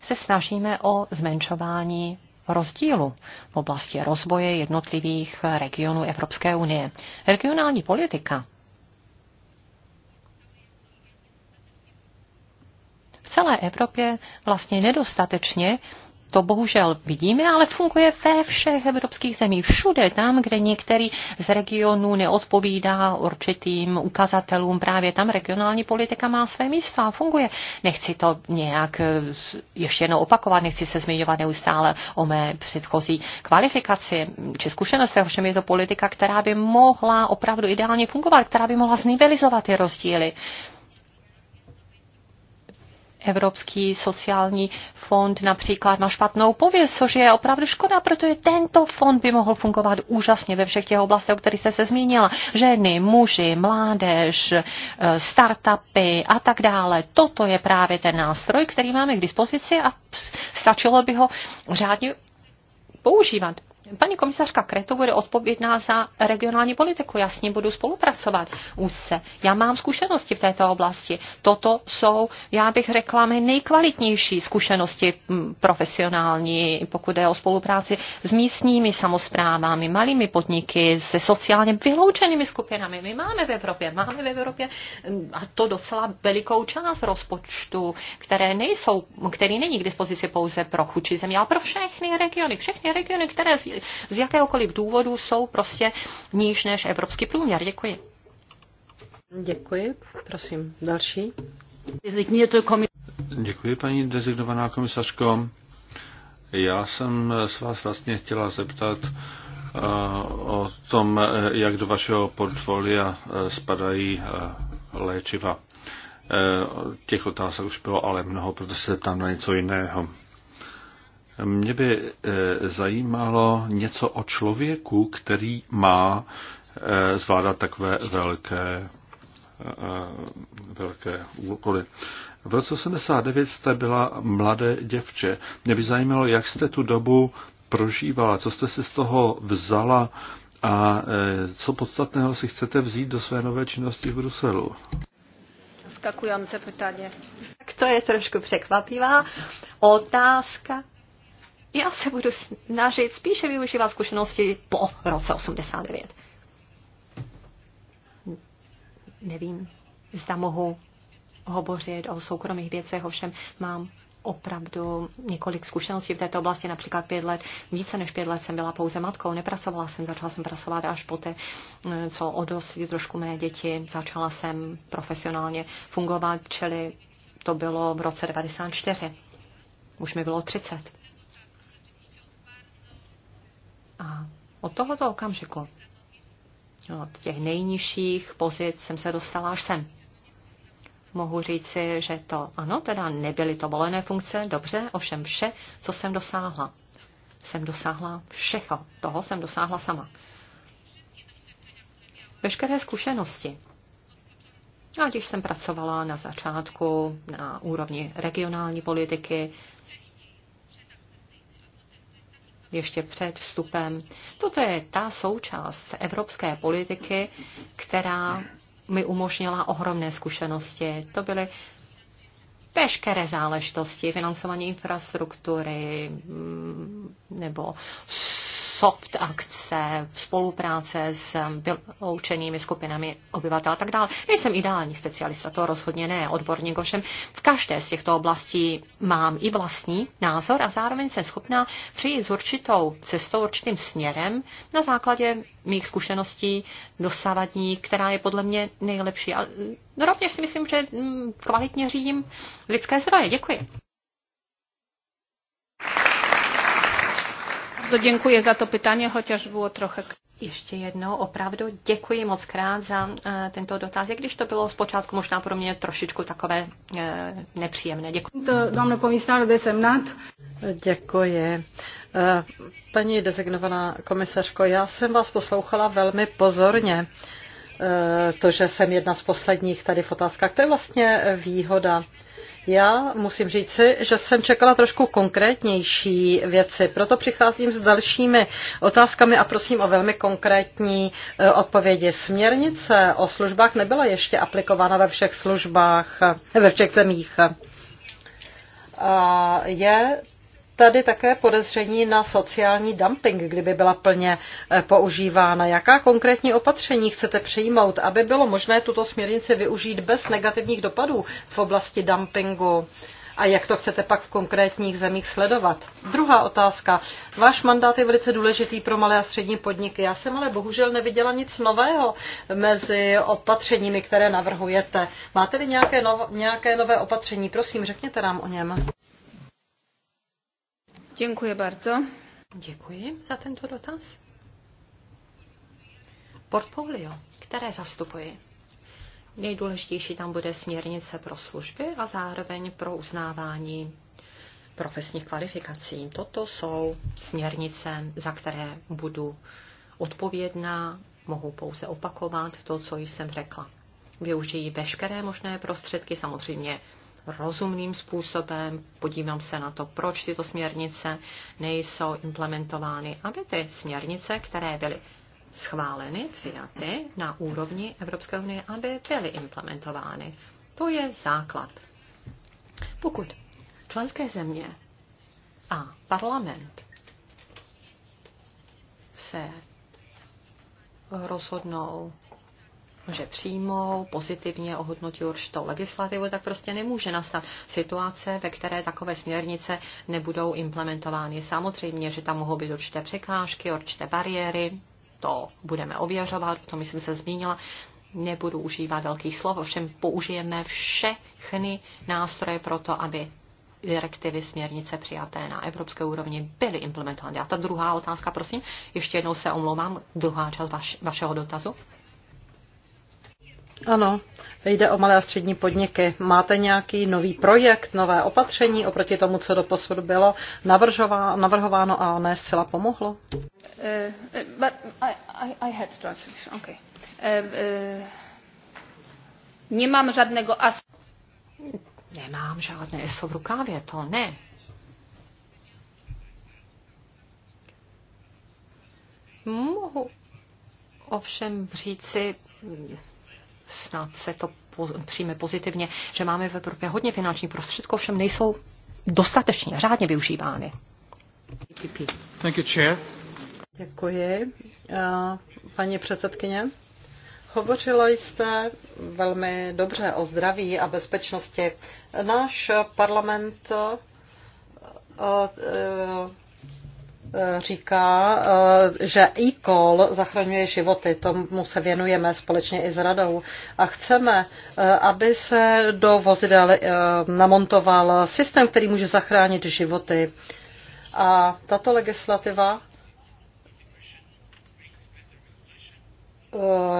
se snažíme o zmenšování rozdílu v oblasti rozvoje jednotlivých regionů Evropské unie. Regionální politika v celé Evropě vlastně nedostatečně to bohužel vidíme, ale funguje ve všech evropských zemích. Všude tam, kde některý z regionů neodpovídá určitým ukazatelům, právě tam regionální politika má své místo a funguje. Nechci to nějak eh, ještě jednou opakovat, nechci se zmiňovat neustále o mé předchozí kvalifikaci či zkušenosti, ovšem je to politika, která by mohla opravdu ideálně fungovat, která by mohla znivelizovat ty rozdíly Evropský sociální fond například má špatnou pověst, což je opravdu škoda, protože tento fond by mohl fungovat úžasně ve všech těch oblastech, o kterých jste se zmínila. Ženy, muži, mládež, eh, startupy a tak dále. Toto je právě ten nástroj, který máme k dispozici a stačilo by ho řádně používat. Paní komisařka Kretu bude odpovědná za regionální politiku. Já s ní budu spolupracovat úzce. Já mám zkušenosti v této oblasti. Toto jsou, já bych řekla, mé nejkvalitnější zkušenosti mm, profesionální, pokud je o spolupráci s místními samozprávami, malými podniky, se sociálně vyloučenými skupinami. My máme v Evropě, máme v Evropě mm, a to docela velikou část rozpočtu, které nejsou, který není k dispozici pouze pro chudší země, ale pro všechny regiony, všechny regiony, které z jakéhokoliv důvodu jsou prostě níž než evropský průměr. Děkuji. Děkuji. Prosím, další. Děkuji, paní dezignovaná komisařko. Já jsem s vás vlastně chtěla zeptat eh, o tom, eh, jak do vašeho portfolia eh, spadají léčiva. Těch otázek už bylo ale mnoho, protože se tam na něco jiného. Mě by eh, zajímalo něco o člověku, který má eh, zvládat takové velké, eh, velké úkoly. V roce 89 jste byla mladé děvče. Mě by zajímalo, jak jste tu dobu prožívala, co jste si z toho vzala a co podstatného si chcete vzít do své nové činnosti v Bruselu. Skakujúce pytanie. Tak to je trošku překvapivá otázka já se budu snažit spíše využívat zkušenosti po roce 89. Nevím, zda mohu hovořit o soukromých věcech, ovšem mám opravdu několik zkušeností v této oblasti, například pět let, více než pět let jsem byla pouze matkou, nepracovala jsem, začala jsem pracovat až poté, co odrostly trošku mé děti, začala jsem profesionálně fungovat, čili to bylo v roce 94. Už mi bylo 30. A od tohoto okamžiku, od těch nejnižších pozic, jsem se dostala až sem. Mohu říci, že to, ano, teda nebyly to volené funkce, dobře, ovšem vše, co jsem dosáhla. Jsem dosáhla všeho, toho jsem dosáhla sama. Veškeré zkušenosti, a když jsem pracovala na začátku na úrovni regionální politiky, ještě před vstupem. Toto je ta součást evropské politiky, která mi umožnila ohromné zkušenosti. To byly veškeré záležitosti, financování infrastruktury mm, nebo soft akce, spolupráce s vyloučenými um, skupinami obyvatel a tak dále. Nejsem ideální specialista, to rozhodně ne, odborník ovšem. V každé z těchto oblastí mám i vlastní názor a zároveň jsem schopná přijít s určitou cestou, určitým směrem na základě mých zkušeností dosávadní, která je podle mě nejlepší. A hm, rovněž si myslím, že hm, kvalitně řídím lidské zdroje. Děkuji. Bardzo děkuji za to pytanie, chociaż bylo trochu. Ještě jednou opravdu děkuji moc krát za uh, tento dotaz, i když to bylo zpočátku možná pro mě trošičku takové uh, nepříjemné. Děkuji. Dámno komisár nad. Děkuji. Uh, paní dezignovaná komisařko, já jsem vás poslouchala velmi pozorně. Uh, to, že jsem jedna z posledních tady v otázkách, to je vlastně výhoda já musím říci, že jsem čekala trošku konkrétnější věci, proto přicházím s dalšími otázkami a prosím o velmi konkrétní eh, odpovědi. Směrnice o službách nebyla ještě aplikována ve všech službách, eh, ve všech zemích. je tady také podezření na sociální dumping, kdyby byla plně eh, používána. Jaká konkrétní opatření chcete přijmout, aby bylo možné tuto směrnici využít bez negativních dopadů v oblasti dumpingu? a jak to chcete pak v konkrétních zemích sledovat. Druhá otázka. Váš mandát je velice důležitý pro malé a střední podniky. Já jsem ale bohužel neviděla nic nového mezi opatřeními, které navrhujete. Máte-li nějaké, no, nějaké nové opatření? Prosím, řekněte nám o něm. Děkuji bardzo. Děkuji za tento dotaz. Portfolio, které zastupuji. Nejdůležitější tam bude směrnice pro služby a zároveň pro uznávání profesních kvalifikací. Toto jsou směrnice, za které budu odpovědná, mohu pouze opakovat to, co jsem řekla. Využijí veškeré možné prostředky, samozřejmě rozumným způsobem, podívám se na to, proč tyto směrnice nejsou implementovány, aby ty směrnice, které byly schváleny, přijaty na úrovni Evropské unie, aby byly implementovány. To je základ. Pokud členské země a parlament se rozhodnou může přijmout, pozitivně ohodnotit určitou legislativu, tak prostě nemůže nastat situace, ve které takové směrnice nebudou implementovány. Samozřejmě, že tam mohou být určité překážky, určité bariéry, to budeme ověřovat, o tom jsem se zmínila, nebudu užívat velkých slov, ovšem použijeme všechny nástroje pro to, aby direktivy, směrnice přijaté na evropské úrovni byly implementovány. A ta druhá otázka, prosím, ještě jednou se omlouvám, druhá část vaš, vašeho dotazu. Ano, jde o malé a střední podniky. Máte nějaký nový projekt, nové opatření oproti tomu, co do posud bylo navrhováno a ne zcela pomohlo? Uh, um, uh, nemám žádného as. Nemám žádné ESO v rukávě, to ne. Mohu ovšem říci, snad se to přijme pozitivně, že máme v Evropě hodně finančních prostředků, ovšem nejsou dostatečně řádně využívány. Thank you, chair. Děkuji. Paní předsedkyně, hovořila jste velmi dobře o zdraví a bezpečnosti. Náš parlament Eh, říká, eh, že e-call zachraňuje životy. Tomu se věnujeme společně i s radou. A chceme, eh, aby se do vozidel namontoval systém, který může zachránit životy. A tato legislativa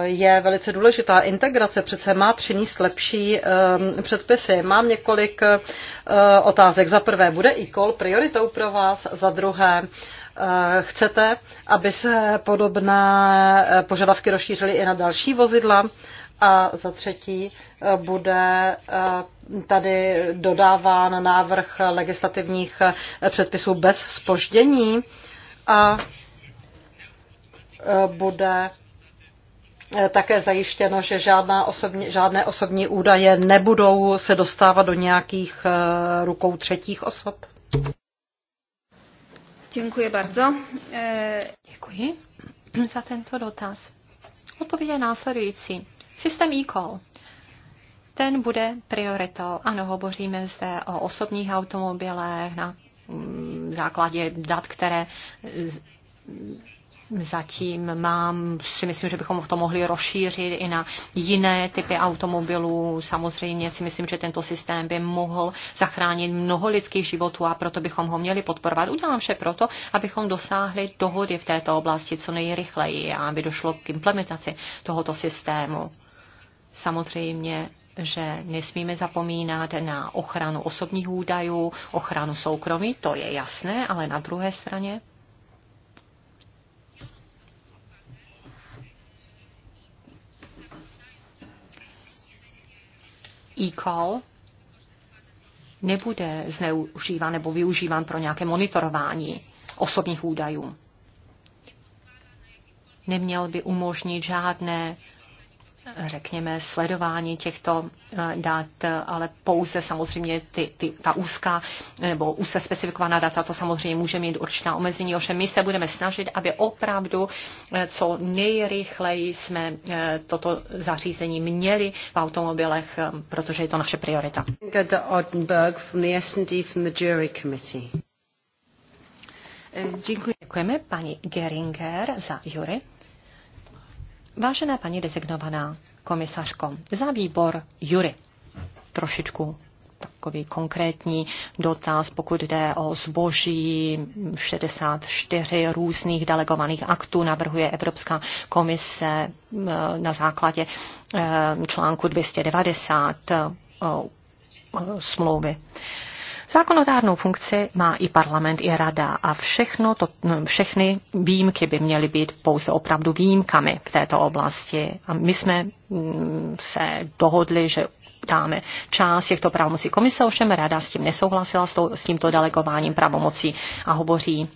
je velice důležitá. Integrace přece má přinést lepší předpisy. Mám několik otázek. Za prvé, bude e-call prioritou pro vás? Za druhé, Eh, chcete, aby se podobné eh, požadavky rozšířily i na další vozidla? A za třetí eh, bude tady dodáván návrh legislativních předpisů bez spoždění a bude také zajištěno, že žádná osobní, žádné osobní údaje nebudou se dostávat do nějakých rukou třetích osob? Děkuji bardzo. Eh, Děkuji za tento dotaz. Odpověď je následující. Systém e-call. Ten bude prioritou. Ano, hovoříme zde o osobních automobilech na mm, základě dat, které zatím mám, si myslím, že bychom to mohli rozšířit i na jiné typy automobilů. Samozřejmě si myslím, že tento systém by mohl zachránit mnoho lidských životů a proto bychom ho měli podporovat. Udělám vše proto, abychom dosáhli dohody v této oblasti co nejrychleji a aby došlo k implementaci tohoto systému. Samozřejmě že nesmíme zapomínat na ochranu osobních údajů, ochranu soukromí, to je jasné, ale na druhé straně e-call nebude zneužíván nebo využíván pro nějaké monitorování osobních údajů. Neměl by umožnit žádné řekněme, sledování těchto eh, dat, ale pouze samozřejmě ty, ty, ta úzká nebo úzce specifikovaná data, to samozřejmě může mít určitá omezení, že my se budeme snažit, aby opravdu eh, co nejrychleji jsme eh, toto zařízení měli v automobilech, protože je to naše priorita. Děkujeme paní Geringer za jury. Vážená paní designovaná komisařko, za výbor Jury trošičku takový konkrétní dotaz, pokud jde o zboží 64 různých delegovaných aktů navrhuje Evropská komise eh, na základě eh, článku 290 eh, smlouvy. Zákonodárnou funkci má i parlament, i rada a všechno to, všechny výjimky by měly být pouze opravdu výjimkami v této oblasti. A my jsme se dohodli, že dáme část těchto pravomocí komise, ovšem rada s tím nesouhlasila, s, tímto delegováním pravomocí a hovoří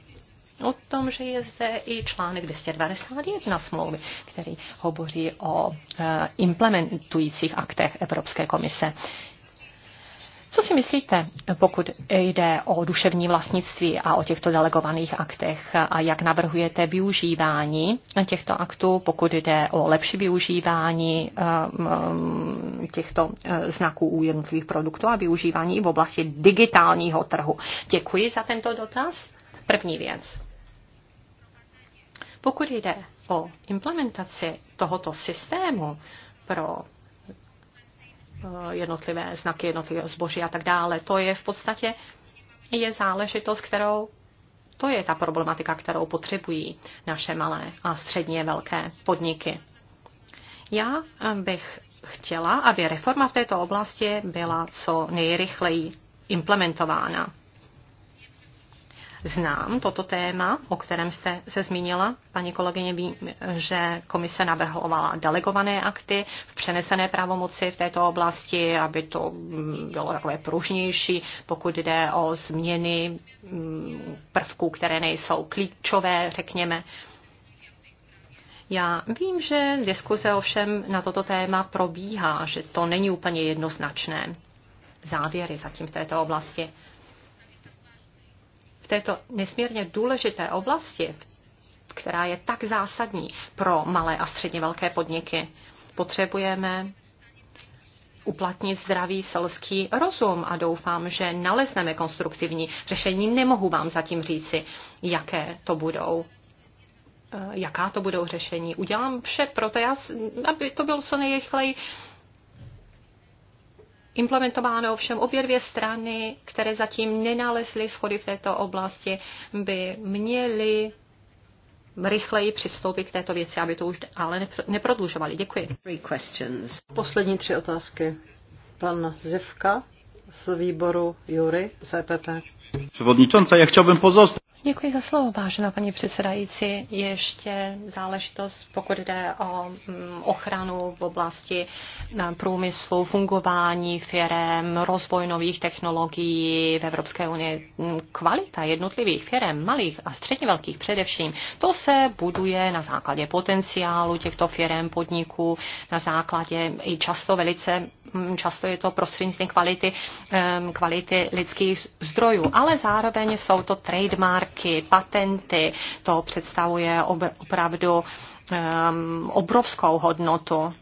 o tom, že je zde i článek 291 smlouvy, který hovoří o e, implementujících aktech Evropské komise. Co si myslíte, pokud jde o duševní vlastnictví a o těchto delegovaných aktech a jak navrhujete využívání těchto aktů, pokud jde o lepší využívání um, um, těchto eh, znaků u jednotlivých produktů a využívání v oblasti digitálního trhu? Děkuji za tento dotaz. První věc. Pokud jde o implementaci tohoto systému pro Eh, jednotlivé znaky jednotlivého zboží a tak dále. To je v podstatě je záležitost, kterou to je ta problematika, kterou potřebují naše malé a středně velké podniky. Já eh, bych chtěla, aby reforma v této oblasti byla co nejrychleji implementována znám toto téma, o kterém jste se zmínila, paní kolegyně, vím, že komise navrhovala delegované akty v přenesené pravomoci v této oblasti, aby to mm, bylo takové pružnější, pokud jde o změny mm, prvků, které nejsou klíčové, řekněme. Já vím, že diskuze ovšem na toto téma probíhá, že to není úplně jednoznačné závěry zatím v této oblasti této nesmírně důležité oblasti, která je tak zásadní pro malé a středně velké podniky, potřebujeme uplatnit zdravý selský rozum a doufám, že nalezneme konstruktivní řešení. Nemohu vám zatím říci, jaké to budou eh, jaká to budou řešení. Udělám vše pro to, aby to bylo co nejrychleji implementováno, ovšem obě dvě strany, které zatím nenalezly schody v této oblasti, by měly rychleji přistoupit k této věci, aby to už ale neprodlužovali. Děkuji. Poslední tři otázky. Pan Zivka z výboru Jury z EPP. Przewodnicząca, ja chciałbym pozostać. Děkuji za slovo, vážená paní předsedající. Ještě záležitost, pokud jde o mm, ochranu v oblasti průmyslu, fungování firm, rozvoj nových technologií v Evropské unii, mm, kvalita jednotlivých firm, malých a středně velkých především, to se buduje na základě potenciálu těchto firm, podniků, na základě i často velice mm, často je to prostřednictvím kvality, kvality lidských zdrojů, ale zároveň jsou to trademark léky, patenty, to představuje opravdu um, obrovskou hodnotu.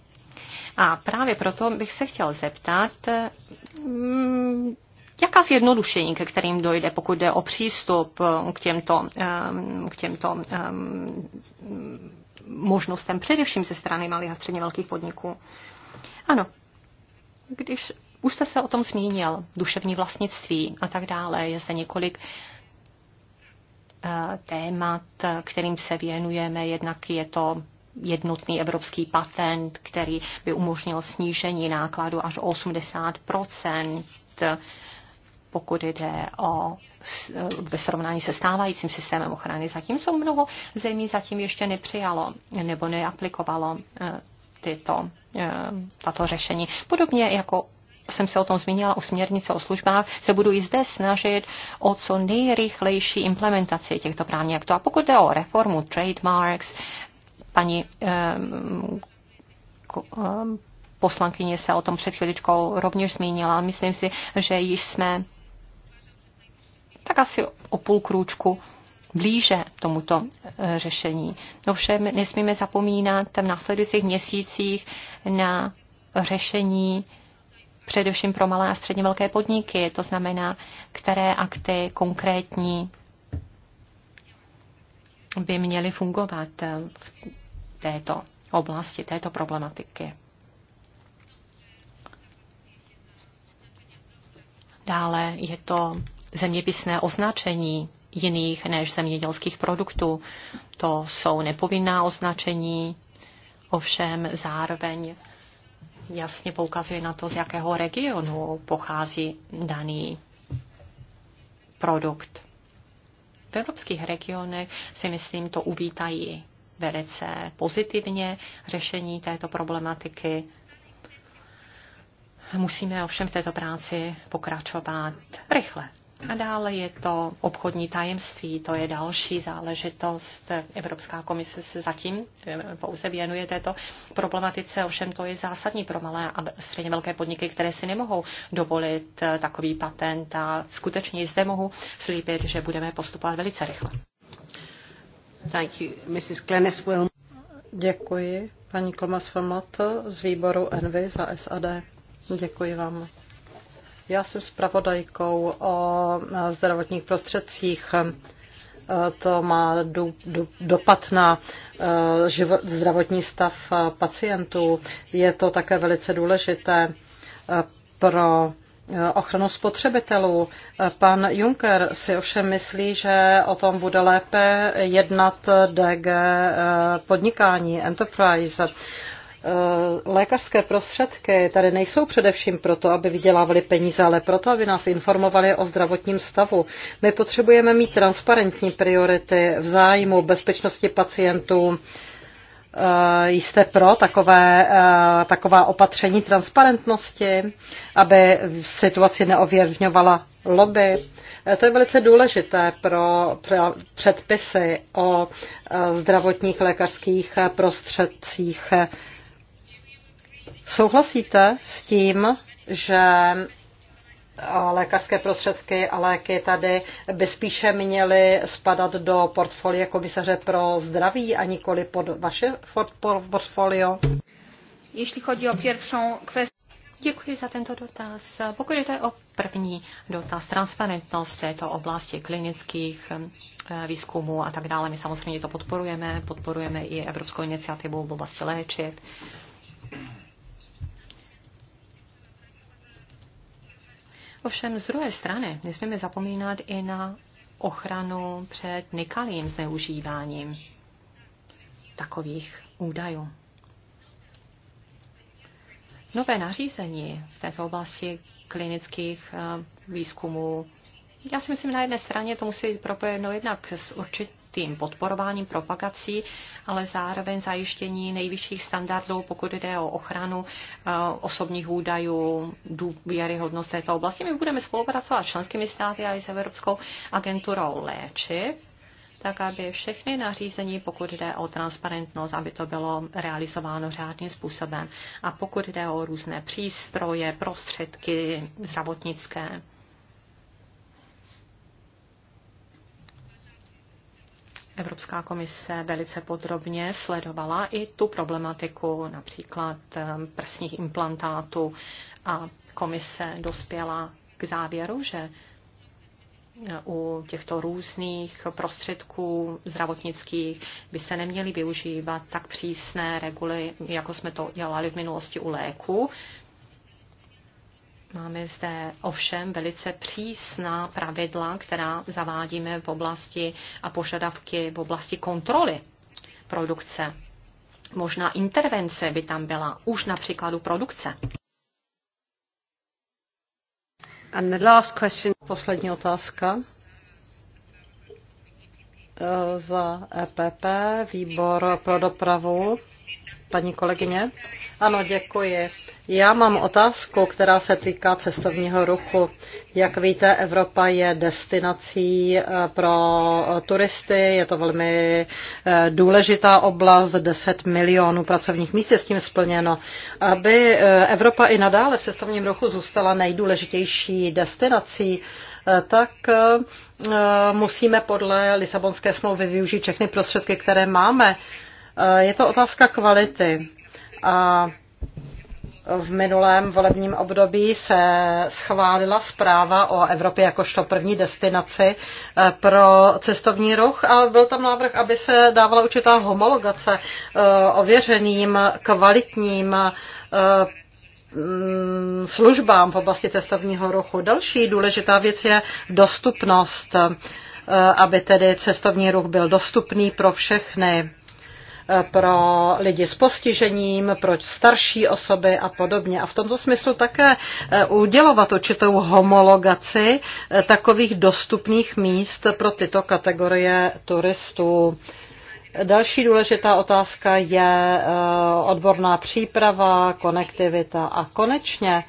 A právě proto bych se chtěl zeptat, um, Jaká zjednodušení, ke kterým dojde, pokud jde o přístup eh, k těmto, ehm, k těmto ehm, možnostem, především ze strany malých a středně velkých podniků? Ano, když už jste se o tom zmínil, duševní vlastnictví a tak dále, je zde několik Eh, témat, kterým se věnujeme. Jednak je to jednotný evropský patent, který by umožnil snížení nákladu až 80 pokud jde o eh, ve srovnání se stávajícím systémem ochrany. Zatímco mnoho zemí zatím ještě nepřijalo nebo neaplikovalo eh, tyto, tato řešení. Podobně jako jsem se o tom zmínila, u směrnice o službách, se budu i zde snažit o co nejrychlejší implementaci těchto právních aktů. A pokud jde o reformu trademarks, paní um, um, poslankyně se o tom před chviličkou rovněž zmínila. Myslím si, že již jsme tak asi o půl krůčku blíže tomuto e, řešení. No všem nesmíme zapomínat v následujících měsících na řešení především pro malé a středně velké podniky, to znamená, které akty konkrétní by měly fungovat v této oblasti, této problematiky. Dále je to zeměpisné označení jiných než zemědělských produktů. To jsou nepovinná označení, ovšem zároveň jasně poukazuje na to, z jakého regionu pochází daný produkt. V evropských regionech si myslím, to uvítají velice pozitivně řešení této problematiky. Musíme ovšem v této práci pokračovat rychle, a dále je to obchodní tajemství, to je další záležitost. Evropská komise se zatím eh, pouze věnuje této problematice, ovšem to je zásadní pro malé a středně velké podniky, které si nemohou dovolit eh, takový patent a skutečně zde mohu slíbit, že budeme postupovat velice rychle. Thank you, Mrs. Glenis Děkuji, paní Klomas Famoto z výboru Envy za SAD. Děkuji vám. Já jsem zpravodajkou o e, zdravotních prostředcích. E, to má do, do, dopad na e, život, zdravotní stav pacientů. Je to také velice důležité pro ochranu spotřebitelů. Pan Juncker si ovšem myslí, že o tom bude lépe jednat DG podnikání Enterprise. Eh, lékařské prostředky tady nejsou především proto, aby vydělávali peníze, ale proto, aby nás informovali o zdravotním stavu. My potřebujeme mít transparentní priority v zájmu bezpečnosti pacientů. Eh, jste pro takové, eh, taková opatření transparentnosti, aby situaci neověřňovala lobby. To je velice důležité pro předpisy o zdravotních lékařských prostředcích Souhlasíte s tím, že eh, lékařské prostředky a léky tady by spíše měly spadat do portfolia komisaře pro zdraví a nikoli pod vaše portfolio? Jestli chodí o první kvestii. Děkuji za tento dotaz. Pokud jde o první dotaz, transparentnost této oblasti klinických eh, výzkumů a tak dále, my samozřejmě to podporujeme, podporujeme i Evropskou iniciativu v oblasti léčit. Ovšem z druhé strany nesmíme zapomínat i na ochranu před nekalým zneužíváním takových údajů. Nové nařízení v této oblasti klinických eh, výzkumů já si myslím, na jedné straně to musí být propojeno jednak s určit, určitým podporováním, propagací, ale zároveň zajištění nejvyšších standardů, pokud jde o ochranu eh, osobních údajů, důvěryhodnost této oblasti. My budeme spolupracovat s členskými státy a i s Evropskou agenturou léčiv tak aby všechny nařízení, pokud jde o transparentnost, aby to bylo realizováno řádným způsobem. A pokud jde o různé přístroje, prostředky zdravotnické, Evropská komise velice podrobně sledovala i tu problematiku například eh, prsních implantátů a komise dospěla k závěru, že eh, u těchto různých prostředků zdravotnických by se neměly využívat tak přísné reguly, jako jsme to dělali v minulosti u léku. Máme zde ovšem velice přísná pravidla, která zavádíme v oblasti a požadavky v oblasti kontroly produkce. Možná intervence by tam byla už na příkladu produkce. And the last question. Poslední otázka. Eh, za EPP, výbor pro dopravu. Paní kolegyně? Ano, děkuji. Já mám otázku, která se týká cestovního ruchu. Jak víte, Evropa je destinací eh, pro turisty, je to velmi eh, důležitá oblast, 10 milionů pracovních míst je s tím splněno. Aby Evropa i nadále v cestovním ruchu zůstala nejdůležitější destinací, tak eh, musíme podle Lisabonské smlouvy využít všechny prostředky, které máme. Eh, je to otázka kvality. A v minulém volebním období se schválila zpráva o Evropě jakožto první destinaci eh, pro cestovní ruch a byl tam návrh, aby se dávala určitá homologace ověřeným kvalitním Mm, službám v oblasti cestovního ruchu. Další důležitá věc je dostupnost, eh, aby tedy cestovní ruch byl dostupný pro všechny eh, pro lidi s postižením, pro starší osoby a podobně. A v tomto smyslu také eh, udělovat určitou homologaci takových dostupných míst pro tyto kategorie turistů. Další důležitá otázka je eh, odborná příprava, konektivita a konečně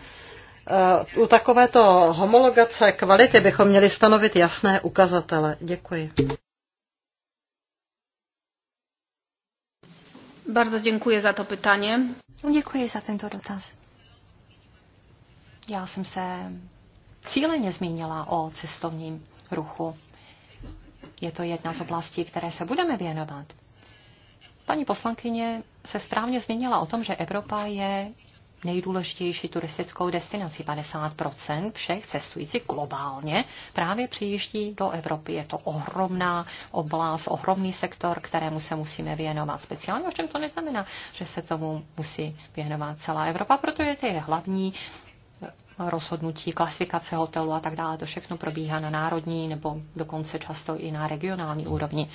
eh, u takovéto homologace kvality bychom měli stanovit jasné ukazatele. Děkuji. Bardzo děkuji za to pytanie. Děkuji za tento dotaz. Já jsem se cíleně zmínila o cestovním ruchu. Je to jedna z oblastí, které se budeme věnovat. Paní poslankyně se správně zmínila o tom, že Evropa je nejdůležitější turistickou destinací. 50 všech cestujících globálně právě přijíždí do Evropy. Je to ohromná oblast, ohromný sektor, kterému se musíme věnovat speciálně. Ovšem to neznamená, že se tomu musí věnovat celá Evropa, protože ty hlavní rozhodnutí, klasifikace hotelu a tak dále. To všechno probíhá na národní nebo dokonce často i na regionální úrovni.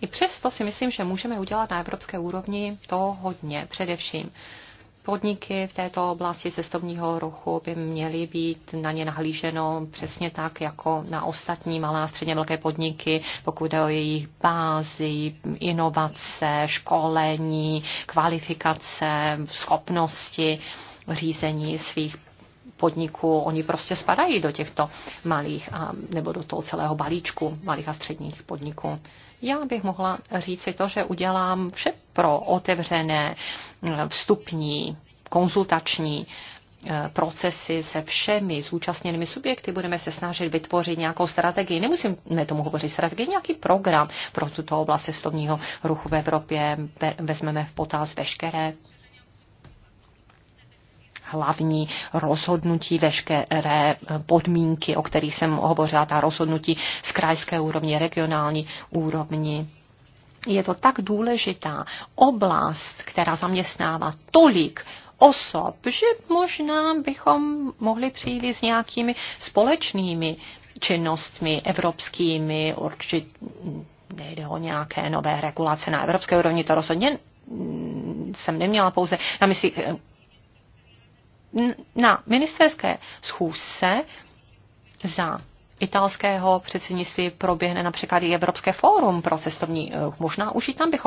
I přesto si myslím, že můžeme udělat na evropské úrovni to hodně, především. Podniky v této oblasti cestovního ruchu by měly být na ně nahlíženo přesně tak, jako na ostatní malé a středně velké podniky, pokud jde o jejich bázi, inovace, školení, kvalifikace, schopnosti řízení svých podniků, oni prostě spadají do těchto malých a, nebo do toho celého balíčku malých a středních podniků. Já bych mohla říct si to, že udělám vše pro otevřené eh, vstupní, konzultační eh, procesy se všemi zúčastněnými subjekty. Budeme se snažit vytvořit nějakou strategii. Nemusíme tomu hovořit strategii, nějaký program pro tuto oblast cestovního ruchu v Evropě. Vezmeme v potaz veškeré hlavní rozhodnutí, veškeré eh, podmínky, o kterých jsem hovořila, ta rozhodnutí z krajské úrovni, regionální úrovni je to tak důležitá oblast, která zaměstnává tolik osob, že možná bychom mohli přijít s nějakými společnými činnostmi evropskými, určitě nejde o nějaké nové regulace na evropské úrovni, to rozhodně mm, jsem neměla pouze na mysli eh, na ministerské schůzce za italského předsednictví proběhne například i Evropské fórum pro cestovní ruch. Možná už i tam bychom